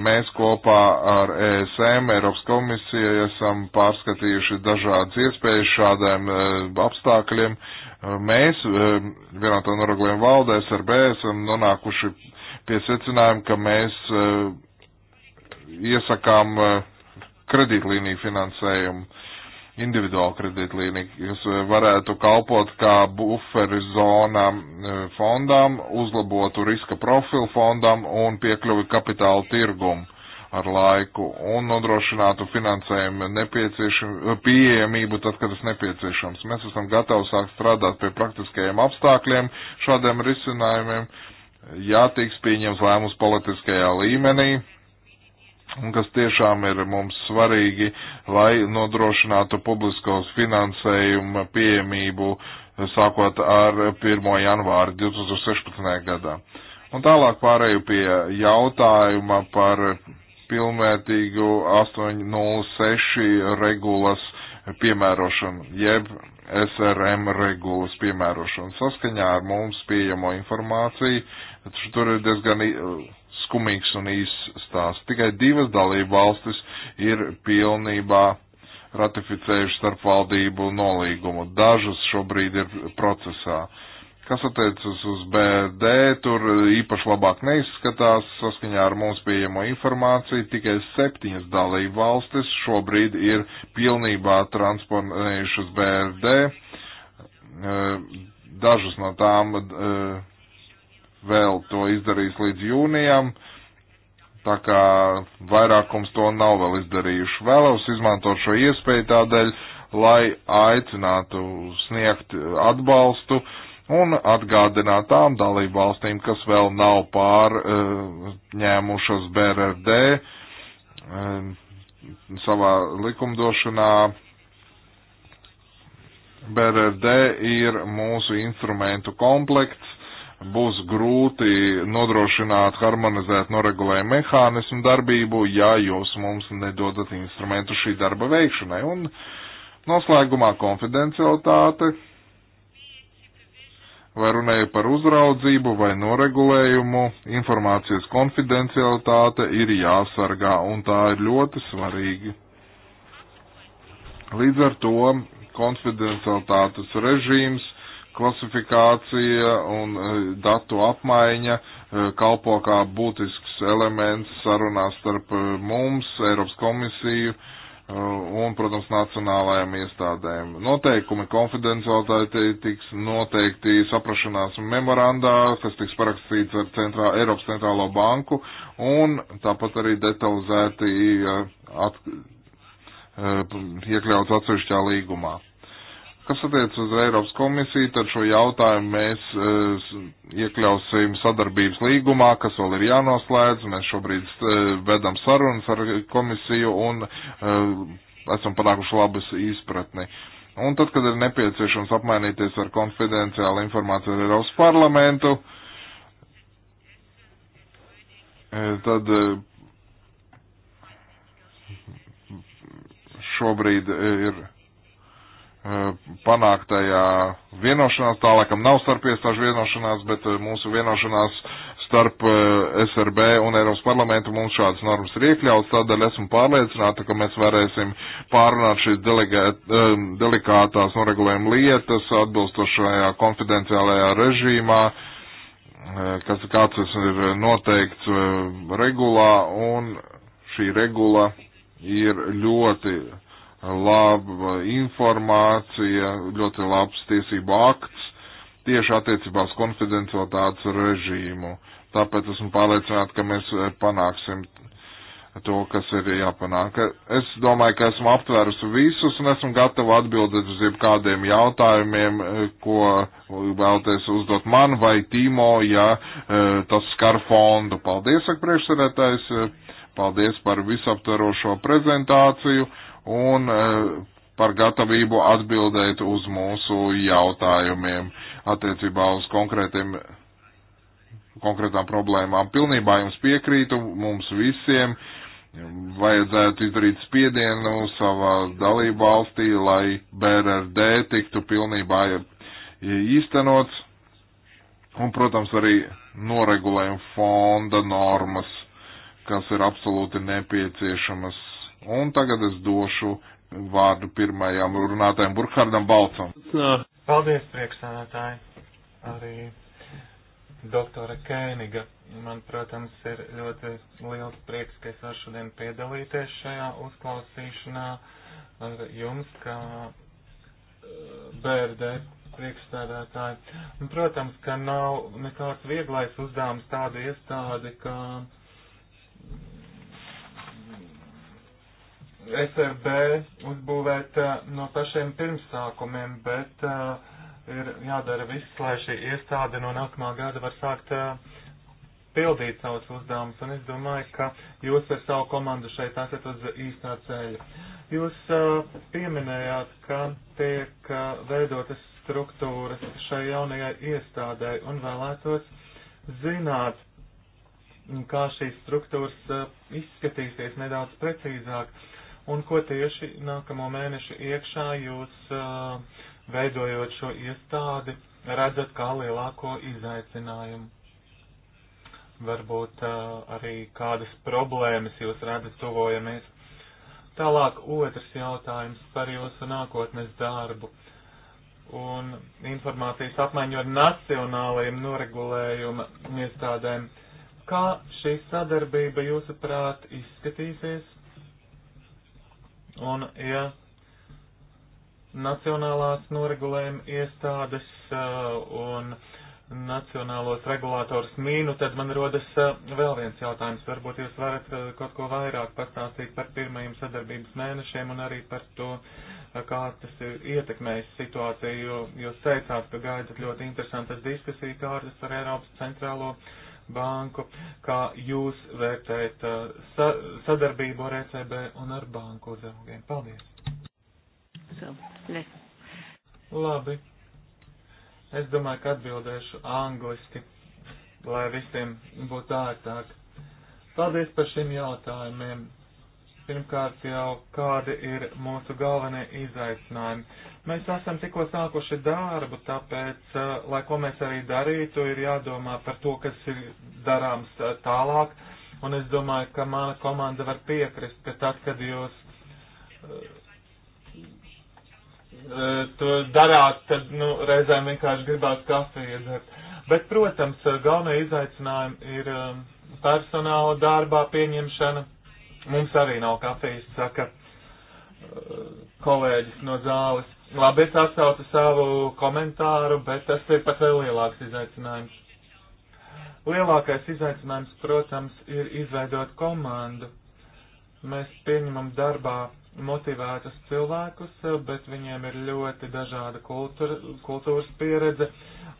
mēs kopā ar ESM, Eiropas komisiju, esam pārskatījuši dažādas iespējas šādiem e, apstākļiem. E, mēs, vienotā noragliem valdē, SRB, esam nonākuši pie secinājuma, ka mēs iesakām kredītlīniju finansējumu individuāla kreditlīnija, kas eh, varētu kalpot kā buferi zonām eh, fondām, uzlabotu riska profilu fondām un piekļuvi kapitāla tirgumu ar laiku un nodrošinātu finansējumu eh, pieejamību tad, kad tas nepieciešams. Mēs esam gatavi sākt strādāt pie praktiskajiem apstākļiem šādiem risinājumiem, ja tiks pieņems lēmums politiskajā līmenī kas tiešām ir mums svarīgi, lai nodrošinātu publisko finansējumu pieejamību sākot ar 1. janvāru 2016. gadā. Un tālāk pārēju pie jautājuma par pilnvērtīgu 806 regulas piemērošanu, jeb SRM regulas piemērošanu. Saskaņā ar mums pieejamo informāciju, tur ir diezgan skumīgs un īss stāsts. Tikai divas dalība valstis ir pilnībā ratificējuši starpvaldību nolīgumu. Dažas šobrīd ir procesā. Kas attiecas uz BRD, tur īpaši labāk neizskatās saskaņā ar mums pieejamo informāciju. Tikai septiņas dalību valstis šobrīd ir pilnībā transponējušas BRD. Dažas no tām eh, vēl to izdarīs līdz jūnijam, tā kā vairākums to nav vēl izdarījuši. Vēlos izmantot šo iespēju tādēļ, lai aicinātu sniegt atbalstu un atgādināt tām dalību valstīm, kas vēl nav pārņēmušas uh, BRD uh, savā likumdošanā. BRD ir mūsu instrumentu komplekts, būs grūti nodrošināt harmonizēt noregulējumu mehānismu darbību, ja jūs mums nedodat instrumentu šī darba veikšanai. Un noslēgumā konfidencialitāte, vai runēja par uzraudzību vai noregulējumu, informācijas konfidencialitāte ir jāsargā, un tā ir ļoti svarīga. Līdz ar to konfidencialitātes režīms klasifikācija un e, datu apmaiņa e, kalpo kā būtisks elements sarunās starp e, mums, Eiropas komisiju un, protams, nacionālajām iestādēm. Noteikumi konfidencialitātei tiks noteikti saprašanās memorandā, kas tiks parakstīts ar centrā, Eiropas centrālo banku, un tāpat arī detalizēti at, iekļauts atsevišķā līgumā. Kas attiec uz Eiropas komisiju, tad šo jautājumu mēs uh, iekļausim sadarbības līgumā, kas vēl ir jānoslēdz. Mēs šobrīd uh, vedam sarunas ar komisiju un uh, esam panākuši labas izpratni. Un tad, kad ir nepieciešams apmainīties ar konfidenciālu informāciju ar Eiropas parlamentu, tad šobrīd ir panāktajā vienošanās, tā laikam nav starp iestāžu vienošanās, bet mūsu vienošanās starp SRB un Eiropas parlamentu mums šādas normas ir iekļauts, tādēļ esmu pārliecināta, ka mēs varēsim pārunāt šīs delegēt, delikātās noregulējuma lietas atbilstošajā konfidenciālajā režīmā, kas kāds ir noteikts regulā, un šī regula ir ļoti laba informācija, ļoti labs tiesību akts tieši attiecībā uz konfidencialitātes režīmu. Tāpēc esmu pārliecināta, ka mēs eh, panāksim to, kas ir jāpanāk. Es domāju, ka esmu aptvērusi visus un esmu gatava atbildēt uz jebkādiem jautājumiem, eh, ko vēlties uzdot man vai Tīmo, ja eh, tas skar fondu. Paldies, saka priekšsēdētājs, paldies par visaptverošo prezentāciju un e, par gatavību atbildēt uz mūsu jautājumiem attiecībā uz konkrētiem konkrētām problēmām. Pilnībā jums piekrītu, mums visiem vajadzētu izdarīt spiedienu savā dalību valstī, lai BRD tiktu pilnībā īstenots. Un, protams, arī noregulējuma fonda normas, kas ir absolūti nepieciešamas Un tagad es došu vārdu pirmajām runātājiem Burkhardam Balcam. Paldies, priekšsādātāji. Arī doktora Kēniga. Man, protams, ir ļoti liels prieks, ka es varu šodien piedalīties šajā uzklausīšanā ar jums, kā BRD priekšstādātāji. Un, protams, ka nav nekāds vieglais uzdevums tādu iestādi, kā. Ka SRB uzbūvēta eh, no pašiem pirmsākumiem, bet eh, ir jādara viss, lai šī iestāde no nākamā gada var sākt eh, pildīt savus uzdevumus, un es domāju, ka jūs ar savu komandu šeit esat uz īstā ceļa. Jūs pieminējāt, ka tiek veidotas struktūras šai jaunajai iestādē, un vēlētos zināt, kā šīs struktūras izskatīsies nedaudz precīzāk un ko tieši nākamo mēnešu iekšā jūs uh, veidojot šo iestādi redzat kā lielāko izaicinājumu? Varbūt uh, arī kādas problēmas jūs redzat tuvojamies. Tālāk otrs jautājums par jūsu nākotnes darbu un informācijas apmaiņu ar nacionālajiem noregulējuma iestādēm. Kā šī sadarbība jūsuprāt izskatīsies Un, ja nacionālās noregulējuma iestādes uh, un nacionālos regulātors mīnu, tad man rodas uh, vēl viens jautājums. Varbūt jūs varat uh, kaut ko vairāk pastāstīt par pirmajiem sadarbības mēnešiem un arī par to, uh, kā tas ir ietekmējis situāciju, jo jūs teicāt, ka gaidat ļoti interesantas diskusiju kārtas ar Eiropas centrālo uh, banku, kā jūs vērtējat uh, sa sadarbību ar ECB un ar banku uzraugiem. Paldies! So, Labi. Es domāju, ka atbildēšu angliski, lai visiem būtu ārtāk. Paldies par šiem jautājumiem. Pirmkārt jau, kādi ir mūsu galvenie izaicinājumi? Mēs esam tikko sākuši darbu, tāpēc, lai ko mēs arī darītu, ir jādomā par to, kas ir darāms tālāk. Un es domāju, ka mana komanda var piekrist, ka tad, kad jūs to darāt, tad nu, reizēm vienkārši gribās kafiju iedzert. Bet, protams, galvenie izaicinājumi ir personāla darbā pieņemšana. Mums arī nav kafijas, saka kolēģis no zāles. Labi, es atsaucu savu komentāru, bet tas ir pat vēl lielāks izaicinājums. Lielākais izaicinājums, protams, ir izveidot komandu. Mēs pieņemam darbā motivētus cilvēkus, bet viņiem ir ļoti dažāda kultūra, kultūras pieredze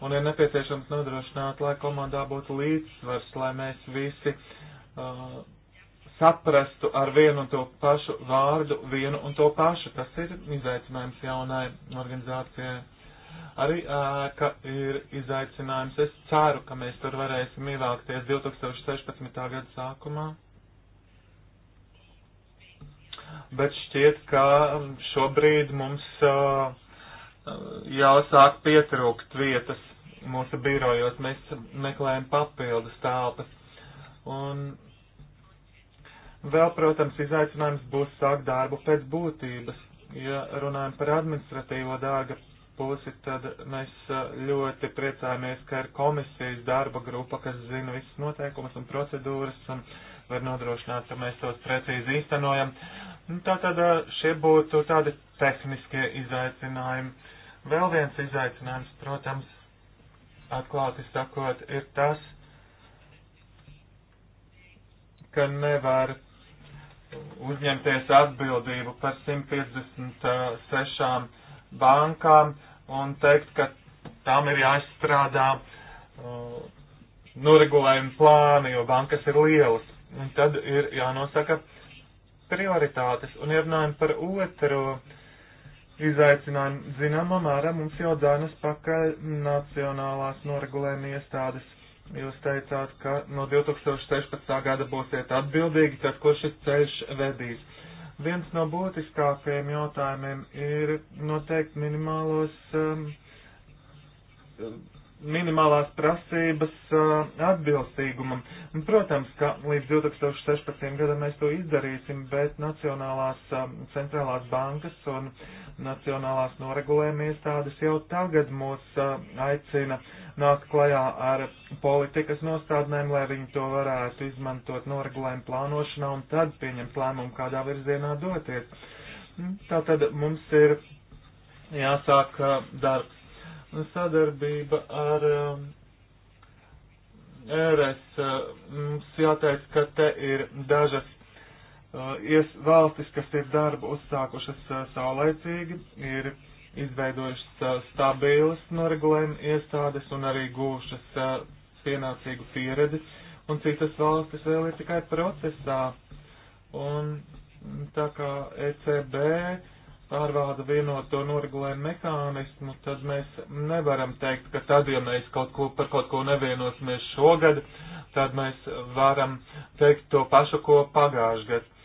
un ir nepieciešams nodrošināt, lai komandā būtu līdzsvars, lai mēs visi uh, saprastu ar vienu un to pašu vārdu, vienu un to pašu. Tas ir izaicinājums jaunai organizācijai. Arī ēka ir izaicinājums. Es ceru, ka mēs tur varēsim ievākties 2016. gada sākumā. Bet šķiet, ka šobrīd mums uh, jau sāk pietrūkt vietas mūsu birojos. Mēs meklējam papildus telpas. Un Vēl, protams, izaicinājums būs sākt darbu pēc būtības. Ja runājam par administratīvo dārga pusi, tad mēs ļoti priecājamies, ka ir komisijas darba grupa, kas zina visas noteikumus un procedūras un var nodrošināt, ka mēs tos precīzi īstenojam. Nu, Tātad šie būtu tādi tehniskie izaicinājumi. Vēl viens izaicinājums, protams, atklāti sakot, ir tas, ka nevar uzņemties atbildību par 156 bankām un teikt, ka tām ir jāizstrādā uh, noregulējuma plāni, jo bankas ir lielas. Un tad ir jānosaka prioritātes. Un ja runājam par otro izaicinājumu, zināmā mērā mums jau dainas pakaļ nacionālās noregulējuma iestādes Jūs teicāt, ka no 2016. gada būsiet atbildīgi, tad kur šis ceļš vedīs. Viens no būtiskākajiem jautājumiem ir noteikti minimālos um, minimālās prasības uh, atbilstīgumam. Un, protams, ka līdz 2016. gadam mēs to izdarīsim, bet Nacionālās uh, centrālās bankas un Nacionālās noregulējuma iestādes jau tagad mūs uh, aicina nākt klajā ar politikas nostādnēm, lai viņi to varētu izmantot noregulējuma plānošanā un tad pieņemt lēmumu, kādā virzienā doties. Tātad mums ir jāsāk darbs sadarbība ar um, ERS. Uh, mums jāteic, ka te ir dažas uh, ies, valstis, kas ir darbu uzsākušas uh, saulēcīgi, ir izveidojušas uh, stabilas noregulējuma iestādes un arī gūšas uh, pienācīgu pieredzi, un citas valstis vēl ir tikai procesā. Un tā kā ECB pārvalda vienoto noregulējumu mehānismu, tad mēs nevaram teikt, ka tad, ja mēs kaut ko, par kaut ko nevienosimies šogad, tad mēs varam teikt to pašu, ko pagājuši gadu.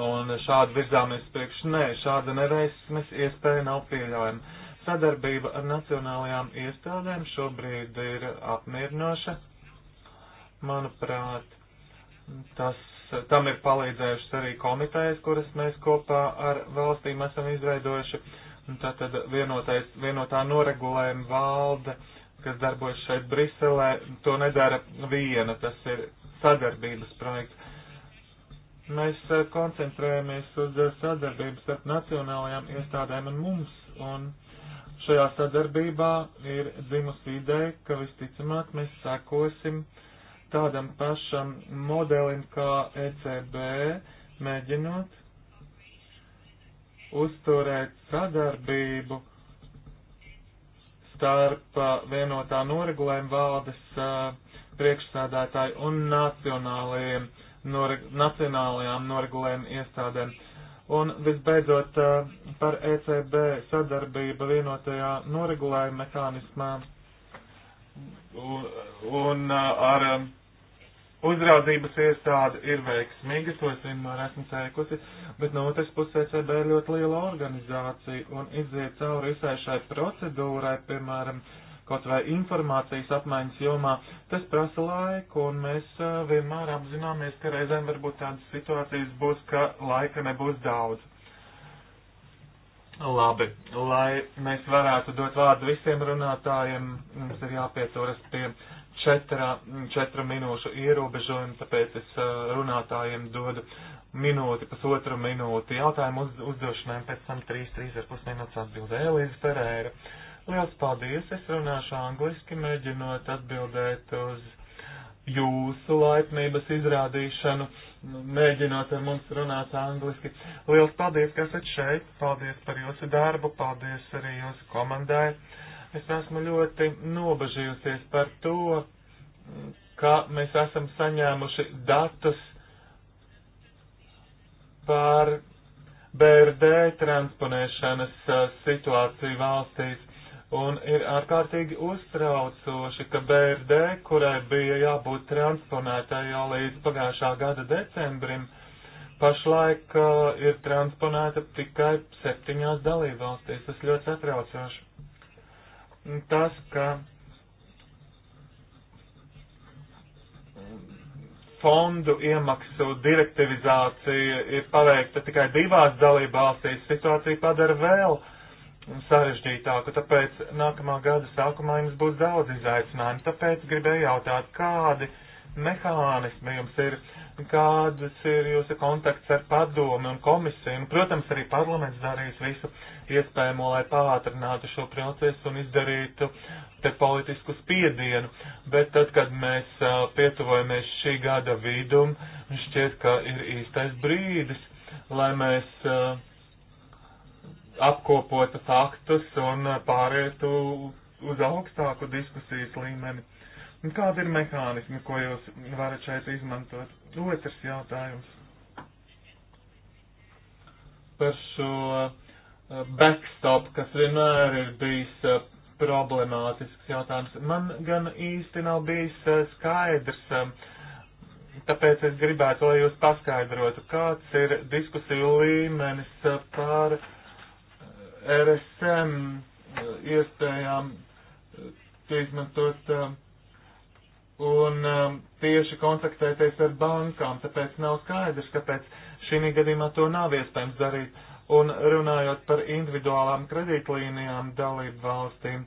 Un šādi virzāmies priekš, nē, šāda neveiksmes iespēja nav pieļaujama. Sadarbība ar nacionālajām iestādēm šobrīd ir apmierinoša. Manuprāt, tas tam ir palīdzējušas arī komitejas, kuras mēs kopā ar valstīm esam izveidojuši. Tātad vienotais, vienotā noregulējuma valde, kas darbojas šeit Briselē, to nedara viena, tas ir sadarbības projekts. Mēs eh, koncentrējamies uz eh, sadarbības starp nacionālajām iestādēm un mums, un šajā sadarbībā ir dzimusi ideja, ka visticamāk mēs sekosim uh, tādam pašam modelim kā ECB, mēģinot uzturēt sadarbību starp vienotā noregulējuma valdes priekšsādātāju un nacionālajiem, nore, nacionālajām noregulējuma iestādēm. Un visbeidzot par ECB sadarbību vienotajā noregulējuma mehānismā un, un ar uzraudzības iestāde ir veiksmīga, to es vienmēr esmu teikusi, bet no otras puses ECB ir ļoti liela organizācija un iziet cauri visai šai procedūrai, piemēram, kaut vai informācijas apmaiņas jomā, tas prasa laiku, un mēs uh, vienmēr apzināmies, ka reizēm varbūt tādas situācijas būs, ka laika nebūs daudz. Labi, lai mēs varētu dot vārdu visiem runātājiem, mums ir jāpieturas pie uh, četrā, četra minūšu ierobežojumu, tāpēc es runātājiem dodu minūti, pusotru minūti jautājumu uz, uzdošanai, pēc tam trīs, trīs ar pus minūtes atbildē Elīze Ferēra. Liels paldies, es runāšu angliski, mēģinot atbildēt uz jūsu laipnības izrādīšanu, mēģinot ar mums runāt angliski. Liels paldies, ka esat šeit, paldies par jūsu darbu, paldies arī jūsu komandai. Uh, Es esmu ļoti nobežījusies par to, ka mēs esam saņēmuši datus par BRD transponēšanas situāciju valstīs. Un ir ārkārtīgi uztraucoši, ka BRD, kurai bija jābūt transponētai jau līdz pagājušā gada decembrim, pašlaik uh, ir transponēta tikai septiņās dalībvalstīs. Tas ļoti satraucoši tas, ka fondu iemaksu direktivizācija ir paveikta tikai divās dalībvalstīs, situācija padara vēl sarežģītāku, tāpēc nākamā gada sākumā jums būs daudz izaicinājumu. Tāpēc gribēju jautāt, kādi mehānismi jums ir kādas ir jūsu kontakts ar padomi un komisiju. Un, protams, arī parlaments darīs visu iespējamo, lai pātrinātu šo procesu un izdarītu te politisku spiedienu. Bet tad, kad mēs uh, pietuvojamies šī gada vidum, šķiet, ka ir īstais brīdis, lai mēs uh, apkopotu faktus un pārietu uz augstāku diskusijas līmeni Kāda ir mehānismi, ko jūs varat šeit izmantot? Otrs jautājums. Par šo eh, backstop, kas vienmēr ir bijis eh, problemātisks jautājums. Man gan īsti nav bijis eh, skaidrs, tāpēc es gribētu, lai jūs paskaidrotu, kāds ir diskusiju līmenis par RSM iespējām izmantot un um, tieši kontaktēties ar bankām, tāpēc nav skaidrs, kāpēc šī gadījumā to nav iespējams darīt. Un runājot par individuālām kredītlīnijām dalību valstīm,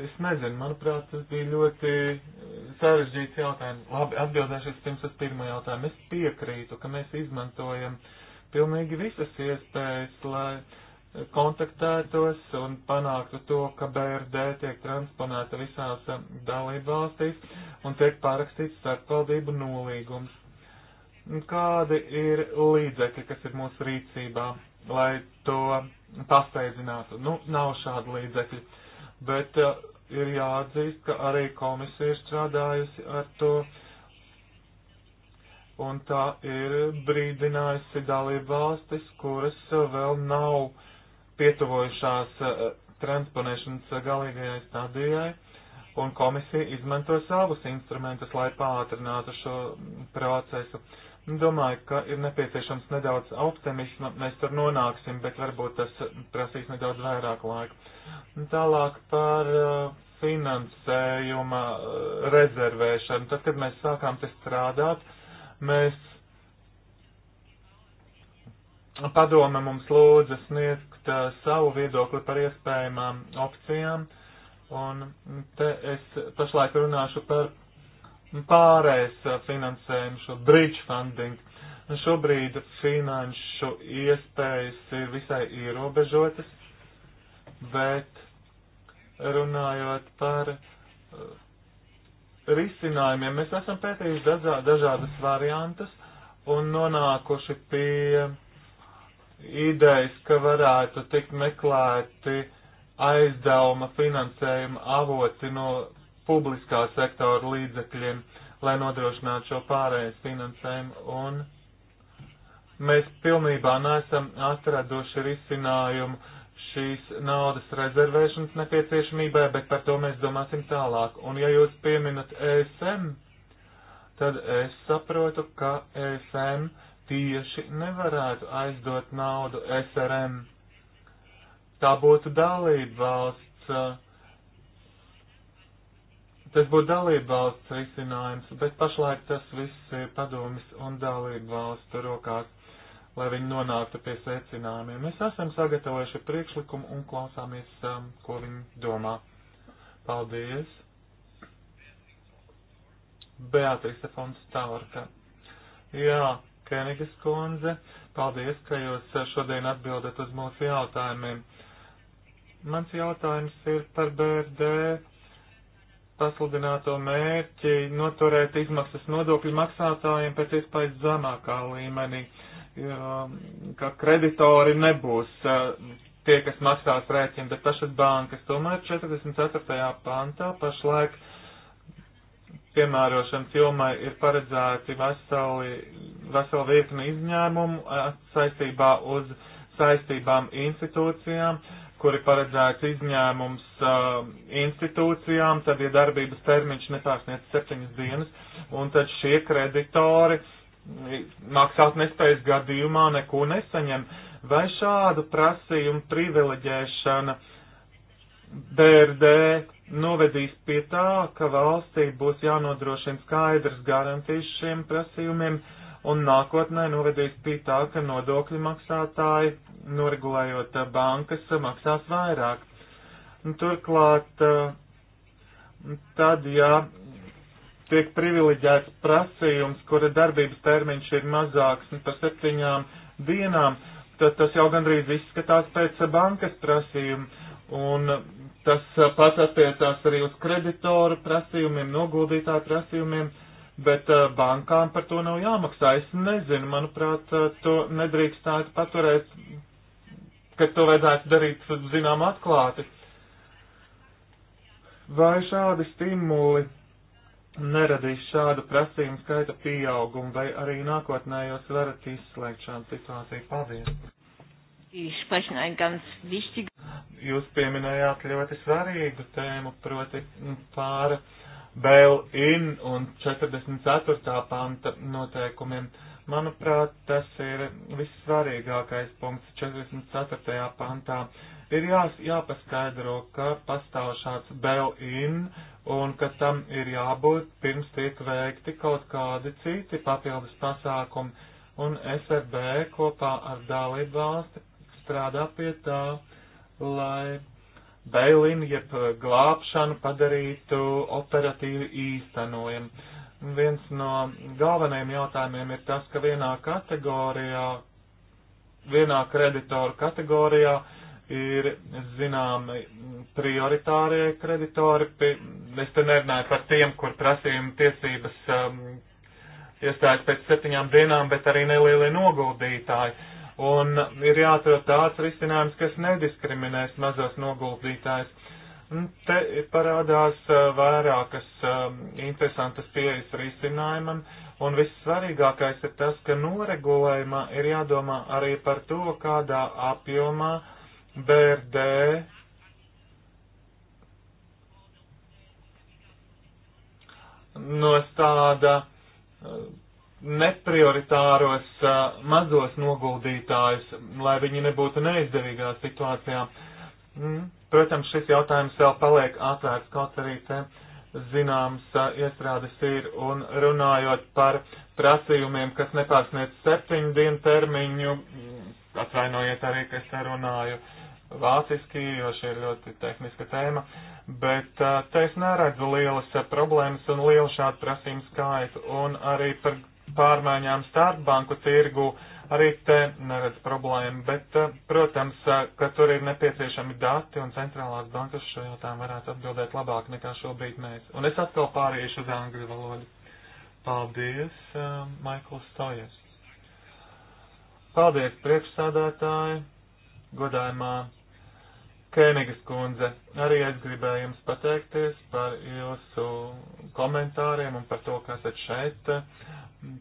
es nezinu, manuprāt, tas bija ļoti uh, sarežģīts jautājums. Labi, atbildēšu pirms uz pirmo jautājumu. Es piekrītu, ka mēs izmantojam pilnīgi visas iespējas, lai uh, kontaktētos un panāktu to, ka BRD tiek transponēta visās um, dalību valstīs un tiek pārakstīts starpvaldību nolīgums. Kādi ir līdzekļi, kas ir mūsu rīcībā, lai to pasteidzinātu? Nu, nav šādi līdzekļi, bet uh, ir jāatzīst, ka arī komisija ir strādājusi ar to un tā ir brīdinājusi dalību valstis, kuras vēl nav pietuvojušās eh, transponēšanas galīgajai stadijai, un komisija izmanto savus instrumentus, lai pātrinātu šo procesu. Domāju, ka ir nepieciešams nedaudz optimisma, mēs tur nonāksim, bet varbūt tas prasīs nedaudz vairāk laika. Tālāk par eh, finansējuma eh, rezervēšanu. Tad, kad mēs sākām te strādāt, mēs padome mums lūdza sniegt paust uh, savu viedokli par iespējamām opcijām, un te es pašlaik runāšu par pārējais finansējumu, šo bridge funding. Šobrīd finanšu iespējas ir visai ierobežotas, bet runājot par risinājumiem, mēs esam pētījuši dažādas variantas un nonākuši pie idejas, ka varētu tikt meklēti aizdevuma finansējuma avoti no publiskā sektora līdzekļiem, lai nodrošinātu šo pārējais finansējumu. Un mēs pilnībā nesam atraduši risinājumu šīs naudas rezervēšanas nepieciešamībai, bet par to mēs domāsim tālāk. Un ja jūs pieminat ESM, tad es saprotu, ka ESM tieši nevarētu aizdot naudu SRM. Tā būtu dalība valsts, eh, tas būtu dalība valsts risinājums, bet pašlaik tas viss ir padomis un dalība valstu rokās, lai viņi nonāktu pie secinājumiem. Mēs esam sagatavojuši priekšlikumu un klausāmies, eh, ko viņi domā. Paldies! Beatrice Fonstaurka. Jā. Yeah. Kēnigas kundze, paldies, ka jūs šodien atbildat uz mūsu jautājumiem. Mans jautājums ir par BRD pasludināto mērķi noturēt izmaksas nodokļu maksātājiem pēc iespējas zemākā līmenī, ka kreditori nebūs eh, tie, kas maksās rēķinu, bet pašas bankas. Tomēr 44. pantā pašlaik piemērošanas jomai ir paredzēti veseli, veseli virkni izņēmumu saistībā uz saistībām institūcijām, kuri paredzēts izņēmums uh, institūcijām, tad, ja darbības termiņš nepārsniec septiņas dienas, un tad šie kreditori maksāt nespējas gadījumā neko nesaņem. Vai šādu prasījumu privileģēšana DRD novedīs pie tā, ka valstī būs jānodrošina skaidrs garantijas šiem prasījumiem, un nākotnē novedīs pie tā, ka nodokļu maksātāji, noregulējot eh, bankas, eh, maksās vairāk. Turklāt, eh, tad, ja tiek privileģēts prasījums, kura darbības termiņš ir mazāks par septiņām dienām, tad tas jau gandrīz izskatās pēc bankas prasījuma. Un Tas eh, pats attiecās arī uz kreditoru prasījumiem, noguldītāju prasījumiem, bet eh, bankām par to nav jāmaksā. Es nezinu, manuprāt, eh, to nedrīkstētu paturēt, ka to vajadzētu darīt, zinām, atklāti. Vai šādi stimuli neradīs šādu prasījumu skaita pieaugumu, vai arī nākotnē jūs varat izslēgt šādu situāciju? Paldies! Jūs pieminējāt ļoti svarīgu tēmu, proti nu, pāra bail-in un 44. panta noteikumiem. Manuprāt, tas ir vissvarīgākais punkts 44. pantā. Ir jā, jāpaskaidro, ka pastāv šāds bail-in un ka tam ir jābūt pirms tiek veikti kaut kādi citi papildus pasākumi un SRB kopā ar dalību valsti strādā pie tā, lai bailinu, jeb glābšanu padarītu operatīvi īstenojumu. Viens no galvenajiem jautājumiem ir tas, ka vienā kategorijā, vienā kreditoru kategorijā ir, zināmi, prioritārie kreditori. Es te nerunāju par tiem, kur prasījuma tiesības um, iestājas pēc septiņām dienām, bet arī nelielie noguldītāji. Uh, un ir jāatrod tāds risinājums, kas nediskriminēs mazos noguldītājus. Te parādās uh, vairākas um, interesantas pieejas risinājumam, un vissvarīgākais ir tas, ka noregulējumā ir jādomā arī par to, kādā apjomā BRD nostāda uh, neprioritāros uh, mazos noguldītājus, lai viņi nebūtu neizdevīgā situācijā. Mm, protams, šis jautājums vēl paliek atvērts, kaut arī te zināms uh, iestrādes ir un runājot par prasījumiem, kas nepārsniec septiņu dienu termiņu, mm, atvainojiet arī, ka es runāju vāciski, jo šī ir ļoti tehniska tēma, bet uh, te es neredzu lielas problēmas un lielu šādu prasījumu skaitu un arī par pārmaiņām starp banku tirgu, arī te neredz problēmu, bet, eh, protams, eh, ka tur ir nepieciešami dati un centrālās bankas šo jautājumu varētu atbildēt labāk nekā šobrīd mēs. Un es atkal pāriešu uz angļu valodu. Paldies, uh, eh, Maikls Stojas. Paldies, priekšsādātāji, godājumā Kēnigas kundze. Arī es gribēju jums pateikties par jūsu komentāriem un par to, kas esat šeit.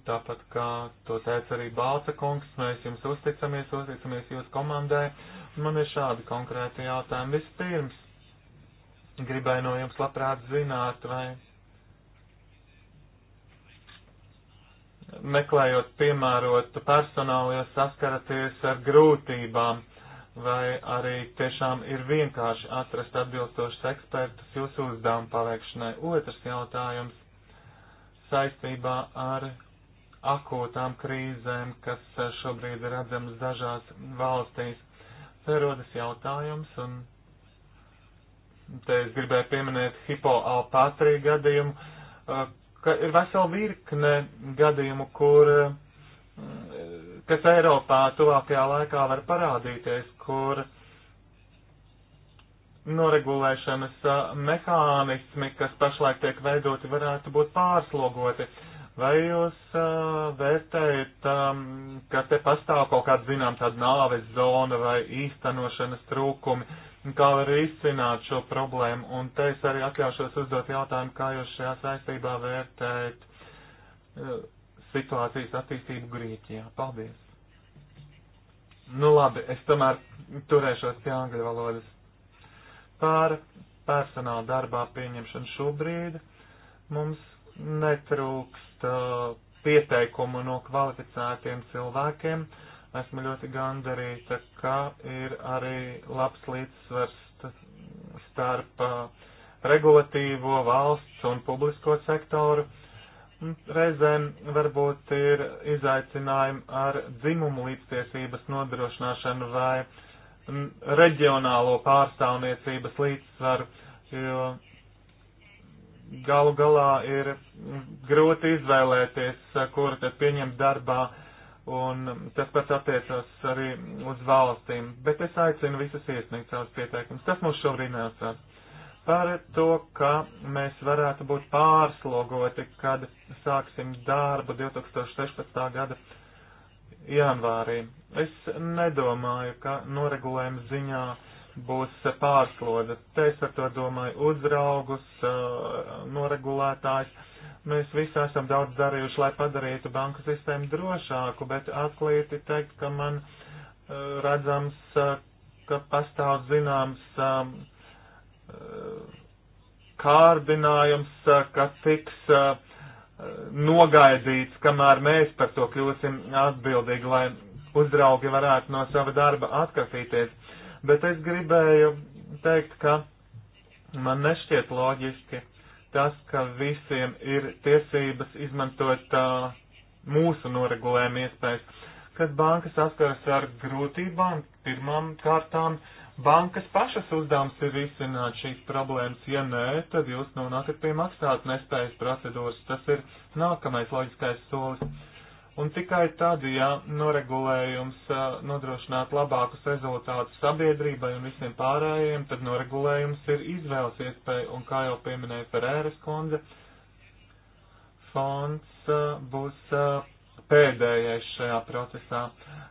Tāpat kā to teica arī Balca kungs, mēs jums uzticamies, uzticamies jūs komandai. Man ir šādi konkrēti jautājumi. Vispirms, gribēju no jums labprāt zināt, vai meklējot piemērotu personālu, jūs saskaraties ar grūtībām, vai arī tiešām ir vienkārši atrast atbilstošus ekspertus jūsu uzdevumu paveikšanai. Otrs jautājums saistībā ar akūtām krīzēm, kas eh, šobrīd ir redzamas dažās valstīs. Te rodas jautājums, un te es gribēju pieminēt hipoalpātriju gadījumu, eh, ka ir vesela virkne gadījumu, kur, eh, kas Eiropā tuvākajā laikā var parādīties, kur noregulēšanas mehānismi, kas pašlaik tiek veidoti, varētu būt pārslogoti. Uh, Vai jūs uh, vērtējat, um, ka te pastāv kaut kāda, zinām, tāda nāves zona vai īstenošanas trūkumi, kā var izcināt šo problēmu? Un te es arī atļaušos uzdot jautājumu, kā jūs šajā saistībā vērtējat uh, situācijas attīstību Grieķijā. Paldies! Nu labi, es tomēr turēšos pie angļu valodas. Par personāla darbā pieņemšanu šobrīd mums netrūks saņemst uh, pieteikumu no kvalificētiem cilvēkiem. Esmu ļoti gandarīta, ka ir arī labs līdzsvars starp uh, regulatīvo valsts un publisko sektoru. Reizēm varbūt ir izaicinājumi ar dzimumu līdztiesības nodrošināšanu vai mm, reģionālo pārstāvniecības līdzsvaru, jo galu galā ir grūti izvēlēties, kuru tad pieņemt darbā, un tas pats attiecas arī uz valstīm. Bet es aicinu visus iesniegt savus pieteikumus. Tas mums šobrīd neatsāk. Par to, ka mēs varētu būt pārslogoti, kad sāksim darbu 2016. gada janvārī. Es nedomāju, ka noregulējuma ziņā uh, būs pārslodze. Te es ar to domāju uzraugus, noregulētājs. Mēs visi esam daudz darījuši, lai padarītu banku sistēmu drošāku, bet atklīti teikt, ka man redzams, ka pastāv zināms kārdinājums, ka tiks nogaidīts, kamēr mēs par to kļūsim atbildīgi, lai uzraugi varētu no sava darba atkafīties Bet es gribēju teikt, ka man nešķiet loģiski tas, ka visiem ir tiesības izmantot uh, mūsu noregulējuma iespējas. Kad banka saskaras ar grūtībām, pirmām kārtām bankas pašas uzdevums ir izsināt šīs problēmas. Ja nē, tad jūs nonākat pie maksāt nespējas procedūras. Tas ir nākamais loģiskais solis un tikai tad, ja noregulējums nodrošinātu labākus rezultātus sabiedrībai un visiem pārējiem, tad noregulējums ir izvēles iespēja, un kā jau pieminēja Ferēras kundze, fonds būs pēdējais šajā procesā.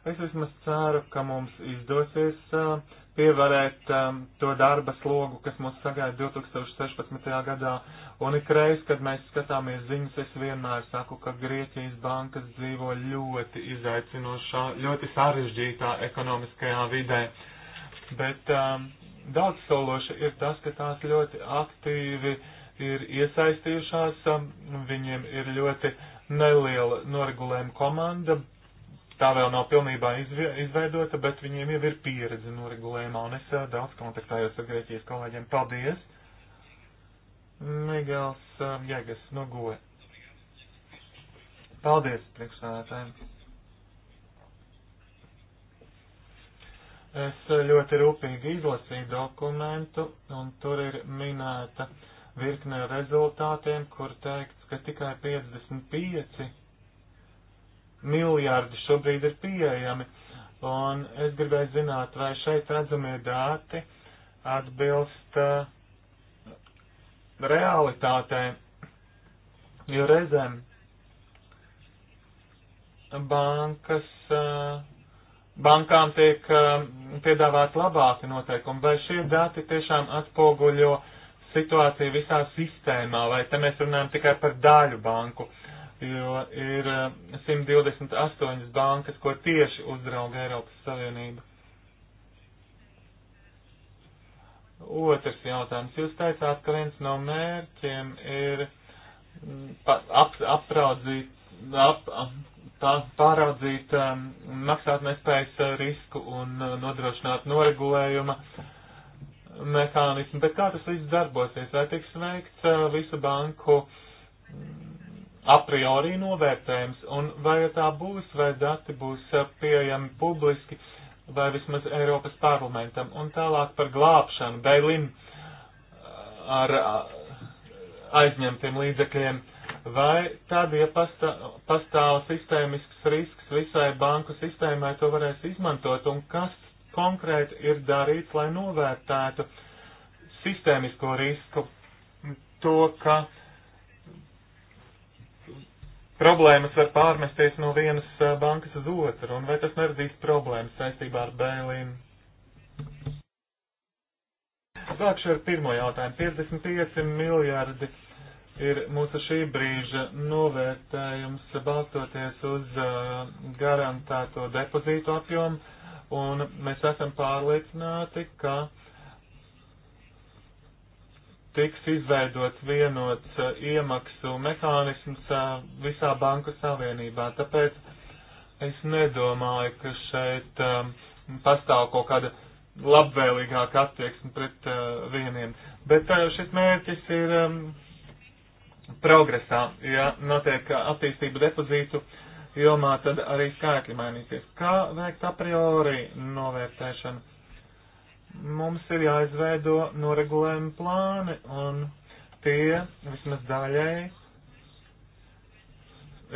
Es vismaz ceru, ka mums izdosies pievarēt to darba slogu, kas mūs sagaida 2016. gadā Un ikreiz, kad mēs skatāmies ziņas, es vienmēr saku, ka Grieķijas bankas dzīvo ļoti izaicinošā, ļoti sarežģītā ekonomiskajā vidē. Bet um, daudz sološi ir tas, ka tās ļoti aktīvi ir iesaistījušās, um, viņiem ir ļoti neliela noregulējuma komanda, tā vēl nav pilnībā izveidota, bet viņiem jau ir pieredze noregulējumā, un es uh, daudz kontaktējos ar Grieķijas kolēģiem. Paldies! Migels um, Jēgas nogoja. Paldies priekšsēdētājiem. Es ļoti rūpīgi izlasīju dokumentu, un tur ir minēta virkne rezultātiem, kur teikts, ka tikai 55 miljārdi šobrīd ir pieejami. Un es gribēju zināt, vai šeit redzamie dāti atbilst uh, realitātē, jo reizēm bankas, eh, bankām tiek eh, piedāvāt labāki noteikumi, vai šie dati tiešām atspoguļo situāciju visā sistēmā, vai te mēs runājam tikai par daļu banku, jo ir 128 eh, bankas, ko tieši uzrauga Eiropas Savienība. Otrs jautājums. Jūs teicāt, ka viens no mērķiem ir mm, ap, apraudzīt, ap, pāraudzīt um, maksātnespējas risku un uh, nodrošināt noregulējuma mehānismu, bet kā tas viss darbosies? Vai tiks veikts uh, visu banku mm, a priori novērtējums, un vai tā būs, vai dati būs uh, pieejami publiski, vai vismaz Eiropas parlamentam. Un tālāk par glābšanu Beilin uh, ar uh, aizņemtiem līdzekļiem. Vai tad, ja pastā, pastāv sistēmisks risks visai banku sistēmai, to varēs izmantot un kas konkrēti ir darīts, lai novērtētu sistēmisko risku, to, ka uh, problēmas var pārmesties no vienas bankas uz otru, un vai tas neradīs problēmas saistībā ar bēlīm? Sākšu ar pirmo jautājumu. 55 miljardi ir mūsu šī brīža novērtējums balstoties uz uh, garantēto depozītu apjomu, un mēs esam pārliecināti, ka uh, tiks izveidots vienots eh, iemaksu mehānisms eh, visā banku savienībā. Tāpēc es nedomāju, ka šeit um, pastāv kaut kāda labvēlīgāka attieksme pret uh, vieniem. Bet uh, šis mērķis ir um, progresā. Ja notiek attīstība depozītu jomā, tad arī skaitļi mainīsies. Kā veikt a priori novērtēšanu? mums ir jāizveido noregulējuma plāni, un tie vismaz daļai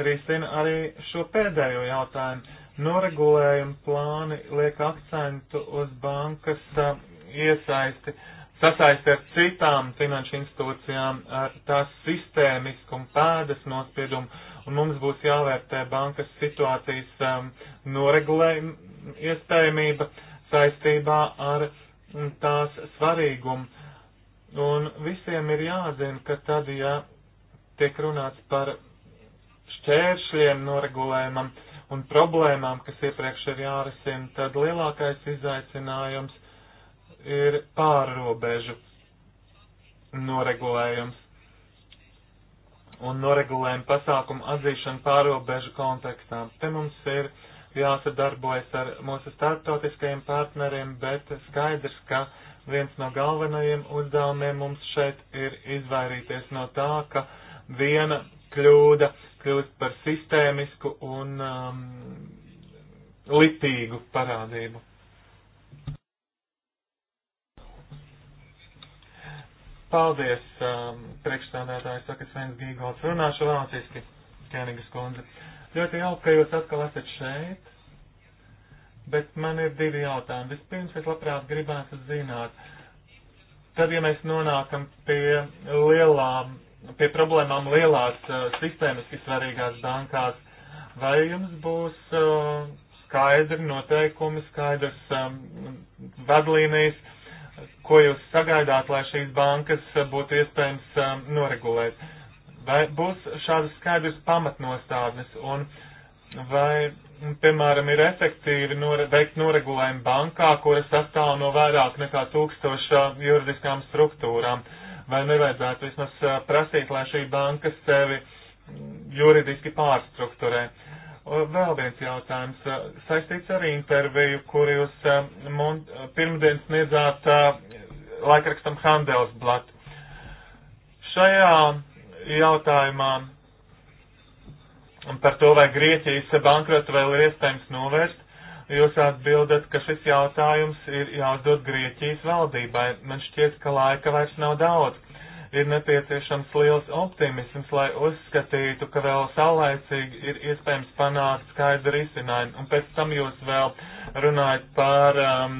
risina arī šo pēdējo jautājumu. Noregulējuma plāni liek akcentu uz bankas iesaisti, sasaisti ar citām finanšu institūcijām, ar tās sistēmiskumu, pēdas nospiedumu, un mums būs jāvērtē bankas situācijas um, noregulējuma iespējamība saistībā ar uh, tās svarīgumu. Un visiem ir jāzina, ka tad, ja tiek runāts par šķēršļiem noregulējumam un problēmām, kas iepriekš ir jārisina, tad lielākais izaicinājums ir pārrobežu noregulējums un noregulējuma pasākumu atzīšana pārobežu kontekstā. Te mums ir uh, jāsadarbojas ar mūsu starptautiskajiem partneriem, bet skaidrs, ka viens no galvenajiem uzdevumiem mums šeit ir izvairīties no tā, ka viena kļūda kļūst par sistēmisku un um, litīgu parādību. Paldies, um, priekšstādātājs, saka Svens Gīgolds, runāšu vāciski, Kēnigas kundze. Uh, Ļoti jauki, ka jūs atkal esat šeit, bet man ir divi jautājumi. Vispirms es labprāt gribētu zināt, tad, ja mēs nonākam pie lielām, pie problēmām lielās uh, sistēmiski svarīgās bankās, vai jums būs uh, skaidri noteikumi, skaidrs um, vadlīnijas, ko jūs sagaidāt, lai šīs bankas uh, būtu iespējams um, noregulēt? Vai būs šādas skaidras pamatnostādnes un vai, piemēram, ir efektīvi nore, veikt noregulējumu bankā, kura sastāv no vairāk nekā tūkstoša juridiskām struktūrām? Vai nevajadzētu vismaz prasīt, lai šī banka sevi mm, juridiski pārstruktūrē? Vēl viens jautājums saistīts ar interviju, kur jūs pirmdien sniedzāt laikrakstam Handelsblatt. Šajā jautājumā par to, vai Grieķijas bankrotu vēl ir iespējams novērst, jūs atbildat, ka šis jautājums ir jāuzdod Grieķijas valdībai. Man šķiet, ka laika vairs nav daudz. Ir nepieciešams liels optimisms, lai uzskatītu, ka vēl saulaicīgi ir iespējams panākt skaidru risinājumu. Un pēc tam jūs vēl runājat par um,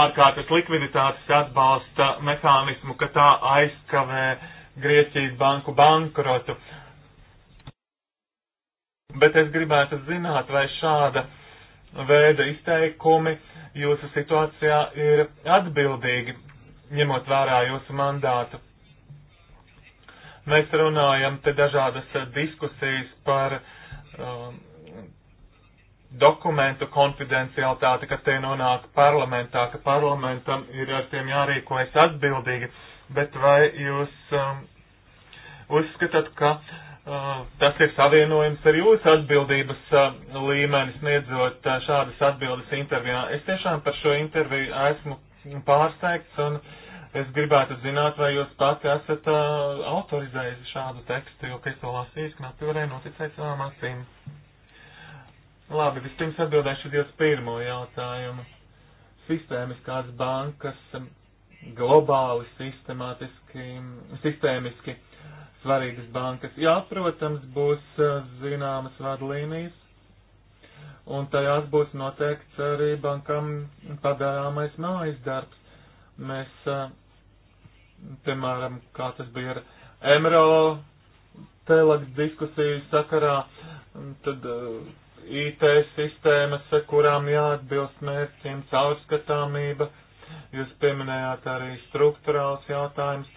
ārkārtas likviditātes atbalsta mehānismu, ka tā aizkavē uh, Grieķijas banku bankrotu. Bet es gribētu zināt, vai šāda veida izteikumi jūsu situācijā ir atbildīgi, ņemot vērā jūsu mandātu. Mēs runājam te dažādas diskusijas par um, dokumentu konfidencialitāti, kas te nonāk parlamentā, ka parlamentam ir ar tiem jārīkojas atbildīgi. Uh, bet vai jūs um, uzskatāt, ka uh, tas ir savienojums ar jūsu atbildības uh, um, līmeni sniedzot uh, šādas atbildes intervijā? Es tiešām par šo interviju esmu pārsteigts un es gribētu zināt, vai jūs pati esat uh, autorizējusi šādu tekstu, jo, ka es to lasīju, knapi varēju noticēt savām acīm. Labi, vispirms atbildēšu uz jūsu pirmo jautājumu. Sistēmiskās bankas um, globāli, sistemātiski, sistēmiski svarīgas bankas. Jā, protams, būs zināmas vadlīnijas, un tajās būs noteikts arī bankam padarāmais mājas darbs. Mēs, piemēram, kā tas bija ar Emro telak diskusiju sakarā, tad IT sistēmas, kurām jāatbilst mērķiem, caurskatāmība Jūs pieminējāt arī struktūrāls jautājums,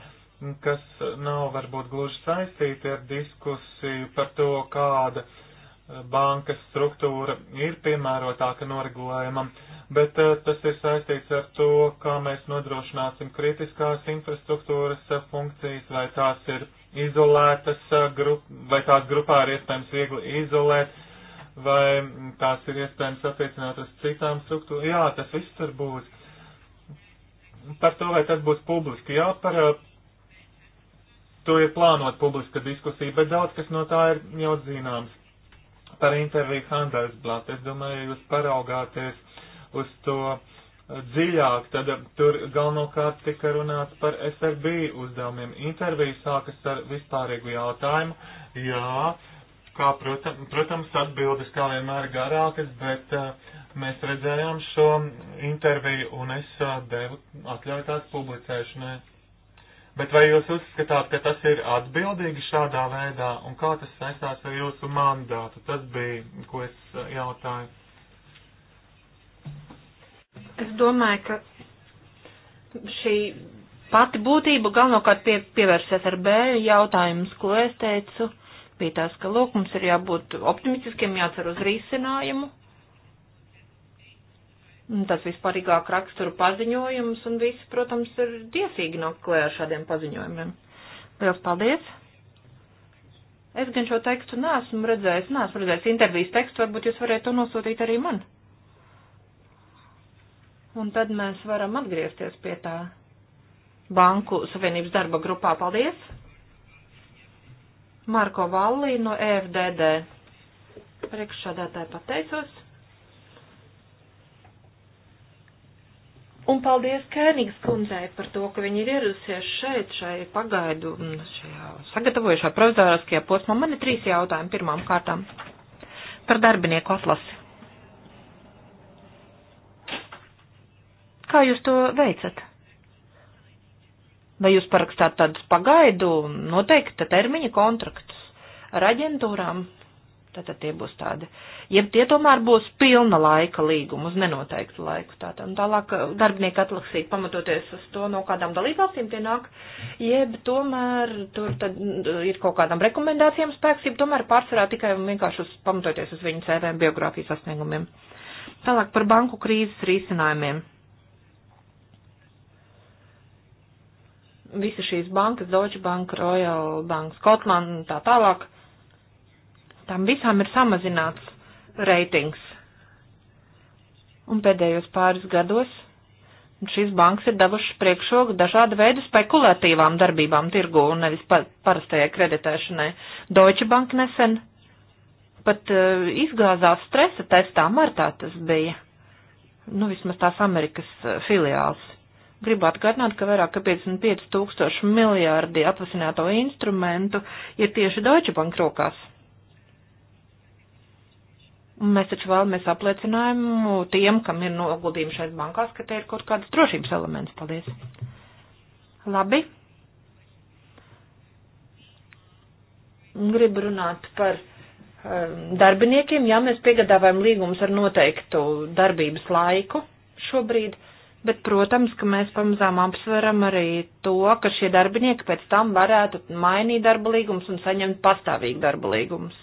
kas nav varbūt gluži saistīti ar diskusiju par to, kāda bankas struktūra ir piemērotāka noregulējumam, bet eh, tas ir saistīts ar to, kā mēs nodrošināsim kritiskās infrastruktūras eh, funkcijas, vai tās ir izolētas, eh, grup, vai tās grupā ir iespējams viegli izolēt, vai mm, tās ir iespējams attiecināt uz citām struktūrām. Jā, tas viss var būt par to, vai tas būs publiski, jā, par to ir plānot publiska diskusija, bet daudz kas no tā ir jau zināms. Par interviju Handelsblatt, es domāju, jūs paraugāties uz to dziļāk, tad tur galvenokārt tika runāts par SRB uzdevumiem. Intervija sākas ar vispārīgu jautājumu, jā, kā, protam, protams, atbildes kā vienmēr garākas, bet uh, Mēs redzējām šo interviju un es uh, devu atļauju tās publicēšanai. Bet vai jūs uzskatāt, ka tas ir atbildīgi šādā veidā un kā tas saistās ar jūsu mandātu? Tas bija, ko es uh, jautāju. Es domāju, ka šī pati būtība galvenokārt pie, pievērsies ar B jautājumus, ko es teicu, bija tās, ka, lūk, mums ir jābūt optimistiskiem, jācer uz risinājumu tas vispārīgāk raksturu paziņojums, un visi, protams, ir tiesīgi nāk klē ar šādiem paziņojumiem. Liels paldies! Es gan šo tekstu neesmu redzējis, neesmu redzējis intervijas tekstu, varbūt jūs varētu to nosūtīt arī man. Un tad mēs varam atgriezties pie tā Banku Savienības darba grupā. Paldies! Marko Vallī no EFDD. Priekšsādātāji pateicos. Un paldies Kēnigas kundzei par to, ka viņi ir ieradusies šeit, šai pagaidu, mm, šajā sagatavojušā provizoriskajā posmā. Man ir trīs jautājumi pirmām kārtām par darbinieku atlasi. Kā jūs to veicat? Vai jūs parakstāt tādus pagaidu noteikta termiņa kontraktus ar aģentūrām, Tātad tie būs tādi. Ja tie tomēr būs pilna laika līguma uz nenoteiktu laiku. Tātad un tālāk uh, darbinieki atlasīt pamatoties uz to, no kādām dalībvalstīm tie nāk, jeb tomēr tur tad uh, ir kaut kādām rekomendācijām spēks, jeb tomēr pārsvarā tikai un vienkārši uz, pamatoties uz viņu CV biogrāfijas sasniegumiem. Tālāk par banku krīzes risinājumiem. Visi šīs bankas, Deutsche Bank, Royal Bank, Scotland un tā tālāk Tam visām ir samazināts reitings. Un pēdējos pāris gados šīs bankas ir devušas priekšroku dažāda veida spekulatīvām darbībām tirgu un nevis pa, parastajai kreditēšanai. Deutsche Bank nesen pat uh, izgāzās stresa testā martā tas bija. Nu, vismaz tās Amerikas uh, filiāls. Gribu atgādināt, ka vairāk kā 55 tūkstoši miljārdi atvasināto instrumentu ir tieši Deutsche Bank rokās. Un mēs taču vēlamies apliecinājumu tiem, kam ir noguldījumi šeit bankās, ka te ir kaut kāds drošības elements. Paldies. Labi. Gribu runāt par um, darbiniekiem. Jā, mēs piegādājam līgumus ar noteiktu darbības laiku šobrīd. Bet, protams, ka mēs pamazām apsveram arī to, ka šie darbinieki pēc tam varētu mainīt darba līgumus un saņemt pastāvīgu darba līgumus.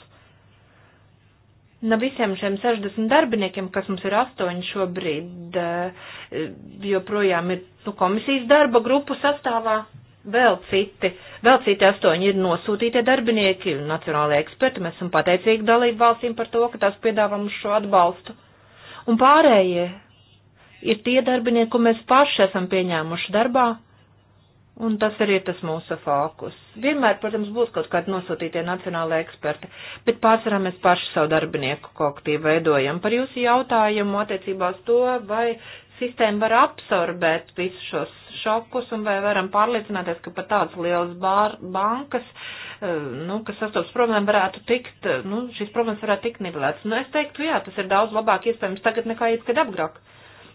No visiem šiem 60 darbiniekiem, kas mums ir astoņi šobrīd, eh, joprojām ir nu, komisijas darba grupu sastāvā, vēl citi, vēl citi astoņi ir nosūtītie darbinieki, nacionālajie eksperti, mēs esam pateicīgi dalību valstīm par to, ka tās piedāvā mums šo atbalstu. Un pārējie ir tie darbinieki, ko mēs paši esam pieņēmuši darbā, Un tas arī ir tas mūsu fokus. Vienmēr, protams, būs kaut kādi nosūtītie nacionālai eksperti, bet pārsvarā mēs paši savu darbinieku kolektīvu veidojam. Par jūsu jautājumu attiecībā uz to, vai sistēma var absorbēt visus šos šokus un vai varam pārliecināties, ka pat tādas lielas bār, bankas, eh, nu, kas sastopas problēmu, varētu tikt, eh, nu, šīs problēmas varētu tikt nivelētas. Nu, es teiktu, jā, tas ir daudz labāk iespējams tagad nekā jebkad apgrāk.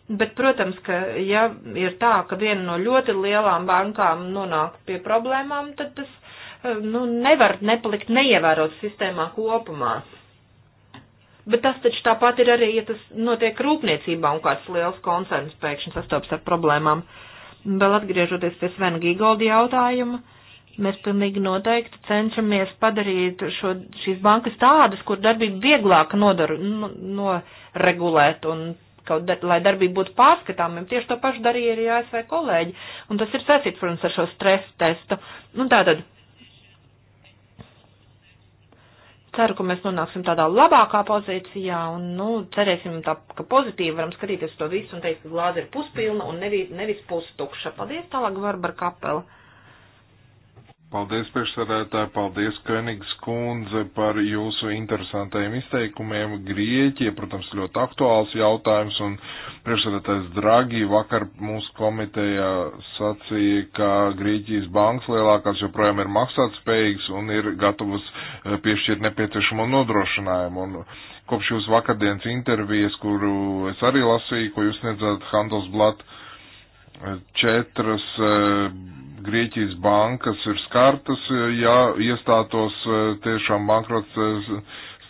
Bet, protams, ka ja ir tā, ka viena no ļoti lielām bankām nonāk pie problēmām, tad tas eh, nu, nevar nepalikt neievērot sistēmā kopumā. Bet tas taču tāpat ir arī, ja tas notiek rūpniecībā un kāds liels koncerns pēkšņi sastopas ar problēmām. Vēl atgriežoties pie Svena Gigolda jautājuma, mēs pilnīgi noteikti cenšamies padarīt šo, šīs bankas tādas, kur darbību vieglāk nodar, noregulēt un kaut dar, lai darbība būtu pārskatāmiem. Tieši to pašu darīja arī ASV kolēģi. Un tas ir saistīts, protams, ar šo stresu testu. Nu, tātad. Ceru, ka mēs nonāksim tādā labākā pozīcijā un, nu, cerēsim tā, ka pozitīvi varam skatīties to visu un teikt, ka glāze ir puspilna un nevis, nevis pustukša. Paldies tālāk, Varbar Kapela. Paldies, priekšsēdētāji, paldies, Königs kundze, par jūsu interesantajiem izteikumiem. Grieķija, protams, ļoti aktuāls jautājums, un priekšsēdētājs Dragi vakar mūsu komitejā sacīja, ka Grieķijas bankas lielākās joprojām ir maksātspējīgas un ir gatavas eh, piešķirt nepieciešamo nodrošinājumu. Un, kopš jūsu vakardienas intervijas, kuru es arī lasīju, ko jūs sniedzat Handelsblatt, četras eh, Grieķijas bankas ir skartas, eh, ja iestātos eh, tiešām bankrots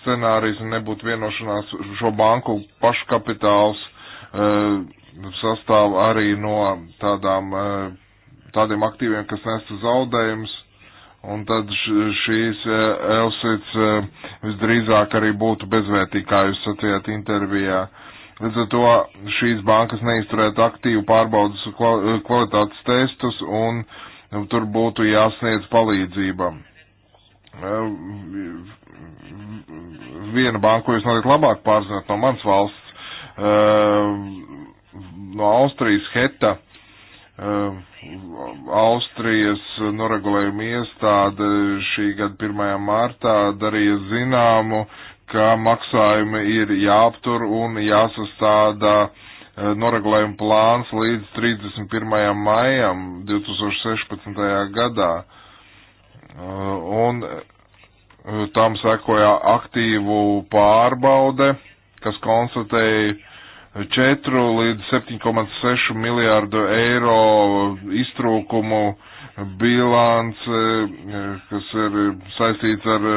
scenārijs un nebūtu vienošanās šo banku paškapitāls sastāv arī no tādām, tādiem aktīviem, kas nesta zaudējumus. Un tad šīs Elsits visdrīzāk arī būtu bezvērtīgi, kā jūs sacījāt intervijā. Uh, Līdz ar to šīs bankas neizturētu aktīvu pārbaudas kvalitātes testus un nu, tur būtu jāsniedz palīdzība. Ehm, viena banka, ko jūs noteikti labāk pārzināt no mans valsts, ehm, no Austrijas Heta, ehm, Austrijas noregulējuma iestāde šī gada 1. martā darīja zināmu, ka maksājumi ir jāaptur un jāsastāda eh, noregulējuma plāns līdz 31. maijam 2016. gadā. Eh, un eh, tam sekoja aktīvu pārbaude, kas konstatēja 4 līdz 7,6 miljārdu eiro iztrūkumu bilance, kas ir saistīts ar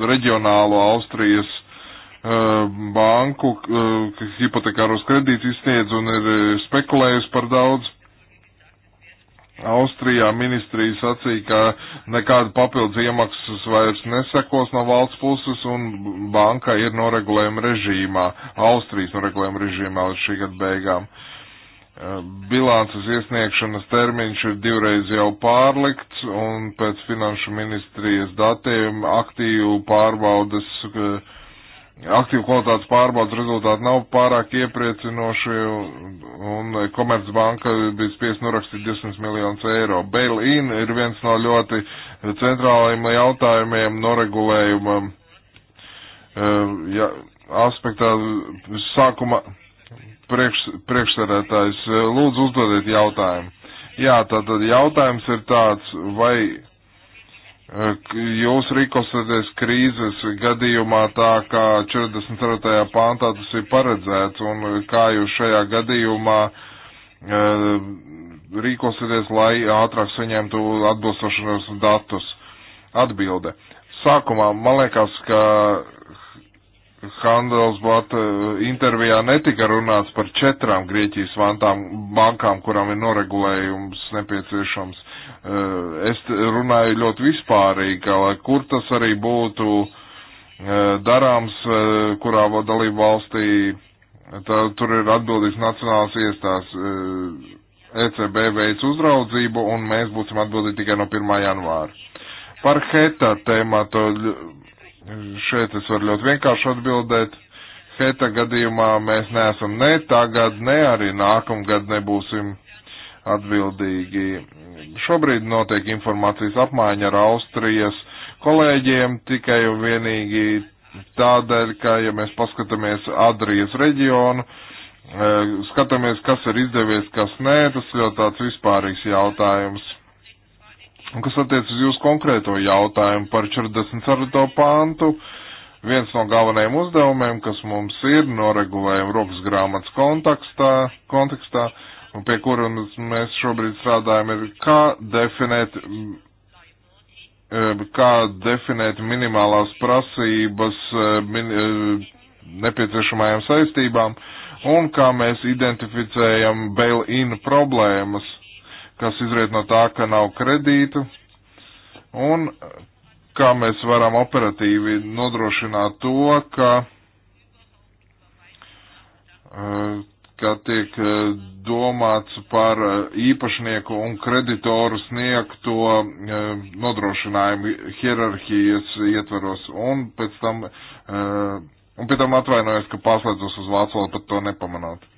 reģionālo Austrijas uh, banku, uh, kas hipotekāros kredītus izsniedz un ir eh, spekulējusi par daudz. Austrijā ministrija sacīja, ka nekāda papildus iemaksas vairs nesakos no valsts puses un banka ir noregulējuma režīmā, Austrijas noregulējuma režīmā līdz šī gada beigām. Uh, Eh, bilances iesniegšanas termiņš ir divreiz jau pārlikts, un pēc finanšu ministrijas datiem aktīvu pārbaudas, eh, aktīvu kvalitātes pārbaudas rezultāti nav pārāk iepriecinoši, un Komercbanka bija spies norakstīt 10 miljonus eiro. Bail-in ir viens no ļoti centrālajiem jautājumiem noregulējuma eh, ja, aspektā sākuma priekš, priekšsēdētājs, eh, lūdzu uzdodiet jautājumu. Jā, tātad jautājums ir tāds, vai eh, jūs rīkosieties krīzes gadījumā tā, kā 44. pāntā tas ir paredzēts, un kā jūs šajā gadījumā eh, rīkosieties, lai ātrāk saņemtu atbilstošanos datus? Atbilde. Sākumā man liekas, ka Handelsblat eh, intervijā netika runāts par četrām Grieķijas vantām, bankām, kurām ir noregulējums nepieciešams. Eh, es runāju ļoti vispārīgi, ka, lai kur tas arī būtu eh, darāms, kurā dalība valstī, tā, tur ir atbildīgs nacionāls iestās. ECB e veids uzraudzību un mēs būsim atbildīgi tikai no 1. janvāra. Par HETA tēmatu Šeit es varu ļoti vienkārši atbildēt. Heta gadījumā mēs neesam ne tagad, ne arī nākamgad nebūsim atbildīgi. Šobrīd notiek informācijas apmaiņa ar Austrijas kolēģiem tikai un vienīgi tādēļ, ka, ja mēs paskatāmies Adrijas reģionu, eh, skatāmies, kas ir izdevies, kas nē, tas ļoti tāds vispārīgs jautājums. Kas attiec uz jūsu konkrēto jautājumu par 44. pāntu, viens no galvenajiem uzdevumiem, kas mums ir noregulējuma rokas grāmatas kontekstā, kontekstā un pie kura mēs šobrīd strādājam, ir kā definēt, eh, kā definēt minimālās prasības eh, min, eh, nepieciešamajām saistībām un kā mēs identificējam bail-in problēmas kas izriet no tā, ka nav kredītu, un kā mēs varam operatīvi nodrošināt to, ka, eh, ka tiek eh, domāts par eh, īpašnieku un kreditoru sniegto nodrošinājumu hierarhijas ietveros. Un pēc tam, un pēc tam atvainojos, ka pārslēdzos uz vācu valodu, pat to nepamanot.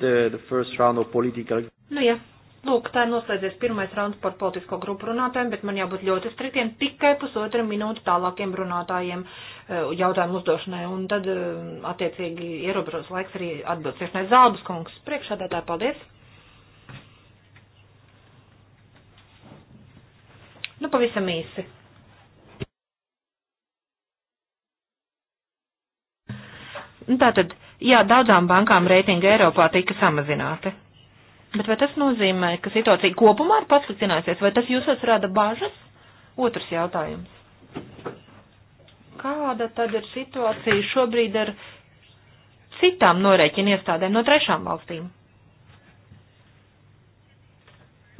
The, the first round of political... Nu, jā, Lūk, tā ir noslēdzies pirmais rauns par politisko grupu runātājiem, bet man jābūt ļoti striktiem tikai pusotra minūte tālākiem runātājiem eh, jautājumu uzdošanai, un tad eh, attiecīgi ierobežos laiks arī atbildēšanai. Zābas kungs, priekšādātāji, paldies! Nu, pavisam īsi. Nu, tātad, jā, daudzām bankām reitinga Eiropā tika samazināti Bet vai tas nozīmē, ka situācija kopumā ir pasliktinājusies, vai tas jūsos rada bažas? Otrs jautājums. Kāda tad ir situācija šobrīd ar citām norēķinu iestādēm no trešām valstīm?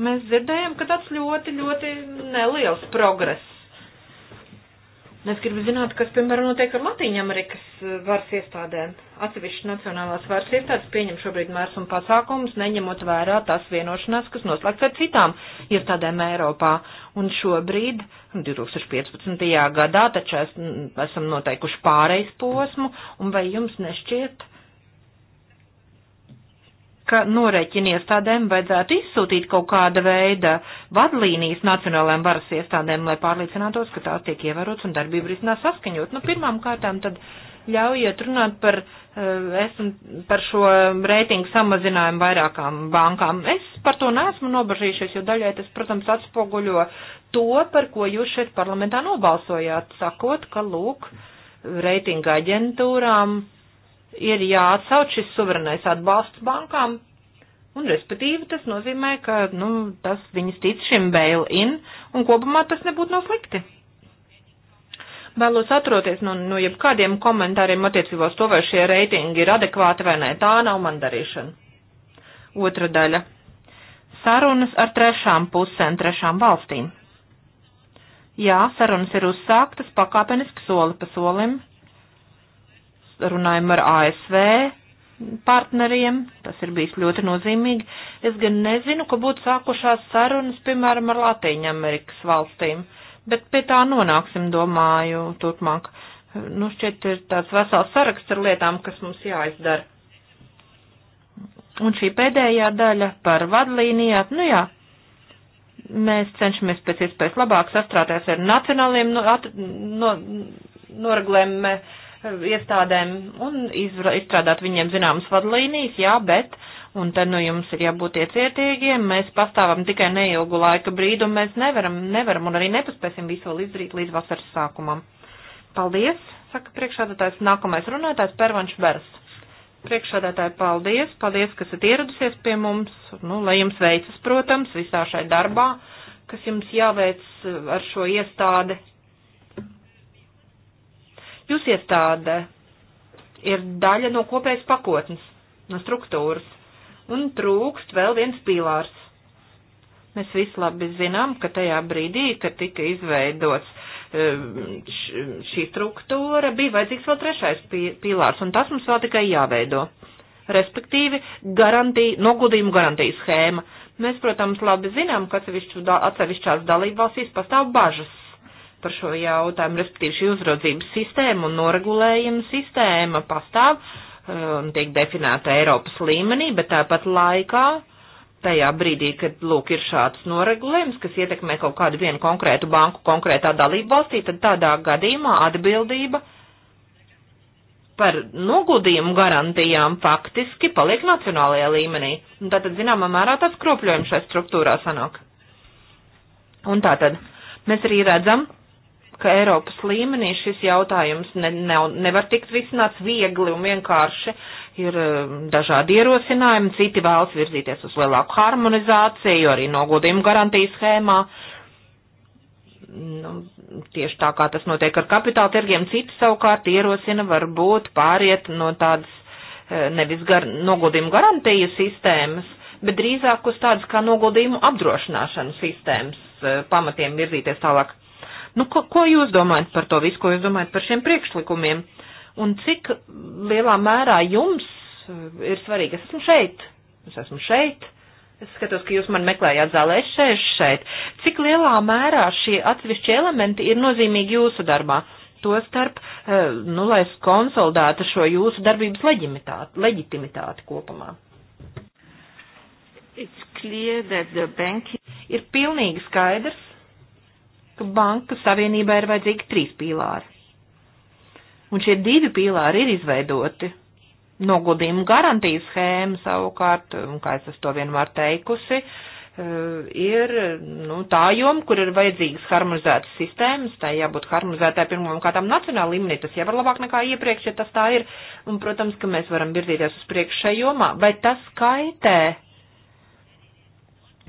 Mēs dzirdējam, ka tāds ļoti, ļoti neliels progress Es gribu zināt, kas, piemēram, notiek ar Latīņamerikas eh, varas iestādēm. Atsevišķas nacionālās varas iestādes pieņem šobrīd mērs un pasākumus, neņemot vērā tās vienošanās, kas noslēgts ar citām iestādēm Eiropā. Un šobrīd, 2015. Nu, gadā, taču es, mm, esam noteikuši pāreiz posmu, un vai jums nešķiet, uh, ka norēķini iestādēm vajadzētu izsūtīt kaut kāda veida vadlīnijas nacionālajām varas iestādēm, lai pārliecinātos, ka tās tiek ievērots un darbība risinās saskaņot. Nu, pirmām kārtām tad ļaujiet runāt par, eh, es, par šo reitingu samazinājumu vairākām bankām. Es par to neesmu nobažījušies, jo daļai tas, protams, atspoguļo to, par ko jūs šeit parlamentā nobalsojāt, sakot, ka, lūk, reitinga aģentūrām ir jāatsauc šis suverenais atbalsts bankām, un respektīvi tas nozīmē, ka, nu, tas viņas tic šim bail-in, un kopumā tas nebūtu nav slikti. Vēlos atroties no, no jebkādiem komentāriem attiecībos to, vai šie reitingi ir adekvāti vai nē. Tā nav man darīšana. Otra daļa. Sarunas ar trešām pusēm, trešām valstīm. Jā, sarunas ir uzsāktas pakāpeniski soli pa solim runājam ar ASV partneriem, tas ir bijis ļoti nozīmīgi. Es gan nezinu, ka būtu sākušās sarunas, piemēram, ar Latīņu Amerikas valstīm, bet pie tā nonāksim, domāju, turpmāk. Nu, šķiet, ir tāds vesels saraksts ar lietām, kas mums jāizdara. Un šī pēdējā daļa par vadlīnijām, nu jā, mēs cenšamies pēc iespējas labāk sastrāties ar nacionāliem no, at, no, noraglēm iestādēm un izstrādāt viņiem zināmas vadlīnijas, jā, bet, un tad nu jums ir jābūt iecietīgiem, mēs pastāvam tikai neilgu laika brīdu, un mēs nevaram, nevaram un arī nepaspēsim visu vēl izdarīt līdz vasaras sākumam. Paldies, saka priekšādātājs, nākamais runātājs Pervanš Bers. Priekšādātāji, paldies, paldies, kas esat ieradusies pie mums, nu, lai jums veicas, protams, visā šai darbā, kas jums jāveic ar šo iestādi Jūs iestāde ir daļa no kopējas pakotnes, no struktūras, un trūkst vēl viens pīlārs. Mēs visi labi zinām, ka tajā brīdī, kad tika izveidots eh, šī struktūra, bija vajadzīgs vēl trešais pīlārs, un tas mums vēl tikai jāveido. Respektīvi, garantija, noguldījumu garantijas schēma. Mēs, protams, labi zinām, ka atsevišķās dalībvalstīs pastāv bažas par šo jautājumu, respektīvi šī uzraudzības sistēma un noregulējuma sistēma pastāv un tiek definēta Eiropas līmenī, bet tāpat laikā, tajā brīdī, kad, lūk, ir šāds noregulējums, kas ietekmē kaut kādu vienu konkrētu banku konkrētā dalību valstī, tad tādā gadījumā atbildība par noguldījumu garantijām faktiski paliek nacionālajā līmenī. Un tātad, zināmā mērā, tāds kropļojums šai struktūrā sanāk. Un tātad mēs arī redzam, ka Eiropas līmenī šis jautājums ne, ne, nevar tikt risināts viegli un vienkārši. Ir um, dažādi ierosinājumi, citi vēlas virzīties uz lielāku harmonizāciju, arī nogodījumu garantijas schēmā. Nu, tieši tā kā tas notiek ar kapitāla tirgiem, citi savukārt ierosina varbūt pāriet no tādas eh, nevis gar, nogodījumu garantiju sistēmas, bet drīzāk uz tādas kā nogodījumu apdrošināšanu sistēmas eh, pamatiem virzīties tālāk. Nu, ko, ko jūs domājat par to visu, ko jūs domājat par šiem priekšlikumiem? Un cik lielā mērā jums eh, ir svarīgi? Es esmu šeit, es esmu šeit, Es skatos, ka jūs man meklējāt zālē, es sēžu šeit. Cik lielā mērā šie atsevišķi elementi ir nozīmīgi jūsu darbā? Tostarp, eh, nu, lai es konsolidētu šo jūsu darbības leģitimitāti kopumā. Bank... Ir pilnīgi skaidrs, ka banka savienībā ir vajadzīgi trīs pīlāri. Un šie divi pīlāri ir izveidoti. Noguldījumu garantijas schēma savukārt, un kā es to vienmēr teikusi, eh, ir nu, tā joma, kur ir vajadzīgas harmonizētas sistēmas, tā jābūt harmonizētai pirmām kārtām nacionāla līmenī, tas jau var labāk nekā iepriekš, ja tas tā ir, un, protams, ka mēs varam virzīties uz priekšu šajā jomā, vai tas kaitē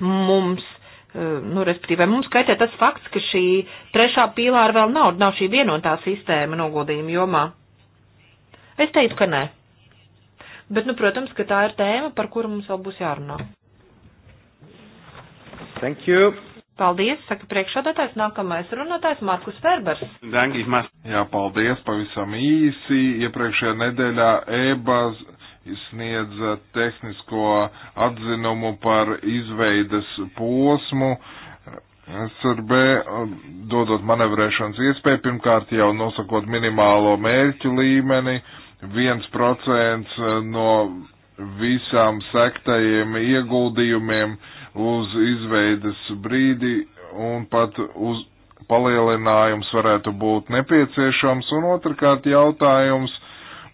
mums Eh, nu, respektīvi, mums kaitē tas fakts, ka šī trešā pīlāra vēl nav, nav šī vienotā sistēma noguldījuma jomā. Es teicu, ka nē. Bet, nu, protams, ka tā ir tēma, par kuru mums vēl būs jārunā. Thank you. Paldies, saka priekšādātājs, nākamais runātājs Markus Ferbers. Jā, paldies, pavisam īsi. Iepriekšējā nedēļā EBAZ sniedza tehnisko atzinumu par izveidas posmu. SRB dodot manevrēšanas iespēju, pirmkārt jau nosakot minimālo mērķu līmeni, 1% no visām sektajiem ieguldījumiem uz izveidas brīdi un pat uz palielinājums varētu būt nepieciešams, un otrkārt jautājums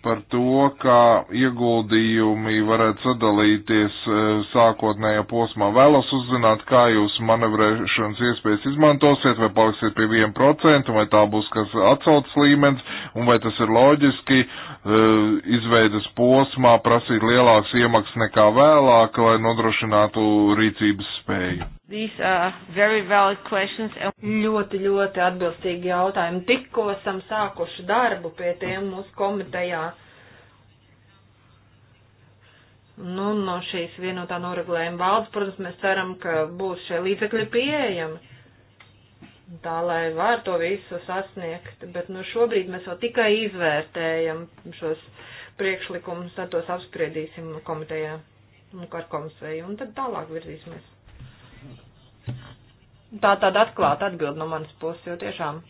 par to, kā ieguldījumi varētu sadalīties e, sākotnējā posmā. Vēlos uzzināt, kā jūs manevrēšanas iespējas izmantosiet, vai paliksiet pie 1%, vai tā būs kas atsaucas līmenis, un vai tas ir loģiski e, izveidas posmā prasīt lielāks iemaksas nekā vēlāk, lai nodrošinātu rīcības spēju. These are very valid questions. Ļoti, ļoti atbilstīgi jautājumi. Tikko esam sākuši darbu pie tiem mūsu komitejā. Nu, no šīs vienotā noregulējuma valdes, protams, mēs ceram, ka būs šie līdzekļi pieejami. Tā, lai var to visu sasniegt, bet nu šobrīd mēs vēl tikai izvērtējam šos priekšlikumus, tad tos apspriedīsim komitejā, nu, kā ar komisiju, un tad tālāk virzīsimies. Tā tāda atklāta atbild no manas puses, jo tiešām.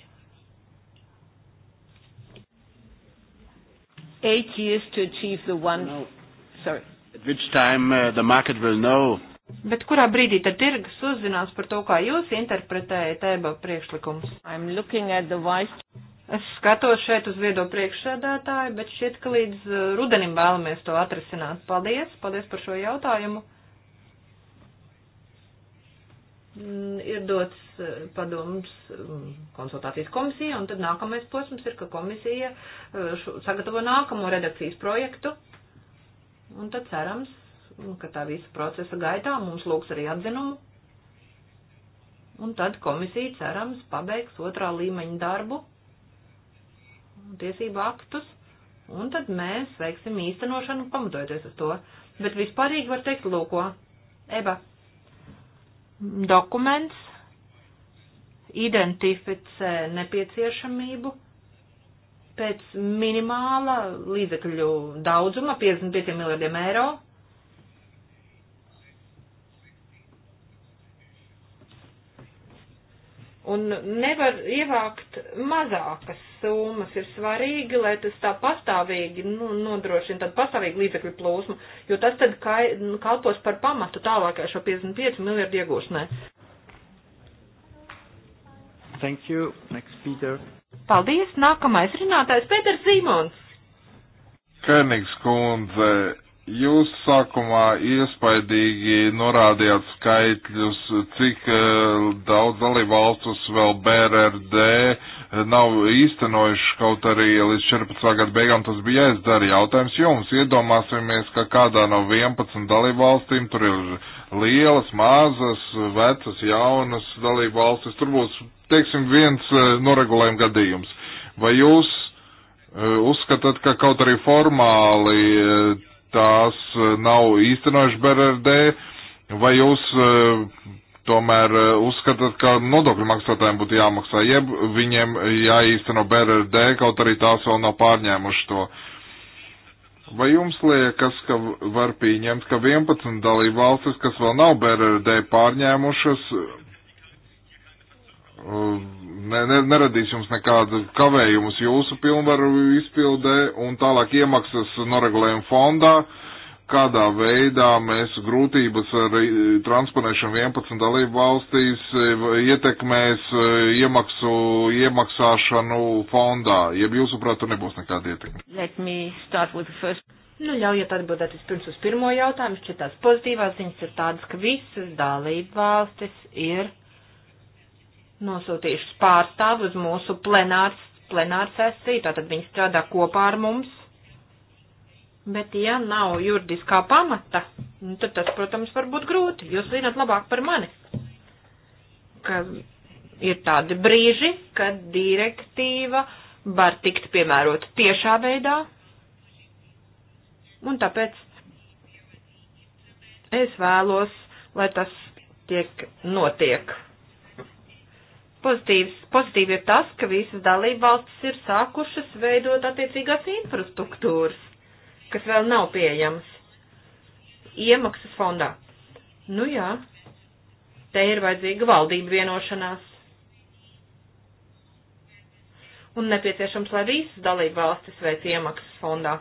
Eight years to achieve the one. No. Sorry. At which time uh, the market will know. Bet kurā brīdī tad tirgus uzzinās par to, kā jūs interpretējat EBA priekšlikumus? I'm looking at the vice. Es skatos šeit uz viedo priekšsēdētāju, bet šķiet, ka līdz uh, rudenim vēlamies to atrisināt. Paldies, paldies par šo jautājumu. Mm, ir dots eh, padoms mm, konsultācijas komisija, un tad nākamais posms ir, ka komisija eh, sagatavo nākamo redakcijas projektu, un tad cerams, mm, ka tā visa procesa gaitā mums lūgs arī atzinumu, un tad komisija cerams pabeigs otrā līmeņa darbu, tiesību aktus, un tad mēs veiksim īstenošanu pamatojoties uz to. Bet vispārīgi var teikt, lūko, Eba dokuments identificē nepieciešamību pēc minimāla līdzekļu daudzuma, 55 miljardiem eiro, un nevar ievākt mazākas summas. Ir svarīgi, lai tas tā pastāvīgi nu, nodrošina tādu pastāvīgu līdzekļu plūsmu, jo tas tad kai, nu, kalpos par pamatu tālākai šo 55 miljardu iegūšanai. Thank you. Next, Peter. Paldies. Nākamais runātājs Pēters Zīmons. Kenigs kundze, Jūs sākumā iespaidīgi norādījāt skaitļus, cik uh, daudz dalībvalstus vēl BRRD nav īstenojuši, kaut arī līdz 14. gadu beigām tas bija aizdara. Jautājums jums, iedomāsimies, ka kādā no 11 dalībvalstīm tur ir lielas, mazas, vecas, jaunas dalībvalstis, tur būs, teiksim, viens uh, noregulējuma gadījums. Vai jūs eh, uzskatāt, ka kaut arī formāli tās eh, nav īstenojuši BRD, vai jūs eh, tomēr eh, uzskatāt, ka nodokļu maksātājiem būtu jāmaksā, jeb viņiem jāīsteno BRD, kaut arī tās vēl nav pārņēmuši to. Vai jums liekas, ka var pieņemt, ka 11 dalību valstis, kas vēl nav BRD pārņēmušas, Um, ne, ne, neradīs jums nekādu kavējumus jūsu pilnvaru izpildē un tālāk iemaksas noregulējuma fondā, kādā veidā mēs grūtības ar e, transponēšanu 11 dalību valstīs e, ietekmēs e, iemaksu iemaksāšanu fondā, jeb jūsuprāt, tur nebūs nekāda ietekme. Nu, ļaujiet atbildēt vispirms uz pirmo jautājumu, šķiet tās pozitīvās ziņas ir tādas, ka visas dalību valstis ir nosūtījušas pārstāvi uz mūsu plenārs, plenārs sesiju, tātad viņi strādā kopā ar mums. Bet, ja nav juridiskā pamata, nu, tad tas, protams, var būt grūti. Jūs zināt labāk par mani, ka ir tādi brīži, kad direktīva var tikt piemērota tiešā veidā, un tāpēc es vēlos, lai tas tiek notiek Pozitīvs, pozitīvi ir tas, ka visas dalībvalstis ir sākušas veidot attiecīgās infrastruktūras, kas vēl nav pieejamas iemaksas fondā. Nu jā, te ir vajadzīga valdība vienošanās. Un nepieciešams, lai visas dalībvalstis veic iemaksas fondā.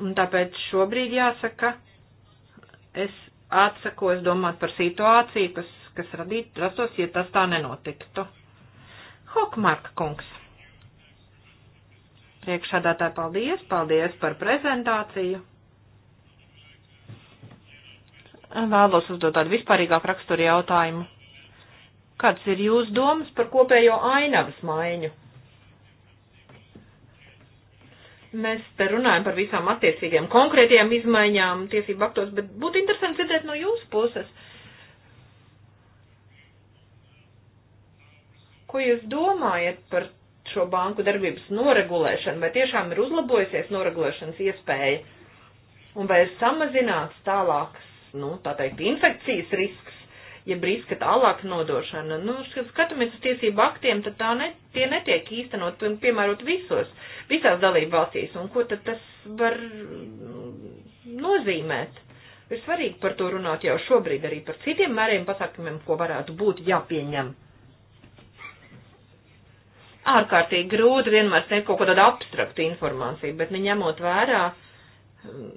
Un tāpēc šobrīd jāsaka, es atsakos domāt par situāciju, kas kas radīt, rastos, ja tas tā nenotiktu. Hokmark kungs. Priekšādātāji, paldies, paldies par prezentāciju. Vēlos uzdot tādu vispārīgāku raksturu jautājumu. Kāds ir jūsu domas par kopējo ainavas maiņu? Mēs te runājam par visām attiecīgiem konkrētajām izmaiņām tiesību aktos, bet būtu interesanti dzirdēt no jūsu puses, Ko jūs domājat par šo banku darbības noregulēšanu? Vai tiešām ir uzlabojusies noregulēšanas iespēja? Un vai ir samazināts tālāks, nu, tā teikt, infekcijas risks, ja riska tālāk nodošana? Nu, skatāmies uz tiesību aktiem, tad tā ne, tie netiek īstenot un piemērot visos, visās dalību valstīs. Un ko tad tas var mm, nozīmēt? ir svarīgi par to runāt jau šobrīd arī par citiem mēriem pasākumiem, ko varētu būt jāpieņem ārkārtīgi grūti vienmēr sniegt kaut ko tādu abstraktu informāciju, bet neņemot vērā mm,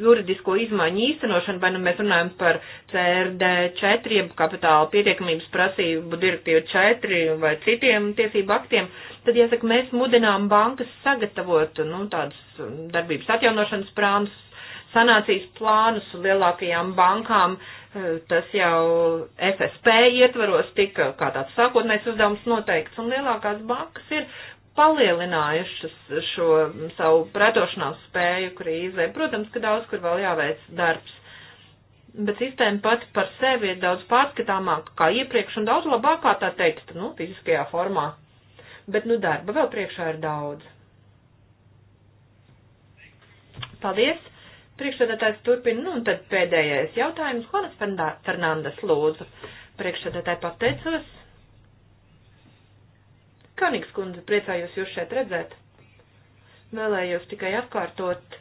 juridisko izmaiņu īstenošanu, vai nu mēs runājam par CRD 4, jeb kapitāla pietiekamības prasību direktīvu 4 vai citiem tiesību aktiem, tad, jāsaka, mēs mudinām bankas sagatavot, nu, tādas mm, darbības atjaunošanas prānus, sanācijas plānus lielākajām bankām, uh, Tas jau FSP ietvaros tika kā tāds sākotnējs uzdevums noteikts, un lielākās bankas ir palielinājušas šo savu pretošanās spēju krīzē. Protams, ka daudz kur vēl jāveic darbs, bet sistēma pati par sevi ir daudz pārskatāmāka kā iepriekš un daudz labākā, tā teikt, nu, fiziskajā formā. Bet, nu, darba vēl priekšā ir daudz. Paldies! Priekšsēdētājs turpina, nu un tad pēdējais jautājums, Juanas Fernandes lūdzu. Priekšsēdētāji pateicos. Kanīgs kundze, priecājos jūs šeit redzēt. Vēlējos tikai atkārtot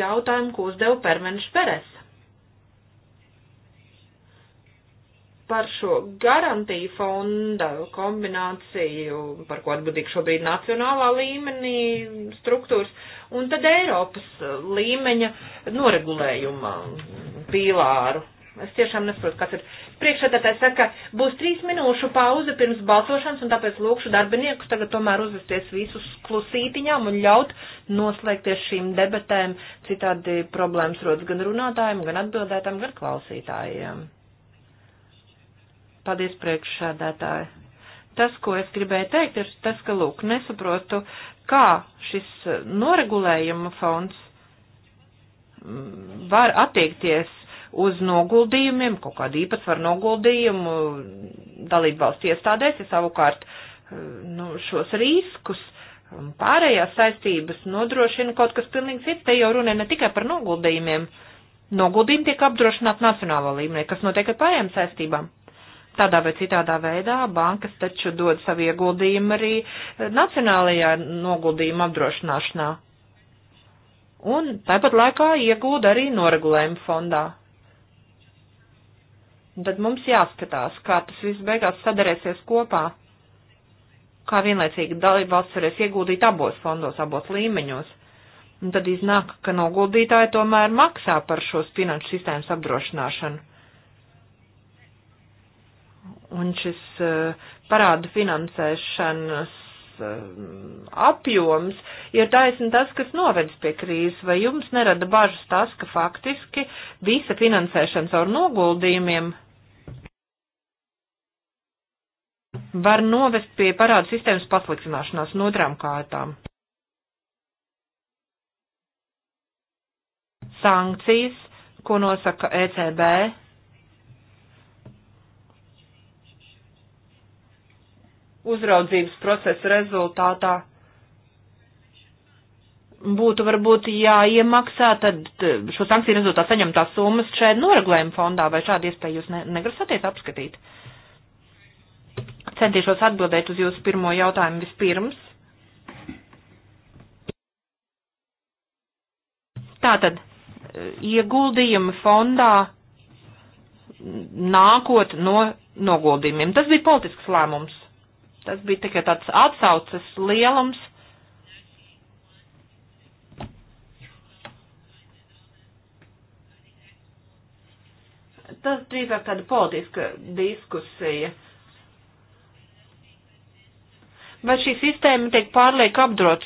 jautājumu, ko uzdevu Permenš Peres. par šo garantiju fonda kombināciju, par ko atbildīgi šobrīd nacionālā līmenī struktūras, un tad Eiropas līmeņa noregulējuma pīlāru. Es tiešām nesaprotu, kas ir. Priekšsēdētājs saka, būs trīs minūšu pauze pirms balsošanas, un tāpēc lūkšu darbiniekus tagad tomēr uzvesties visus klusītiņām un ļaut noslēgties šīm debatēm. Citādi problēmas rodas gan runātājiem, gan atbildētājiem, gan klausītājiem. Paldies, priekšsādātāji. Tas, ko es gribēju teikt, ir tas, ka, lūk, nesaprotu, kā šis noregulējuma fonds mm, var attiekties uz noguldījumiem, kaut kādu īpatsvaru noguldījumu dalību valsts iestādēs, ja savukārt mm, nu, šos riskus pārējās saistības nodrošina kaut kas pilnīgi cits. Te jau runa ne tikai par noguldījumiem. Noguldījumi tiek apdrošināti nacionālā līmenī, kas notiek ar pārējām saistībām tādā vai citādā veidā bankas taču dod savu ieguldījumu arī eh, nacionālajā noguldījuma apdrošināšanā. Un tāpat laikā iegūda arī noregulējuma fondā. Un tad mums jāskatās, kā tas viss beigās sadarēsies kopā, kā vienlaicīgi dalībvalsts varēs ieguldīt abos fondos, abos līmeņos. Un tad iznāk, ka noguldītāji tomēr maksā par šos finanšu sistēmas apdrošināšanu. Un šis eh, parādu finansēšanas eh, apjoms ir taisni tas, kas novedz pie krīzes, vai jums nerada bažas tas, ka faktiski visa finansēšana caur noguldījumiem var novest pie parādu sistēmas pasliktināšanās no otrām kārtām. Sankcijas, ko nosaka ECB, uzraudzības procesa rezultātā būtu varbūt jāiemaksā tad eh, šo sankciju rezultātā saņemtās summas šeit noregulējuma fondā, vai šādu iespēju jūs ne, negrasaties apskatīt? Centīšos atbildēt uz jūsu pirmo jautājumu vispirms. Tātad, eh, ieguldījumi fondā nākot no noguldījumiem. Tas bija politisks lēmums Tas bija tikai tāds atsauces lielums. Tas drīzāk tāda politiska diskusija. Vai šī sistēma tiek pārlieku apdro,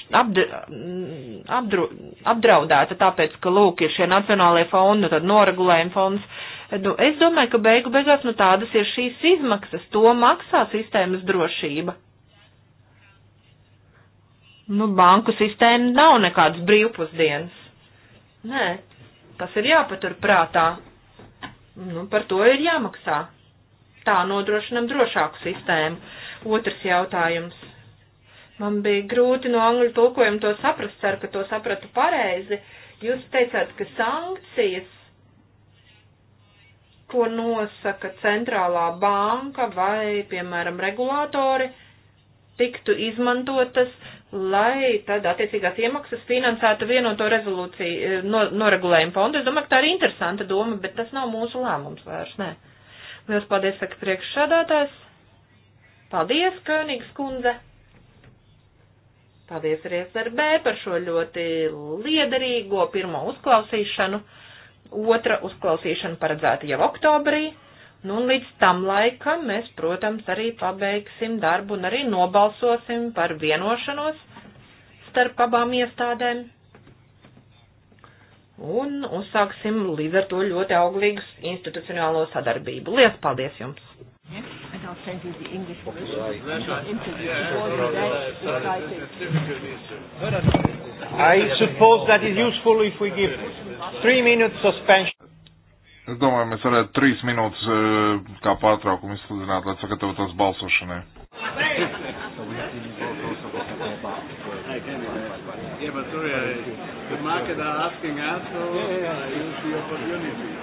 apdro, apdraudēta tāpēc, ka, lūk, ir šie nacionālie fondi, tad noregulējumi fonds, Nu, es domāju, ka beigu beigās nu, tādas ir šīs izmaksas. To maksā sistēmas drošība. Nu, banku sistēma nav nekādas brīvpusdienas. Nē, tas ir jāpatur prātā. Nu, par to ir jāmaksā. Tā nodrošinam drošāku sistēmu. Otrs jautājums. Man bija grūti no angļu tulkojuma to saprast, ceru, ka to sapratu pareizi. Jūs teicāt, ka sankcijas ko nosaka centrālā banka vai, piemēram, regulātori, tiktu izmantotas, lai tad attiecīgās iemaksas finansētu vienoto rezolūciju, eh, no, noregulējumu fondu. Es domāju, ka tā ir interesanta doma, bet tas nav mūsu lēmums vairs, nē. Liels paldies, saka priekšsādātājs. Paldies, Königs kundze. Paldies arī SRB par šo ļoti liederīgo pirmo uzklausīšanu. Otra uzklausīšana paredzēta jau oktobrī. Nu, un līdz tam laikam mēs, protams, arī pabeigsim darbu un arī nobalsosim par vienošanos starp abām iestādēm. Un uzsāksim līdz ar to ļoti auglīgu institucionālo sadarbību. Lielas paldies jums! Yes, and I'll send you the English version right. interview before you guys I suppose that is useful if we give three minutes suspension. Es domāju, mēs varētu trīs minūtes e, kā pārtraukumu izsludināt, lai sagatavotos balsošanai. Yeah, but sorry, I, uh, the market are asking us, so yeah, uh, yeah, yeah. I use the opportunity.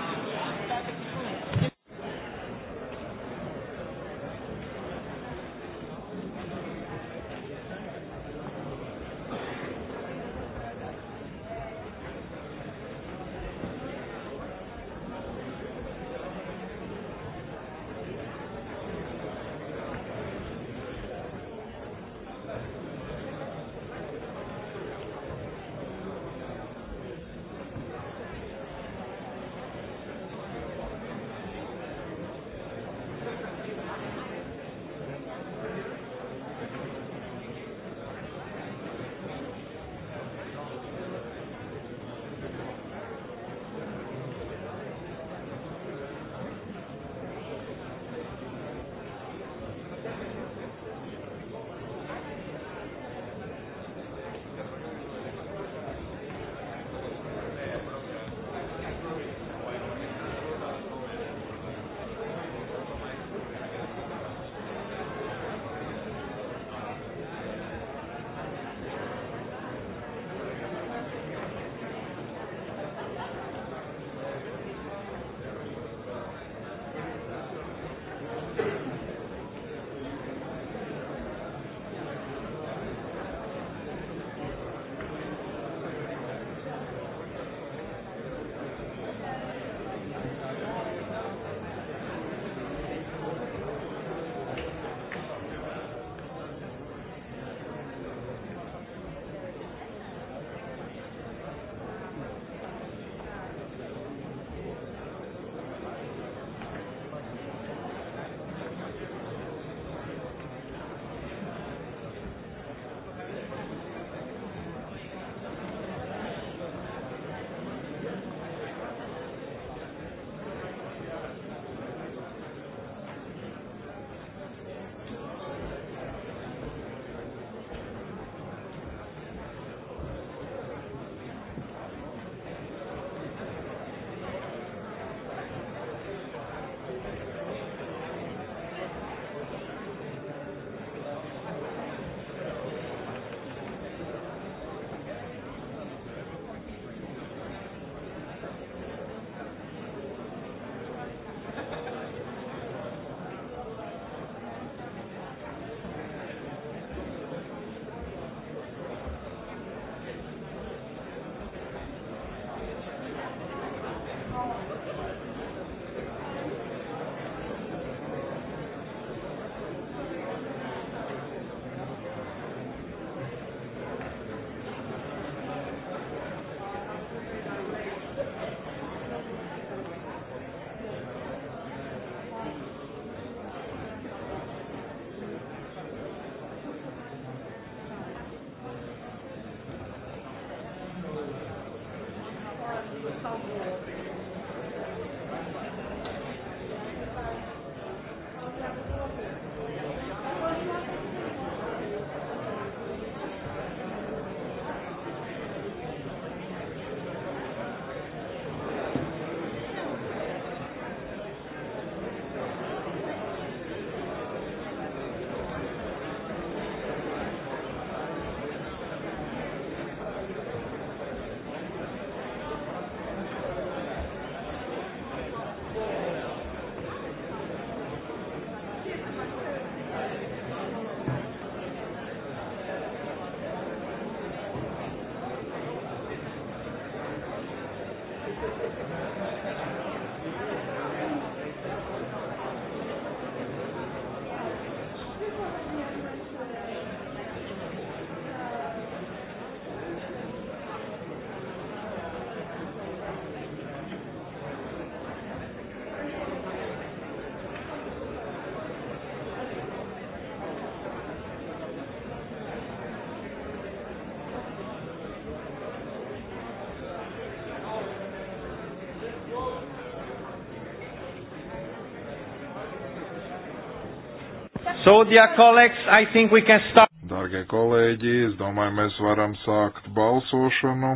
So, dear colleagues, I think we can start. Dārgie kolēģi, es domāju, mēs varam sākt balsošanu.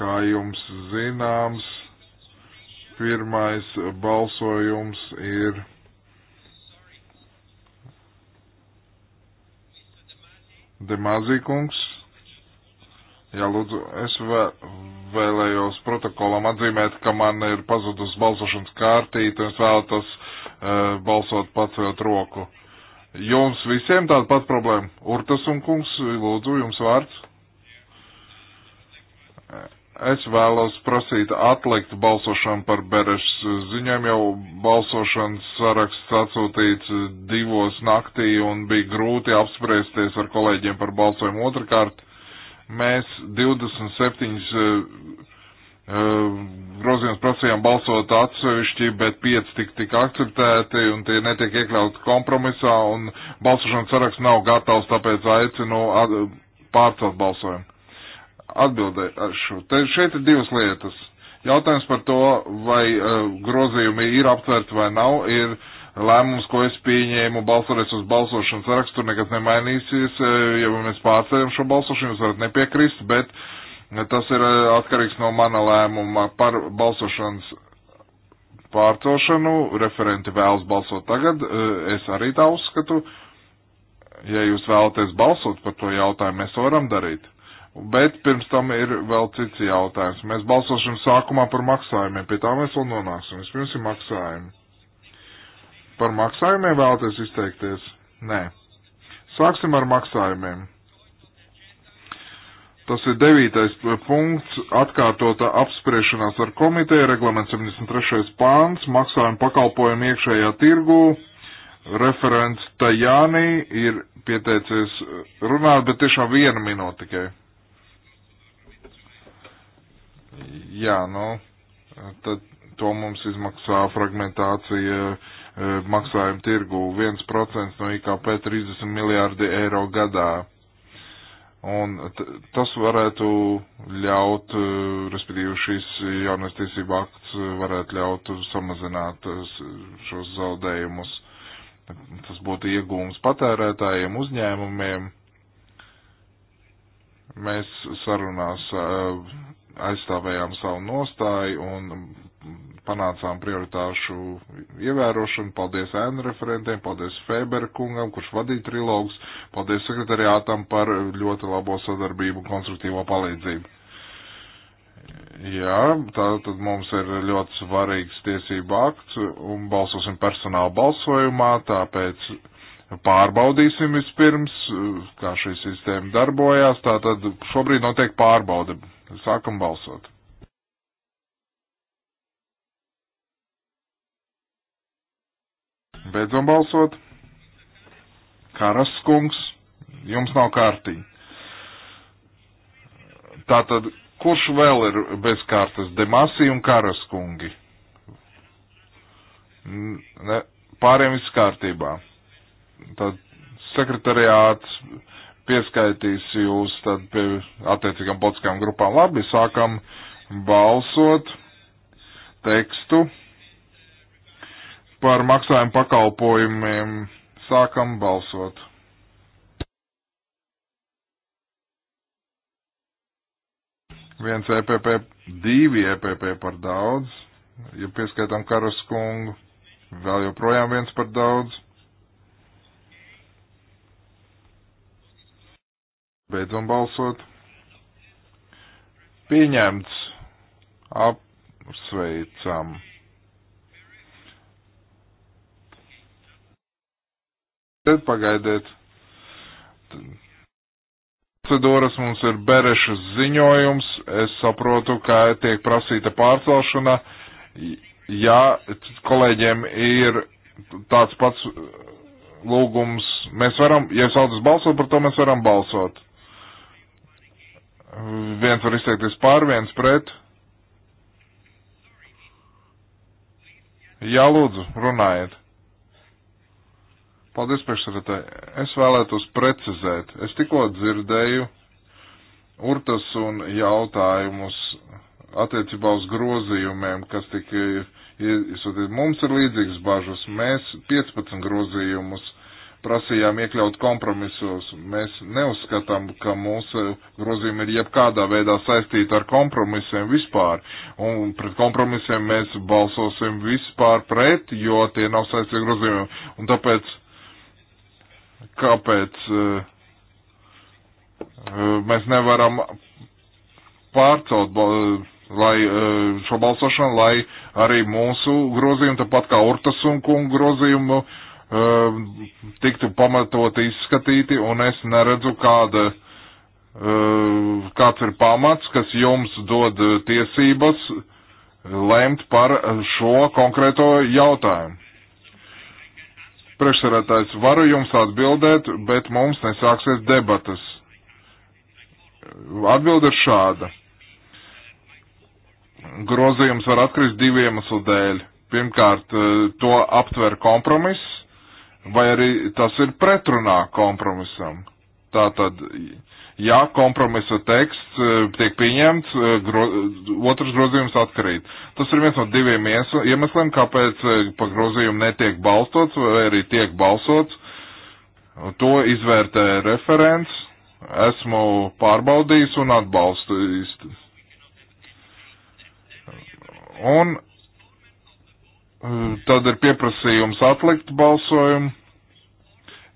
Kā jums zināms, pirmais balsojums ir. Demazīkungs. Jā, lūdzu, es vē, vēlējos protokolam atzīmēt, ka man ir pazudus balsošanas kārtīte, un es vēlētos Eh, balsot pacelt roku. Jums visiem tāda pat problēma. Urtas un kungs, lūdzu, jums vārds. Es vēlos prasīt atlikt balsošanu par Berešas ziņām, jau balsošanas saraksts atsūtīts divos naktī un bija grūti apspriesties ar kolēģiem par balsojumu otrkārt. Mēs 27 Eh, grozījums prasījām balsot atsevišķi, bet pieci tik tika akceptēti un tie netiek iekļauti kompromisā un balsošanas saraksts nav gatavs, tāpēc aicinu at, pārcelt balsojumu. Atbildēšu. Te šeit ir divas lietas. Jautājums par to, vai uh, grozījumi ir aptverti vai nav, ir lēmums, ko es pieņēmu balsoties uz balsošanas sarakstu, nekas nemainīsies, eh, ja mēs pārceļam šo balsošanu, jūs varat nepiekrist, bet uh, Tas ir eh, atkarīgs no mana lēmuma par balsošanas pārcelšanu. Referenti vēlas balsot tagad. Eh, es arī tā uzskatu. Ja jūs vēlaties balsot par to jautājumu, mēs varam darīt. Bet pirms tam ir vēl cits jautājums. Mēs balsosim sākumā par maksājumiem. Pie tā mēs vēl nonāksim. Vispirms ir maksājumi. Par maksājumiem vēlaties izteikties? Nē. Sāksim ar maksājumiem. Tas ir devītais punkts, atkārtota apspriešanās ar komiteju, reglaments 73. pāns, maksājuma pakalpojumu iekšējā tirgū, referents Tajānī ir pieteicies runāt, bet tiešām viena minūte tikai. Jā, nu, tad to mums izmaksā fragmentācija eh, maksājuma tirgū 1% no IKP 30 miljārdi eiro gadā Un tas varētu ļaut, e, respektīvi šīs jaunais tiesība akts varētu ļaut samazināt e, šos zaudējumus. Tas būtu iegūms patērētājiem, uzņēmumiem. Mēs sarunās e, aizstāvējām savu nostāju un panācām prioritāšu ievērošanu. Paldies ēnu referentiem, paldies Fēber kungam, kurš vadīja trilogus, paldies sekretariātam par ļoti labo sadarbību un konstruktīvo palīdzību. Jā, tā tad mums ir ļoti svarīgs tiesība akts un balsosim personāla balsojumā, tāpēc pārbaudīsim vispirms, kā šī sistēma darbojās. Tātad šobrīd notiek pārbauda. Sākam balsot. Beidzam balsot. Karas kungs, jums nav kārtī. Tātad, kurš vēl ir bez kārtas? Demasi un Karas kungi. Ne, pāriem viss kārtībā. Tad sekretariāts pieskaitīs jūs tad pie attiecīgām politiskajām grupām. Labi, sākam balsot tekstu par maksājumu pakalpojumiem. Sākam balsot. Viens EPP, divi EPP par daudz. Ja pieskaitām karaskungu, vēl joprojām viens par daudz. Beidzam balsot. Pieņemts. Apsveicam. Tad pagaidiet. Procedūras mums ir berešas ziņojums. Es saprotu, ka tiek prasīta pārcelšana. Ja kolēģiem ir tāds pats lūgums, mēs varam, ja saucas balsot par to, mēs varam balsot. Viens var izteikties pār, viens pret. Jā, lūdzu, runājiet. Paldies, priekšsēdētāji. Es vēlētos precizēt. Es tikko dzirdēju urtas un jautājumus attiecībā uz grozījumiem, kas tika, mums ir līdzīgas bažas. Mēs 15 grozījumus prasījām iekļaut kompromisos. Mēs neuzskatām, ka mūsu grozījumi ir jebkādā veidā saistīti ar kompromisiem vispār. Un pret kompromisiem mēs balsosim vispār pret, jo tie nav saistīti ar grozījumiem. Un tāpēc kāpēc eh, eh, mēs nevaram pārcelt eh, lai, šo balsošanu, lai arī mūsu grozījumu, tāpat kā Urtas un kungu grozījumu, tiktu pamatot izskatīti, un es neredzu, kāda, kāds ir pamats, kas jums dod tiesības lemt par šo konkrēto jautājumu. Priekšsarētājs, varu jums atbildēt, bet mums nesāksies debatas. Atbilde ir šāda. Grozījums var atkrist diviem iemeslu dēļ. Pirmkārt, eh, to aptver kompromiss, vai arī tas ir pretrunā kompromisam. Tātad, ja Ja kompromisa teksts e, tiek pieņemts, e, gro, otrs grozījums atkarīt. Tas ir viens no diviem iemesliem, kāpēc e, pa grozījumu netiek balstots vai arī tiek balsots. To izvērtē referents, esmu pārbaudījis un atbalstījis. Un tad ir pieprasījums atlikt balsojumu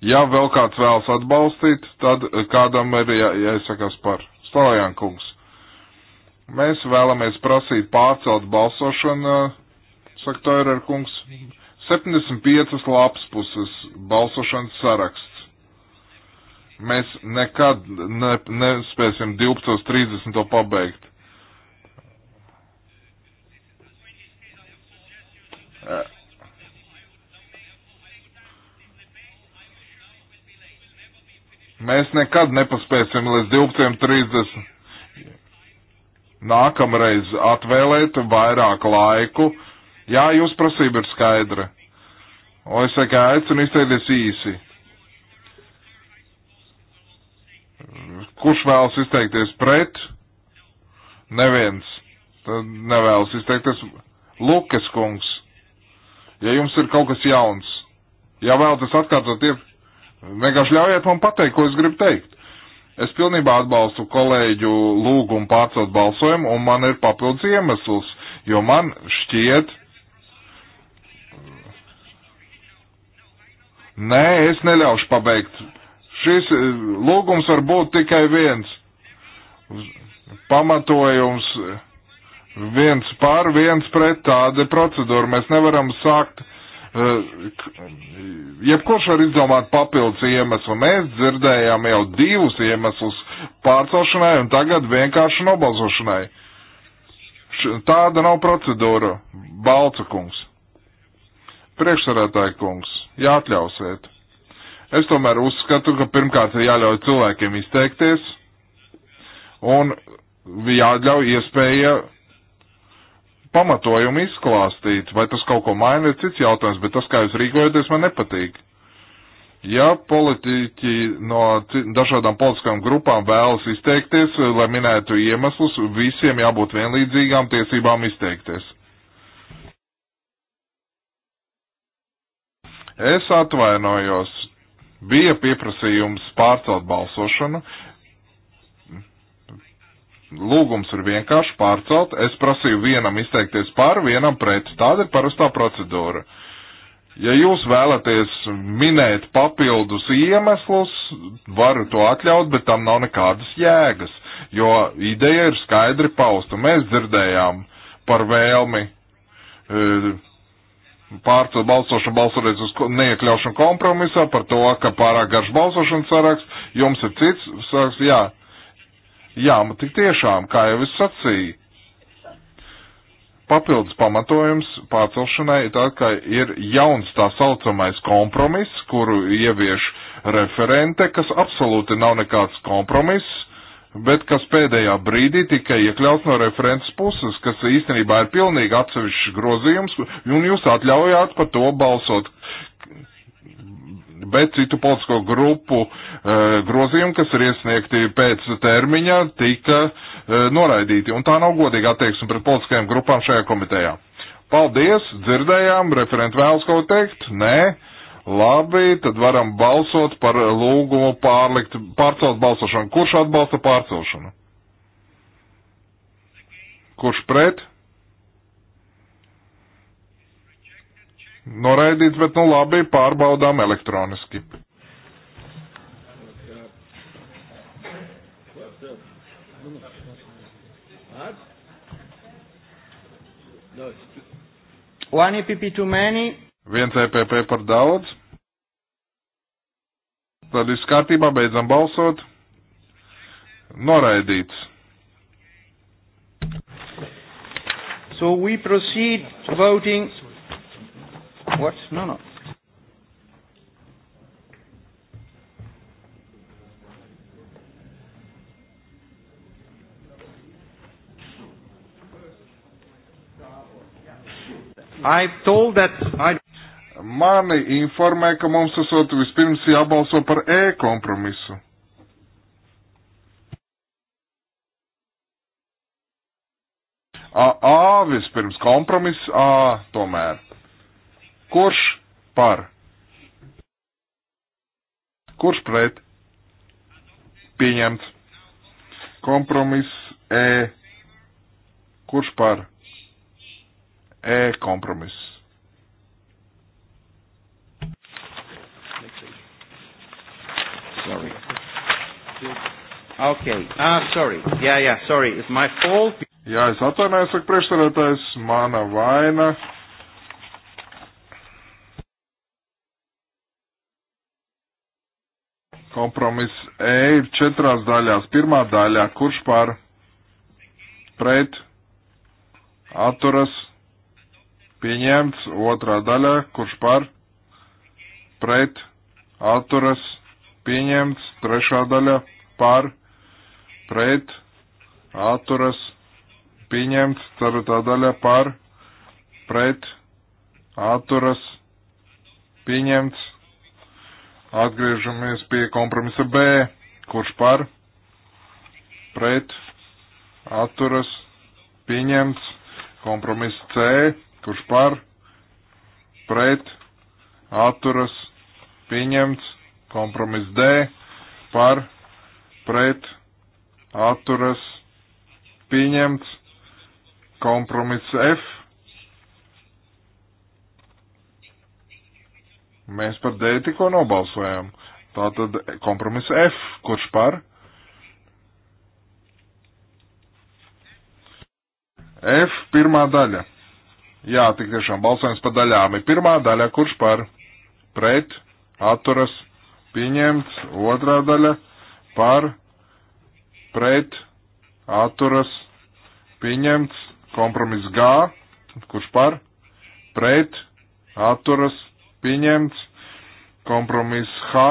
Ja vēl kāds vēlas atbalstīt, tad kādam ir jā, jāizsakās par. Slavajām kungs. Mēs vēlamies prasīt pārcelt balsošanu, saka Toirer kungs, 75 lapas puses balsošanas saraksts. Mēs nekad ne, nespēsim 12.30 to pabeigt. Mēs nekad nepaspēsim līdz 12.30 nākamreiz atvēlēt vairāk laiku. Jā, jūs prasība ir skaidra. O es tikai aicinu izteikties īsi. Kurš vēlas izteikties pret? Neviens. Tad nevēlas izteikties. Lukas kungs, ja jums ir kaut kas jauns, ja vēlaties atkārtot, Vienkārši ļaujiet man pateikt, ko es gribu teikt. Es pilnībā atbalstu kolēģu lūgumu pārcelt balsojumu, un man ir papildus iemesls, jo man šķiet, nē, es neļaušu pabeigt. Šis eh, lūgums var būt tikai viens. Pamatojums eh, viens pār, viens pret tāda procedūra. Mēs nevaram sākt Eh, jebkurš var izdomāt papildus iemeslu. Mēs dzirdējām jau divus iemeslus pārcelšanai un tagad vienkārši nobalsošanai. Tāda nav procedūra, Balca kungs. Priekšsarētāja kungs, jāatļausiet. Es tomēr uzskatu, ka pirmkārt ir jāļauj cilvēkiem izteikties un jāļauj iespēja pamatojumu izklāstīt, vai tas kaut ko maina, ir cits jautājums, bet tas, kā jūs rīkojaties, man nepatīk. Ja politiķi no dažādām politiskām grupām vēlas izteikties, lai minētu iemeslus, visiem jābūt vienlīdzīgām tiesībām izteikties. Es atvainojos, bija pieprasījums pārcelt balsošanu, Lūgums ir vienkārši pārcelt. Es prasīju vienam izteikties par, vienam pret. Tāda ir parastā procedūra. Ja jūs vēlaties minēt papildus iemeslus, varu to atļaut, bet tam nav nekādas jēgas, jo ideja ir skaidri pausta. Mēs dzirdējām par vēlmi e, pārcelt balsošanu balsoties uz neiekļaušanu kompromisā, par to, ka pārāk garš balsošanas saraksts, jums ir cits saraksts, jā, Jā, man nu tik tiešām, kā jau es sacīju, papildus pamatojums pārcelšanai ir tad, ka ir jauns tā saucamais kompromiss, kuru ievieš referente, kas absolūti nav nekāds kompromiss, bet kas pēdējā brīdī tika iekļauts no referents puses, kas īstenībā ir pilnīgi atsevišķs grozījums, un jūs atļaujāt par to balsot bet citu politisko grupu eh, grozījumi, kas ir iesniegti pēc termiņa, tika eh, noraidīti. Un tā nav godīga attieksme pret politiskajām grupām šajā komitejā. Paldies, dzirdējām, referenti vēlas kaut teikt? Nē. Labi, tad varam balsot par lūgumu pārlikt, pārcelt balsošanu. Kurš atbalsta pārcelšanu? Kurš pret? Noraidīts, bet nu labi, pārbaudām elektroniski. One EPP too many. Viens EPP par daudz. Tad viss kārtībā, beidzam balsot. Noraidīts. So we proceed voting What? No, no. I... Mani informē, ka mums esot vispirms jābalso par E kompromisu. A, A vispirms kompromiss, A tomēr. Kurš par? Kurš pret? Pieņemts. Kompromiss E. Kurš par? E kompromiss. Sorry. Okay. Ah, sorry. Yeah, yeah, sorry. It's my fault. Jā, es atvainojos, saka priekšsēdētājs, mana vaina. Kompromiss E ir četrās daļās. Pirmā daļā, kurš par pret atturas pieņemts, otrā daļā, kurš par pret atturas pieņemts, trešā daļā par pret atturas pieņemts, ceturtā daļā par pret atturas pieņemts, Atgriežamies pie kompromisa B. Kurš par? Pret. Atturas. Pieņemts. Kompromiss C. Kurš par? Pret. Atturas. Pieņemts. Kompromiss D. Par. Pret. Atturas. Pieņemts. Kompromiss F. Mēs par D tikko nobalsojām. Tātad kompromiss F, kurš par? F pirmā daļa. Jā, tik tiešām balsojums pa daļām ir pirmā daļa, kurš par pret, atturas, pieņemts, otrā daļa par pret, atturas, pieņemts, kompromiss G, kurš par pret, atturas, pieņemts. Kompromiss H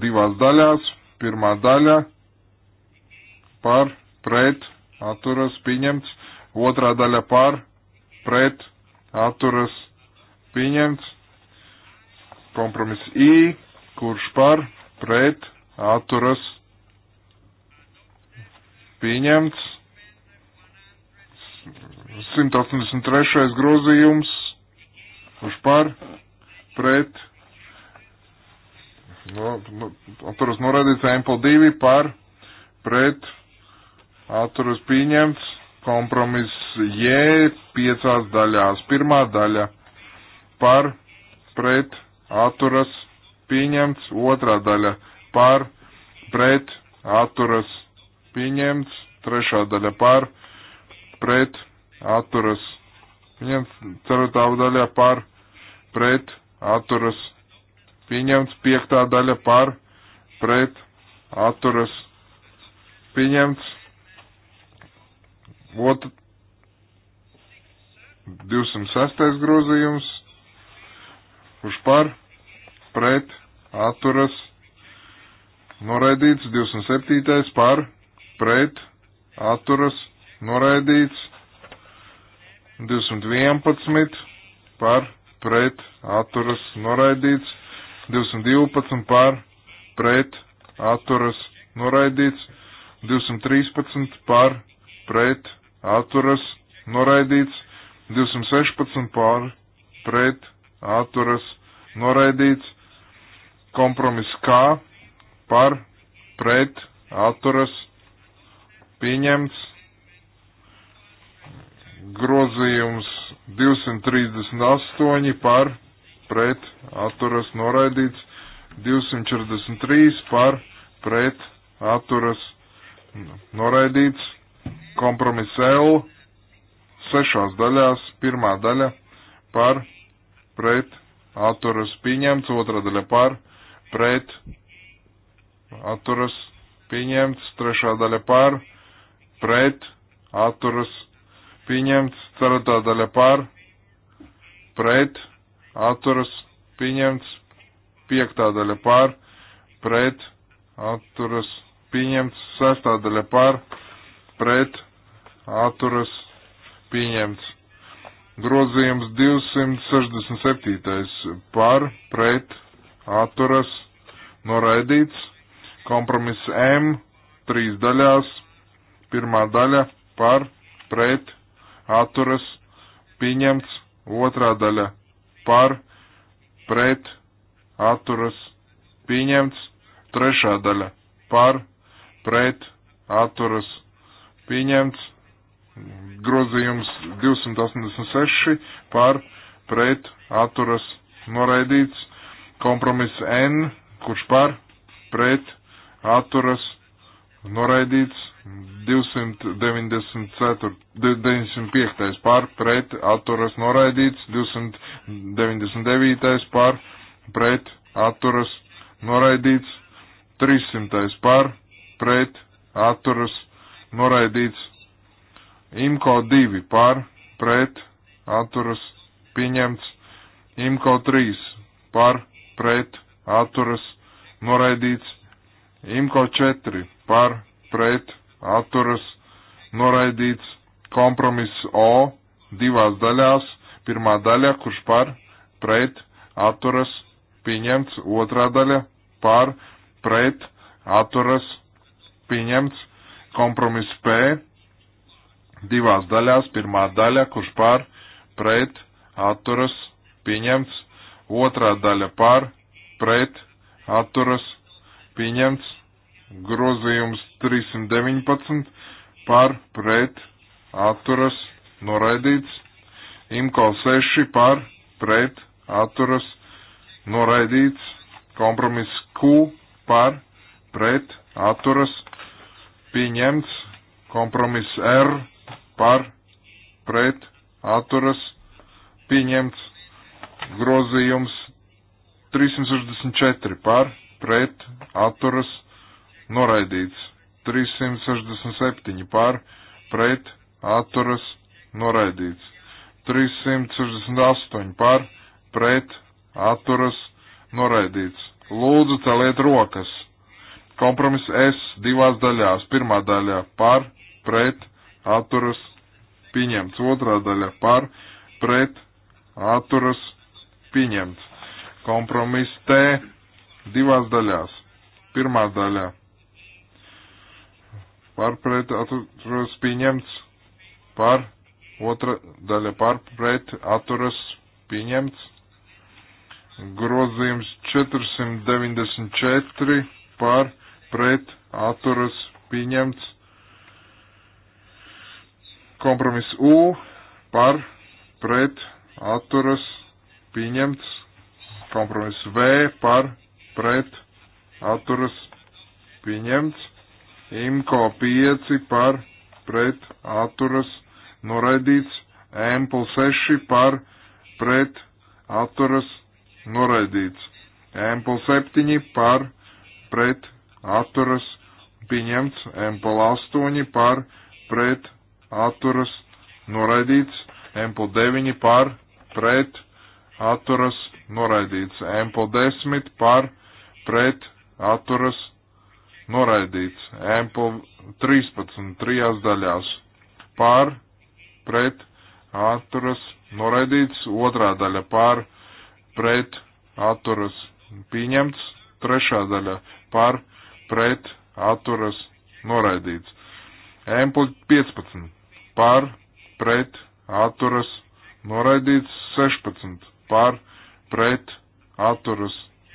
divās daļās. Pirmā daļa par, pret, atturas pieņemts. Otrā daļa par, pret, atturas pieņemts. Kompromiss I, kurš par, pret, atturas pieņemts. 183. grozījums, kurš par, pret, no, nu, no, atturas norādīts Ample 2 par, pret, atturas pieņemts, kompromiss J piecās daļās. Pirmā daļa par, pret, atturas pieņemts, otrā daļa par, pret, atturas pieņemts, trešā daļa par, pret, atturas pieņemts, ceturtā daļa par, pret, atturas pieņemts, piektā daļa par pret atturas pieņemts. Ot, 206. grozījums, kurš par pret atturas noraidīts, 207. par pret atturas noraidīts, 211 par pret pret atturas noraidīts, 212 par pret atturas noraidīts, 213 par pret atturas noraidīts, 216 par pret atturas noraidīts, kompromiss kā par pret atturas pieņemts grozījums 238 par pret atturas noraidīts, 243 par pret atturas noraidīts, kompromiss L sešās daļās, pirmā daļa par pret atturas pieņemts, otrā daļa par pret atturas pieņemts, trešā daļa par pret atturas pieņemts, ceturtā daļa par, pret, atturas, pieņemts, piektā daļa par, pret, atturas, pieņemts, sestā daļa par, pret, atturas, pieņemts. Grozījums 267. par, pret, atturas, noraidīts. Kompromiss M, trīs daļās. Pirmā daļa par, pret, atturas pieņemts, otrā daļa par, pret, atturas pieņemts, trešā daļa par, pret, atturas pieņemts, grozījums 286 par, pret, atturas noraidīts, kompromiss N, kurš par, pret, atturas noraidīts, 294, 905 pār pret atturas noraidīts, 299 pār pret atturas noraidīts, 300 pār pret atturas noraidīts, IMCO 2 pār pret atturas pieņemts, IMCO 3 pār pret atturas noraidīts, IMCO 4 pār pret atturas atturas noraidīts kompromiss O divās daļās. Pirmā daļa, kurš par, pret, atturas, pieņemts. Otrā daļa, par, pret, atturas, pieņemts. Kompromiss P divās daļās. Pirmā daļa, kurš par, pret, atturas, pieņemts. Otrā daļa par, pret, atturas, pieņemts grozījums 319 par pret atturas noraidīts, imko 6 par pret atturas noraidīts, kompromiss Q par pret atturas pieņemts, kompromiss R par pret atturas pieņemts, grozījums 364 par pret atturas noraidīts noraidīts. 367 par, pret, atturas, noraidīts. 368 par, pret, atturas, noraidīts. Lūdzu, celiet rokas. Kompromiss S divās daļās. Pirmā daļā par, pret, atturas, pieņemts. Otrā daļā par, pret, atturas, pieņemts. Kompromiss T divās daļās. Pirmā daļā par pret atturas pieņemts, par otra daļa par pret atturas pieņemts, grozījums 494 par pret atturas pieņemts, kompromiss U par pret atturas pieņemts, kompromiss V par pret atturas pieņemts, IMCO 5 par pret atturas noraidīts, EMPL 6 par pret atturas noraidīts, EMPL 7 par pret atturas pieņemts, EMPL 8 par pret atturas noraidīts, EMPL 9 par pret atturas noraidīts, EMPL 10 par pret atturas noraidīts noraidīts Ample 13 trijās daļās pār, pret, atturas, noraidīts otrā daļa pār, pret, atturas, pieņemts trešā daļa pār, pret, atturas, noraidīts. Ample 15 pār, pret, atturas, noraidīts 16 pār, pret, atturas,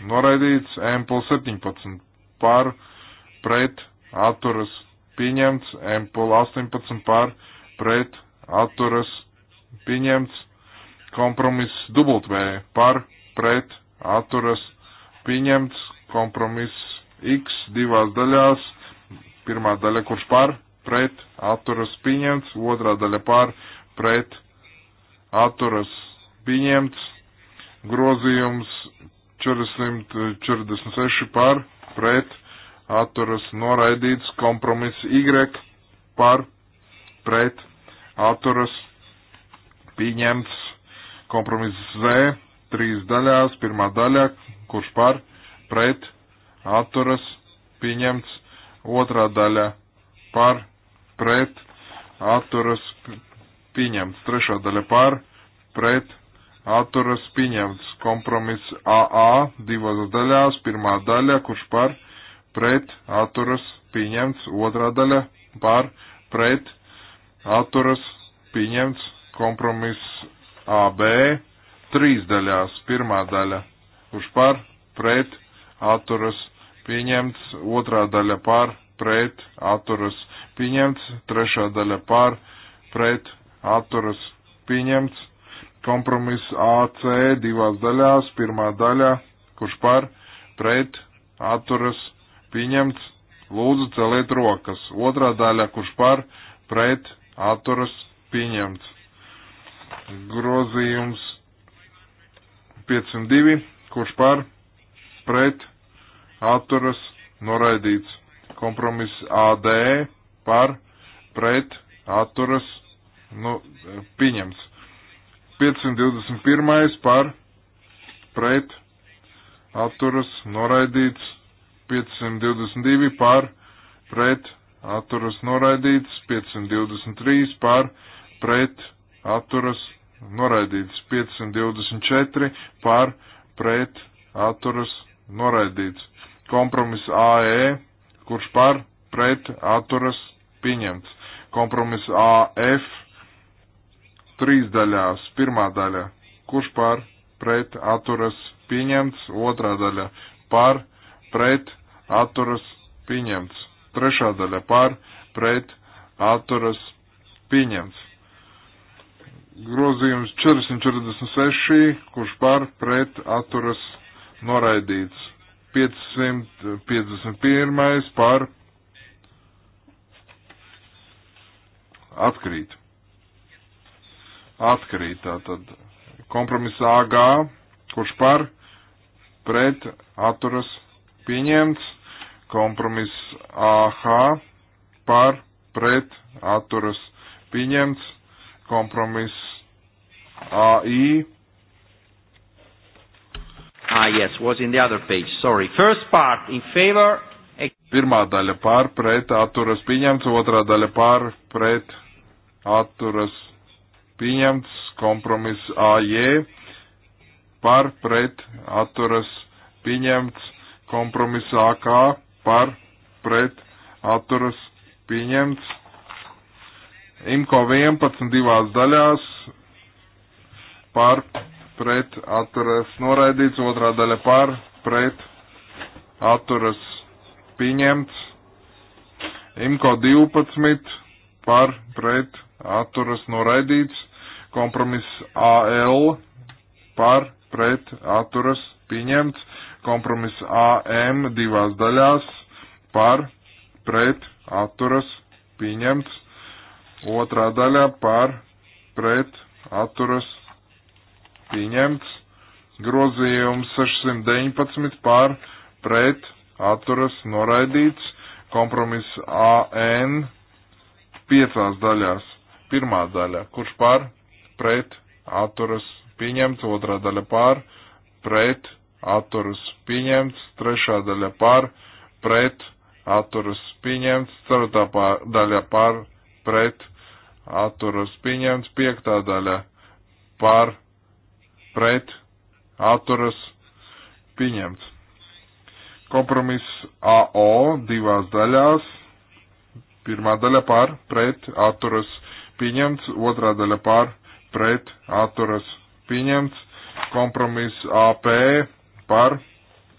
noraidīts Ample 17 pār, pret, pret atturas pieņemts, MPL 18 par pret atturas pieņemts, kompromiss W par pret atturas pieņemts, kompromiss X divās daļās, pirmā daļa kurš par pret atturas pieņemts, otrā daļa par pret atturas pieņemts, grozījums 446 par pret atturas noraidīts, kompromiss Y par pret atturas pieņemts, kompromiss Z trīs daļās, pirmā daļā, kurš par pret atturas pieņemts, otrā daļa par pret atturas pieņemts, trešā daļa par pret atturas pieņemts, kompromiss AA divās daļās, pirmā daļa, kurš par pret pret atturas pieņemts, otrā daļa par pret atturas pieņemts, kompromiss AB trīs daļās, pirmā daļa kurš par pret atturas pieņemts, otrā daļa par pret atturas pieņemts, trešā daļa par pret atturas pieņemts, kompromiss AC divās daļās, pirmā daļā kurš par pret atturas pieņemts pieņemts, lūdzu celiet rokas. Otrā daļa, kurš par, pret, atturas, pieņemts. Grozījums 502, kurš par, pret, atturas, noraidīts. Kompromiss AD par, pret, atturas, nu, pieņemts. 521 par, pret, atturas, noraidīts. 522 par pret atturas noraidīts, 523 par pret atturas noraidīts, 524 par pret atturas noraidīts. Kompromis AE, kurš par pret atturas pieņemts. Kompromis AF trīs daļās. Pirmā daļa, kurš par pret atturas pieņemts. Otrā daļa, par pret atturas pieņemts. Trešā daļa par, pret, atturas pieņemts. Grozījums 446, kurš par, pret, atturas noraidīts. 551 par atkrīt. Atkrīt tātad kompromisa AG, kurš par pret atturas pieņemts kompromiss AH par pret atturas pieņemts, kompromiss AI. Ah, yes, was in the other page, sorry. First part in favor. Pirmā daļa pār pret atturas pieņemts, otrā daļa pār pret atturas pieņemts, kompromiss AJ par pret atturas pieņemts, kompromiss AK par pret atturas pieņemts. Imko 11 divās daļās par pret atturas noraidīts, otrā daļa par pret atturas pieņemts. Imko 12 par pret atturas noraidīts. Kompromiss AL par pret atturas pieņemts. Kompromiss AM divās daļās par, pret, atturas, pieņemts. Otrā daļā par, pret, atturas, pieņemts. Grozījums 619 par, pret, atturas, noraidīts. Kompromiss AN piecās daļās. Pirmā daļa, kurš par, pret, atturas, pieņemts. Otrā daļa par, pret, atturas pieņemts, trešā daļa par, pret, atturas pieņemts, ceturtā pār, daļa par, pret, atturas pieņemts, piektā daļa par, pret, atturas pieņemts. Kompromiss AO divās daļās. Pirmā daļa par, pret, atturas pieņemts, otrā daļa par, pret, atturas pieņemts, kompromiss AP par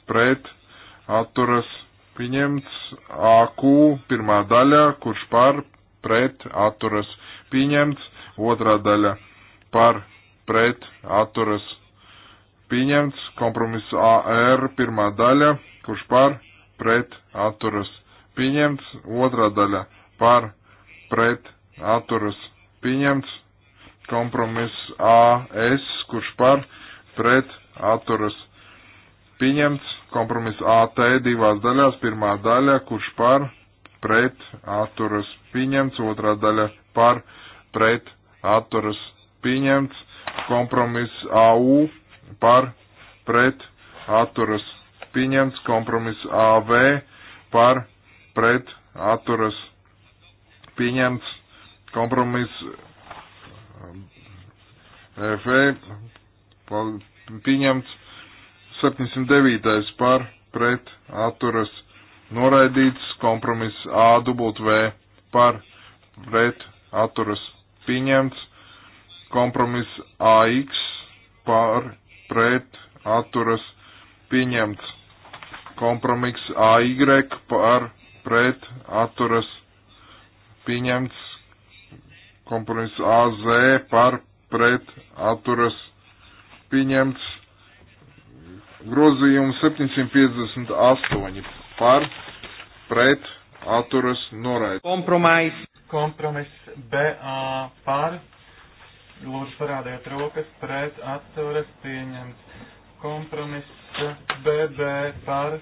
pret atturas pieņemts. AQ pirmā daļa, kurš par pret atturas pieņemts. Otrā daļa par pret atturas pieņemts. Kompromiss AR pirmā daļa, kurš par pret atturas pieņemts. Otrā daļa par pret atturas pieņemts. Kompromiss AS, kurš par pret atturas pieņemts Pieņemts kompromiss AT divās daļās. Pirmā daļa, kurš par, pret, atturas pieņemts. Otrā daļa par, pret, atturas pieņemts. Kompromiss AU par, pret, atturas pieņemts. Kompromiss AV par, pret, atturas pieņemts. Kompromiss eh, FE pieņemts 709. par pret atturas noraidīts, kompromiss A dubult V par pret atturas pieņemts, kompromiss AX par pret atturas pieņemts, kompromiss AY par pret atturas pieņemts, kompromiss AZ par pret atturas pieņemts, Grozījums 758 par pret atturas noraidīt. Kompromis. Kompromis BA par. Lūdzu parādiet rokas pret atturas pieņemts. Kompromis BB par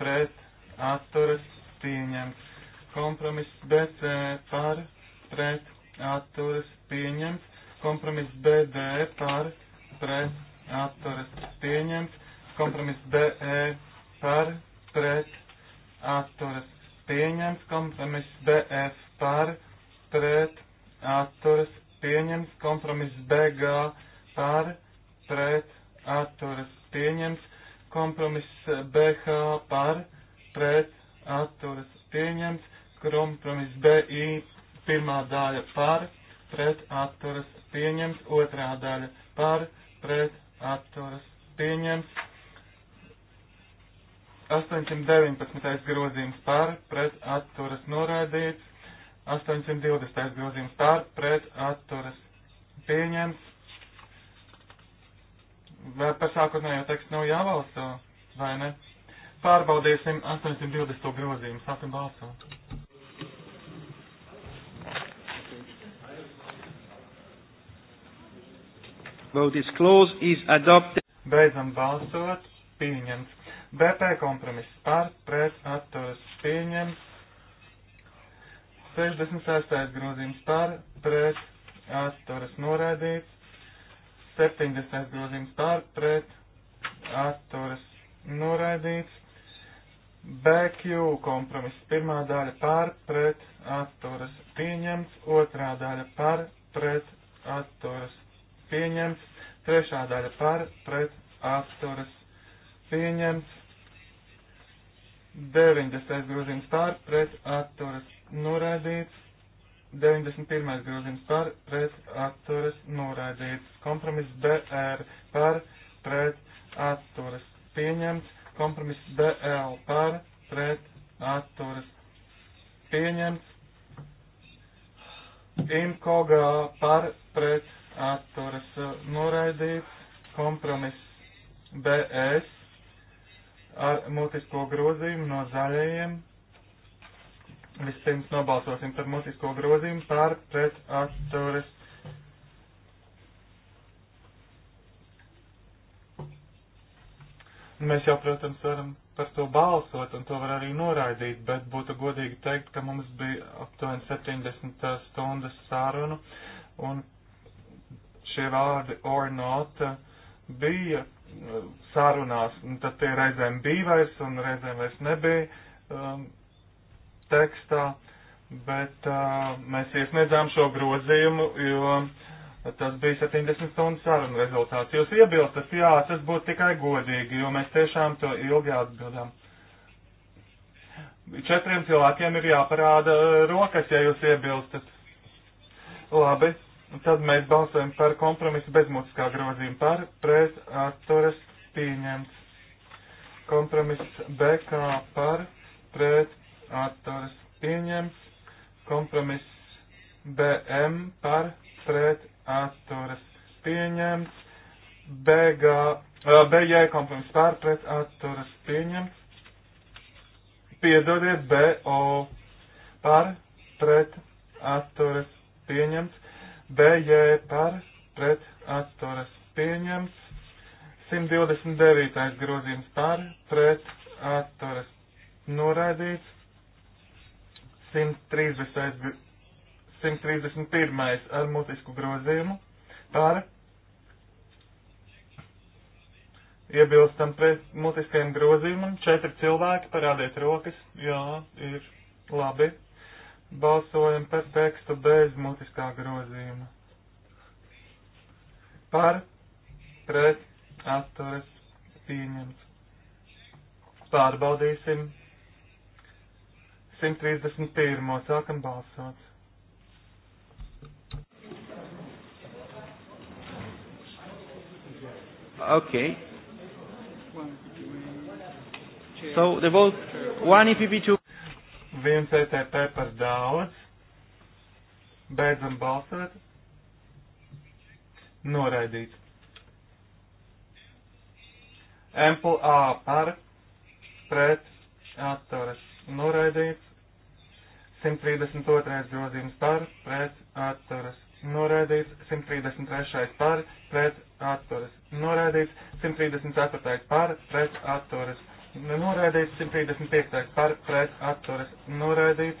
pret atturas pieņemts. Kompromis BC par pret atturas pieņemts. Kompromis BD par pret atturas pieņemts Kompromiss BE par pret atturas pieņemts. Kompromiss BF e par pret atturas pieņemts. Kompromiss BG par pret atturas pieņemts. Kompromiss BH par pret atturas pieņemts. Kompromiss BI pirmā daļa par pret atturas pieņemts. Otrā daļa par pret atturas pieņemts 819. grozījums par pret atturas noraidīts, 820. grozījums par pret atturas pieņemts. Vai par sākotnējo tekstu nav jābalso, vai ne? Pārbaudīsim 820. grozījumu, sākam balsot. Vote is closed, is adopted. Beidzam balsot, pieņemts. BP kompromiss par pret atturas pieņemts. 66. grozījums par pret atturas noraidīts. 70. grozījums par pret atturas noraidīts. BQ kompromiss pirmā daļa par pret atturas pieņemts, otrā daļa par pret atturas pieņemts, trešā daļa par pret atturas pieņemts. 90. grozījums pār pret atturas noraidīts. 91. grozījums pār pret atturas noraidīts. Kompromiss BR pār pret atturas pieņemts. Kompromiss BL pār pret atturas pieņemts. Imkogā par pret atturas noraidīts. Kompromiss BS ar mutisko grozījumu no zaļajiem. Vispirms nobalsosim par mutisko grozījumu pār pret atturas. Mēs jau, protams, varam par to balsot un to var arī noraidīt, bet būtu godīgi teikt, ka mums bija aptuveni 70 stundas sārunu un šie vārdi or not bija sārunās, nu, tad tie reizēm bija vairs un reizēm vairs nebija um, tekstā, bet uh, mēs iesniedzām šo grozījumu, jo tas bija 70 stundu sarunu rezultāts. Jūs iebilstat, jā, tas būtu tikai godīgi, jo mēs tiešām to ilgi atbildām četriem cilvēkiem ir jāparāda rokas, ja jūs iebilstat. Labi, Tad mēs balsojam par kompromisu bezmūtiskā grozījuma par pret atturas pieņemts. Kompromiss BK par pret atturas pieņemts. Kompromiss BM par pret atturas pieņemts. BG, uh, BJ kompromiss par pret atturas pieņemts. Piedodiet BO par pret atturas pieņemts BJ par pret atturas pieņemts. 129. grozījums par pret atturas noraidīts. 130, 131. ar mutisku grozījumu par iebilstam pret mutiskajam grozījumam. Četri cilvēki parādiet rokas. Jā, ir labi. Balsojam par tekstu bez mutiskā grozījuma. Par, pret, atturas, pieņemts. Pārbaudīsim. 131. Sākam balsot. Okay. So the vote one EPP two viens ETP par daudz. Beidzam balsot. Noraidīts. Ample A par pret atturas noraidīts. 132. grozījums par pret atturas noraidīts. 133. par pret atturas noraidīts. 134. par pret atturas noraidīts, 135. par pret atturas noraidīts,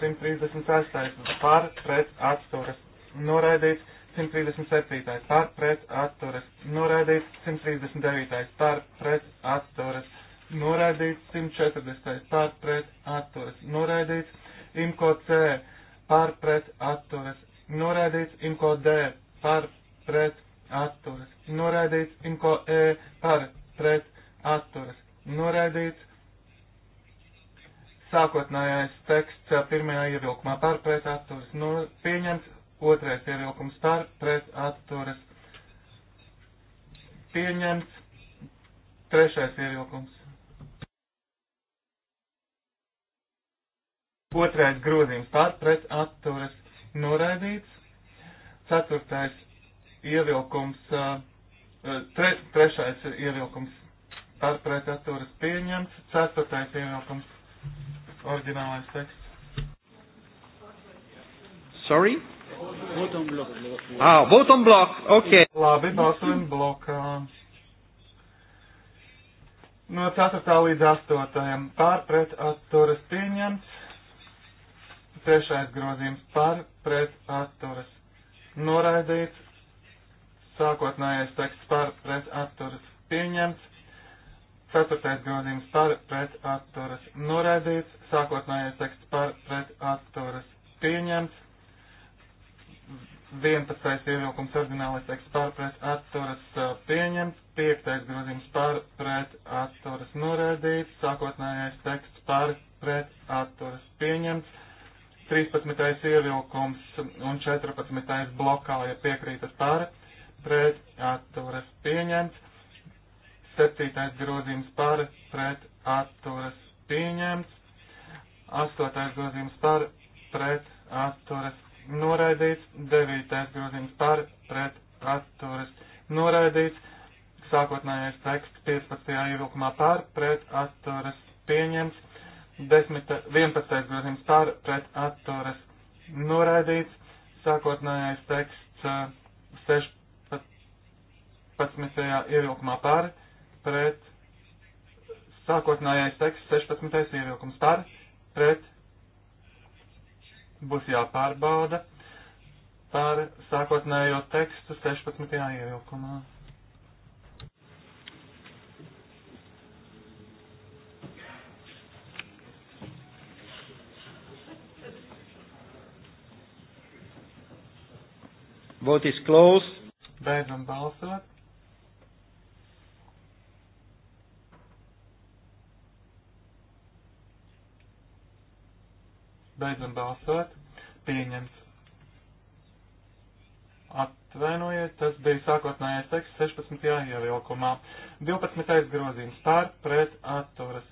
136. par pret atturas noraidīts, 137. par pret atturas noraidīts, 139. par pret atturas noraidīts, 140. par pret atturas noraidīts, imko C par pret atturas noraidīts, imko D par pret atturas noraidīts, imko E par pret atturas noraidīts. Sākotnējais teksts pirmajā ievilkumā par pret atturas no, pieņemts, otrais ievilkums par pret atturas pieņemts, trešais ievilkums. Otrais grozījums par pret atturas noraidīts, ceturtais ievilkums, uh, tre, trešais ievilkums par pret atturas pieņemts, ceturtais ievilkums, oriģinālais teksts. Sorry? Votum blok. Ah, votum blok, ok. Labi, balsojam blokā. No 4. līdz 8. par pret atturas pieņemts, trešais grozījums par pret atturas noraidīts, sākotnējais teksts par pret atturas pieņemts, Ceturtais grozījums par pret atturas noraidīts, sākotnējais teksts par pret atturas pieņemts, 11. ievilkums ordinālais teksts par pret atturas uh, pieņemts, 5. grozījums par pret atturas noraidīts, sākotnējais teksts par pret atturas pieņemts, 13. ievilkums un 14. blokā, ja piekrītas par pret atturas pieņemts, Septītais grozījums par pret atturas pieņemts. Astotais grozījums par pret atturas noraidīts. Devītais grozījums par pret atturas noraidīts. Sākotnējais teksts 15. ievilkumā par pret atturas pieņemts. 10, 11. grozījums par pret atturas noraidīts. Sākotnējais teksts 16. Eh, ievilkumā par pret atturas noraidīts pret sākotnējais teksts 16. ievilkums par pret būs jāpārbauda par sākotnējo tekstu 16. ievilkumā. Vote is closed. Beidzam balsot. Beidzam balsot. Pieņems. Atvainojiet, tas bija sākotnējais teksts 16. ievilkumā. 12. grozījums pār pret atturas.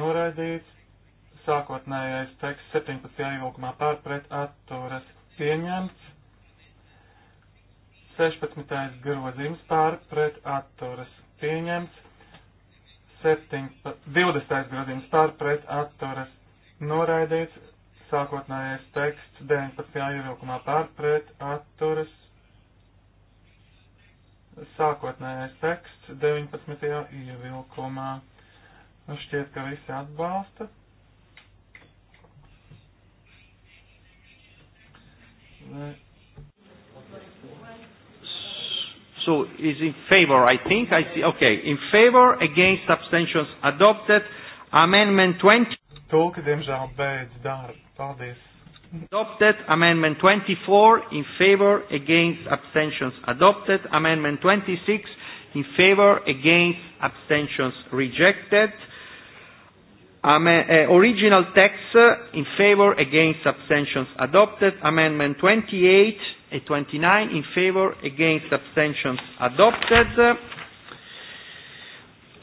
Noraidīts. Sākotnējais teksts 17. ievilkumā pār pret atturas. Pieņemts. 16. grozījums pār pret atturas. Pieņemts. 17, 20. grozījums pār pret atturas. Noraidīts Sākotnējais teksts 19. ievilkumā pārpret atturas. Sākotnējais teksts 19. ievilkumā. Nu šķiet, ka visi atbalsta. Ne. So is in favor, I think. I see. Okay, in favor, against abstentions adopted. Amendment 20. Tulki, diemžēl, beidz darbu. Paldies. Adopted Amendment 24 in favor against abstentions. Adopted Amendment 26 in favor against abstentions. Rejected. Am uh, eh, original text uh, in favor against abstentions. Adopted Amendment 28 and 29 in favor against abstentions. Adopted. Uh,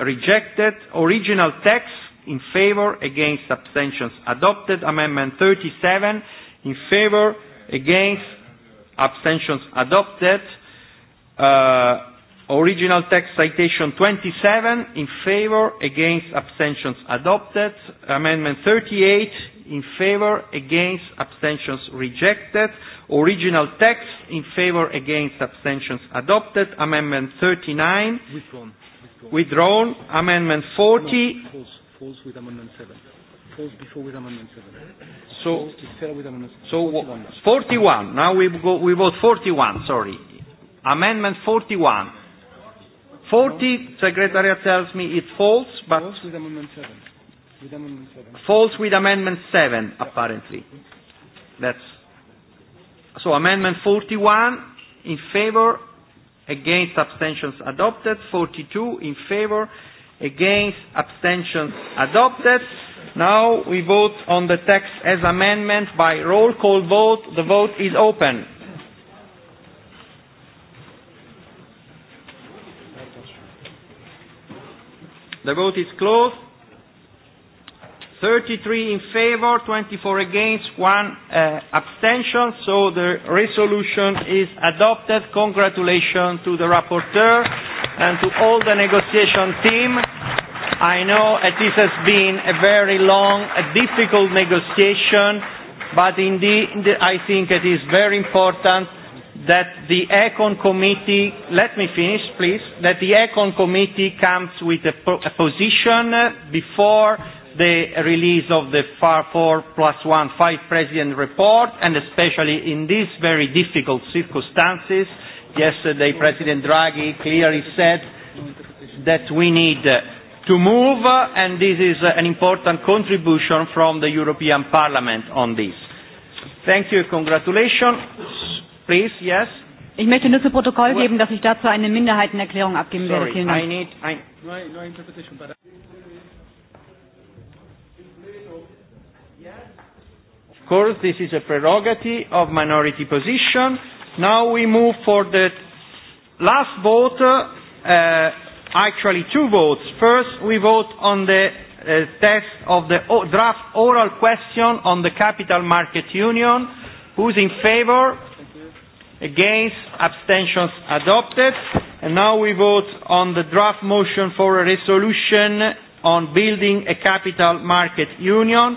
rejected. Original text in favor, against abstentions adopted. Amendment 37 in favor, against abstentions adopted. Uh, original text citation 27 in favor, against abstentions adopted. Amendment 38 in favor, against abstentions rejected. Original text in favor, against abstentions adopted. Amendment 39. Which one? Withdrawn. Amendment 40. No, false, false with Amendment 7. False before with Amendment 7. So, with amendment so 41. 41. Now we, go, we vote 41, sorry. Amendment 41. 40, Secretariat tells me it's false, but... False with Amendment 7. With amendment 7. False with Amendment 7, apparently. That's... So Amendment 41, in favor, against abstentions adopted 42 in favor against abstentions adopted now we vote on the text as amendment by roll call vote the vote is open the vote is closed 33 in favor, 24 against, one uh, abstention. So the resolution is adopted. Congratulations to the rapporteur and to all the negotiation team. I know that this has been a very long, a difficult negotiation, but indeed I think it is very important that the ECON committee, let me finish please, that the ECON committee comes with a, po a position before the release of the FAR 4 plus 1 5 President report, and especially in these very difficult circumstances. Yesterday, President Draghi clearly said that we need to move, and this is an important contribution from the European Parliament on this. Thank you. Congratulations. Please, yes. Ich möchte nur zu Protokoll geben, dass ich dazu eine Minderheitenerklärung abgeben Sorry, werde. Vielen Dank. I need, I... No, no interpretation, but I... course, this is a prerogative of minority position. Now we move for the last vote, uh, actually two votes. First, we vote on the uh, text of the o- draft oral question on the Capital Market Union. Who's in favor? Against? Abstentions adopted. And now we vote on the draft motion for a resolution on building a capital market union.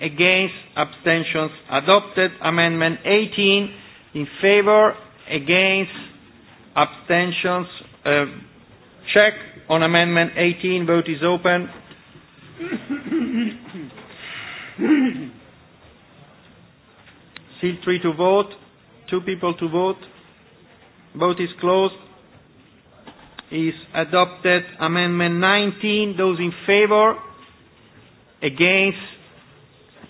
against, abstentions adopted. Amendment 18 in favor, against, abstentions. Uh, check on Amendment 18. Vote is open. Seal 3 to vote. Two people to vote. Vote is closed. Is adopted. Amendment 19. Those in favor, against,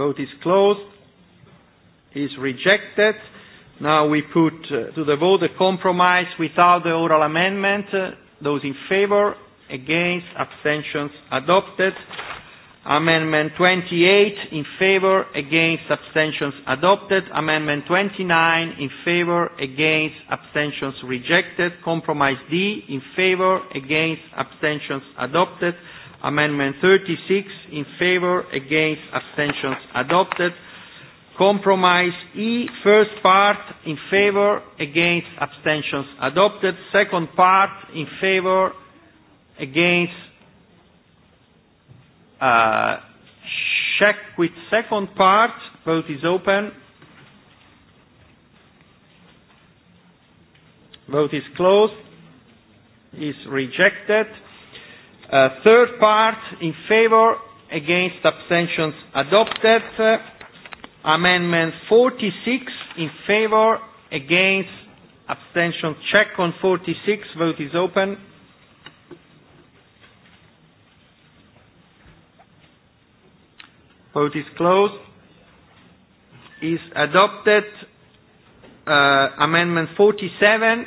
Vote is closed. Is rejected. Now we put uh, to the vote the compromise without the oral amendment. Uh, those in favor, against, abstentions adopted. Amendment 28 in favor, against, abstentions adopted. Amendment 29 in favor, against, abstentions rejected. Compromise D in favor, against, abstentions adopted. Amendment 36 in favor, against, abstentions adopted. Compromise E, first part in favor, against, abstentions adopted. Second part in favor, against, uh, check with second part. Vote is open. Vote is closed. Is rejected. Uh, third part, in favor, against abstentions adopted. Uh, amendment 46, in favor, against abstention check on 46. Vote is open. Vote is closed. Is adopted. Uh, amendment 47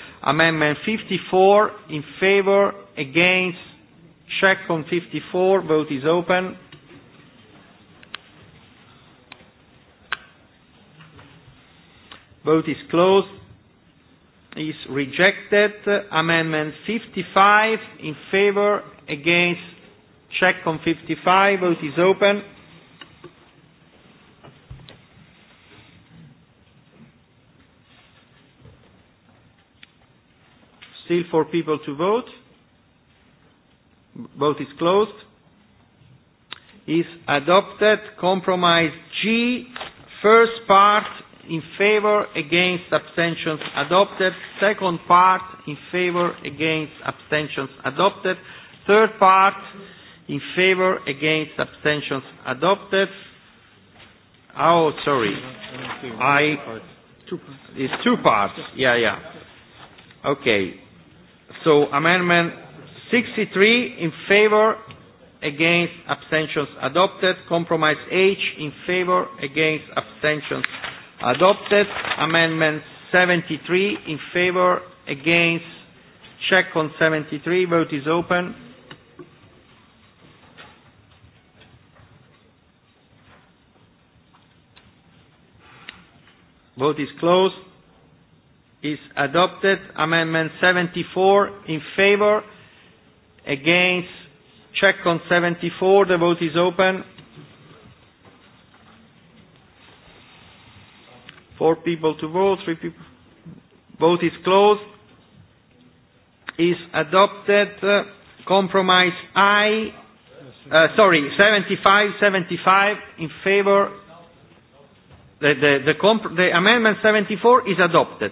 Amendment 54 in favor, against, check on 54, vote is open. Vote is closed. Is rejected. Amendment 55 in favor, against, check on 55, vote is open. Still four people to vote. Vote is closed. Is adopted compromise G, first part in favor against abstentions adopted, second part in favor against abstentions adopted, third part in favor against abstentions adopted. Oh, sorry. I, it's two parts. Yeah, yeah. Okay. So amendment 63 in favor, against abstentions adopted. Compromise H in favor, against abstentions adopted. Amendment 73 in favor, against. Check on 73. Vote is open. Vote is closed is adopted. Amendment 74 in favor, against, check on 74. The vote is open. Four people to vote, three people. Vote is closed. Is adopted. Uh, compromise I. Uh, sorry, 75, 75 in favor. The, the, the, comp- the amendment 74 is adopted.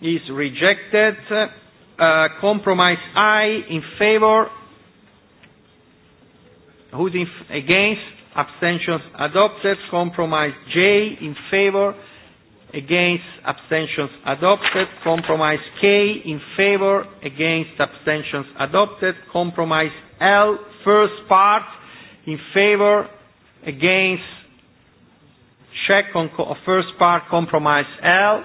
is rejected. Uh, compromise I in favor. Who's in, against? Abstentions adopted. Compromise J in favor. Against abstentions adopted. Compromise K in favor. Against abstentions adopted. Compromise L first part in favor. Against check on co- first part compromise L.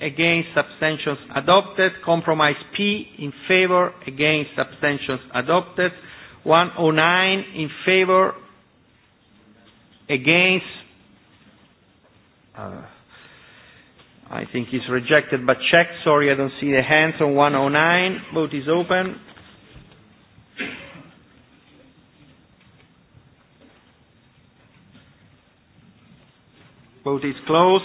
against abstentions adopted. Compromise P in favor against abstentions adopted. 109 in favor against. Uh, I think it's rejected, but check. Sorry, I don't see the hands on 109. Vote is open. Vote is closed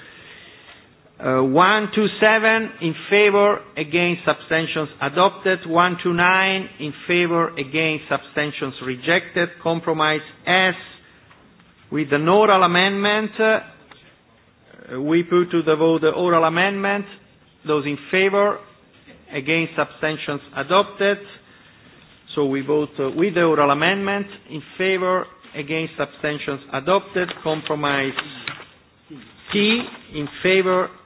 Uh, 127 in favor, against abstentions adopted. 129 in favor, against abstentions rejected. Compromise S with an oral amendment. Uh, we put to the vote the oral amendment. Those in favor, against abstentions adopted. So we vote uh, with the oral amendment. In favor, against abstentions adopted. Compromise T in favor,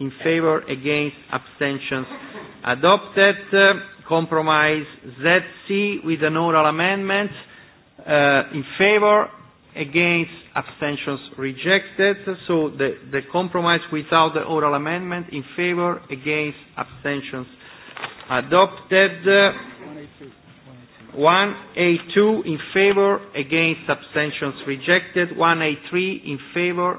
in favor, against, abstentions adopted. Uh, compromise ZC with an oral amendment uh, in favor, against, abstentions rejected. So the, the compromise without the oral amendment in favor, against, abstentions adopted. Uh, 1A2 in favor, against, abstentions rejected. 1A3 in favor,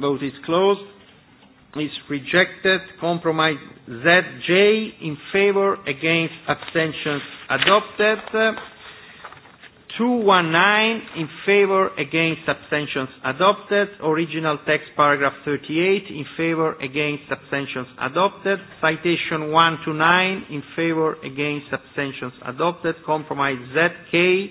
Vote is closed. Is rejected. Compromise ZJ in favor, against, abstentions adopted. 219 in favor, against, abstentions adopted. Original text paragraph 38 in favor, against, abstentions adopted. Citation 1 to 9 in favor, against, abstentions adopted. Compromise ZK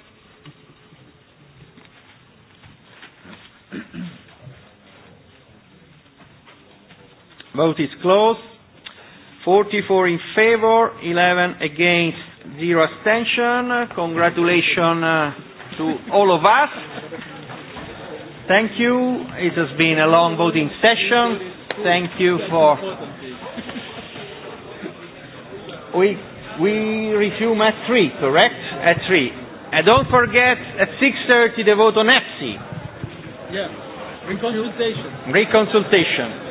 Vote is closed. 44 in favor, 11 against, 0 abstention. Congratulations uh, to all of us. Thank you. It has been a long voting session. Thank you for. We, we resume at 3, correct? At 3. And don't forget, at 6.30 the vote on EFSI. Yeah, reconsultation. Reconsultation.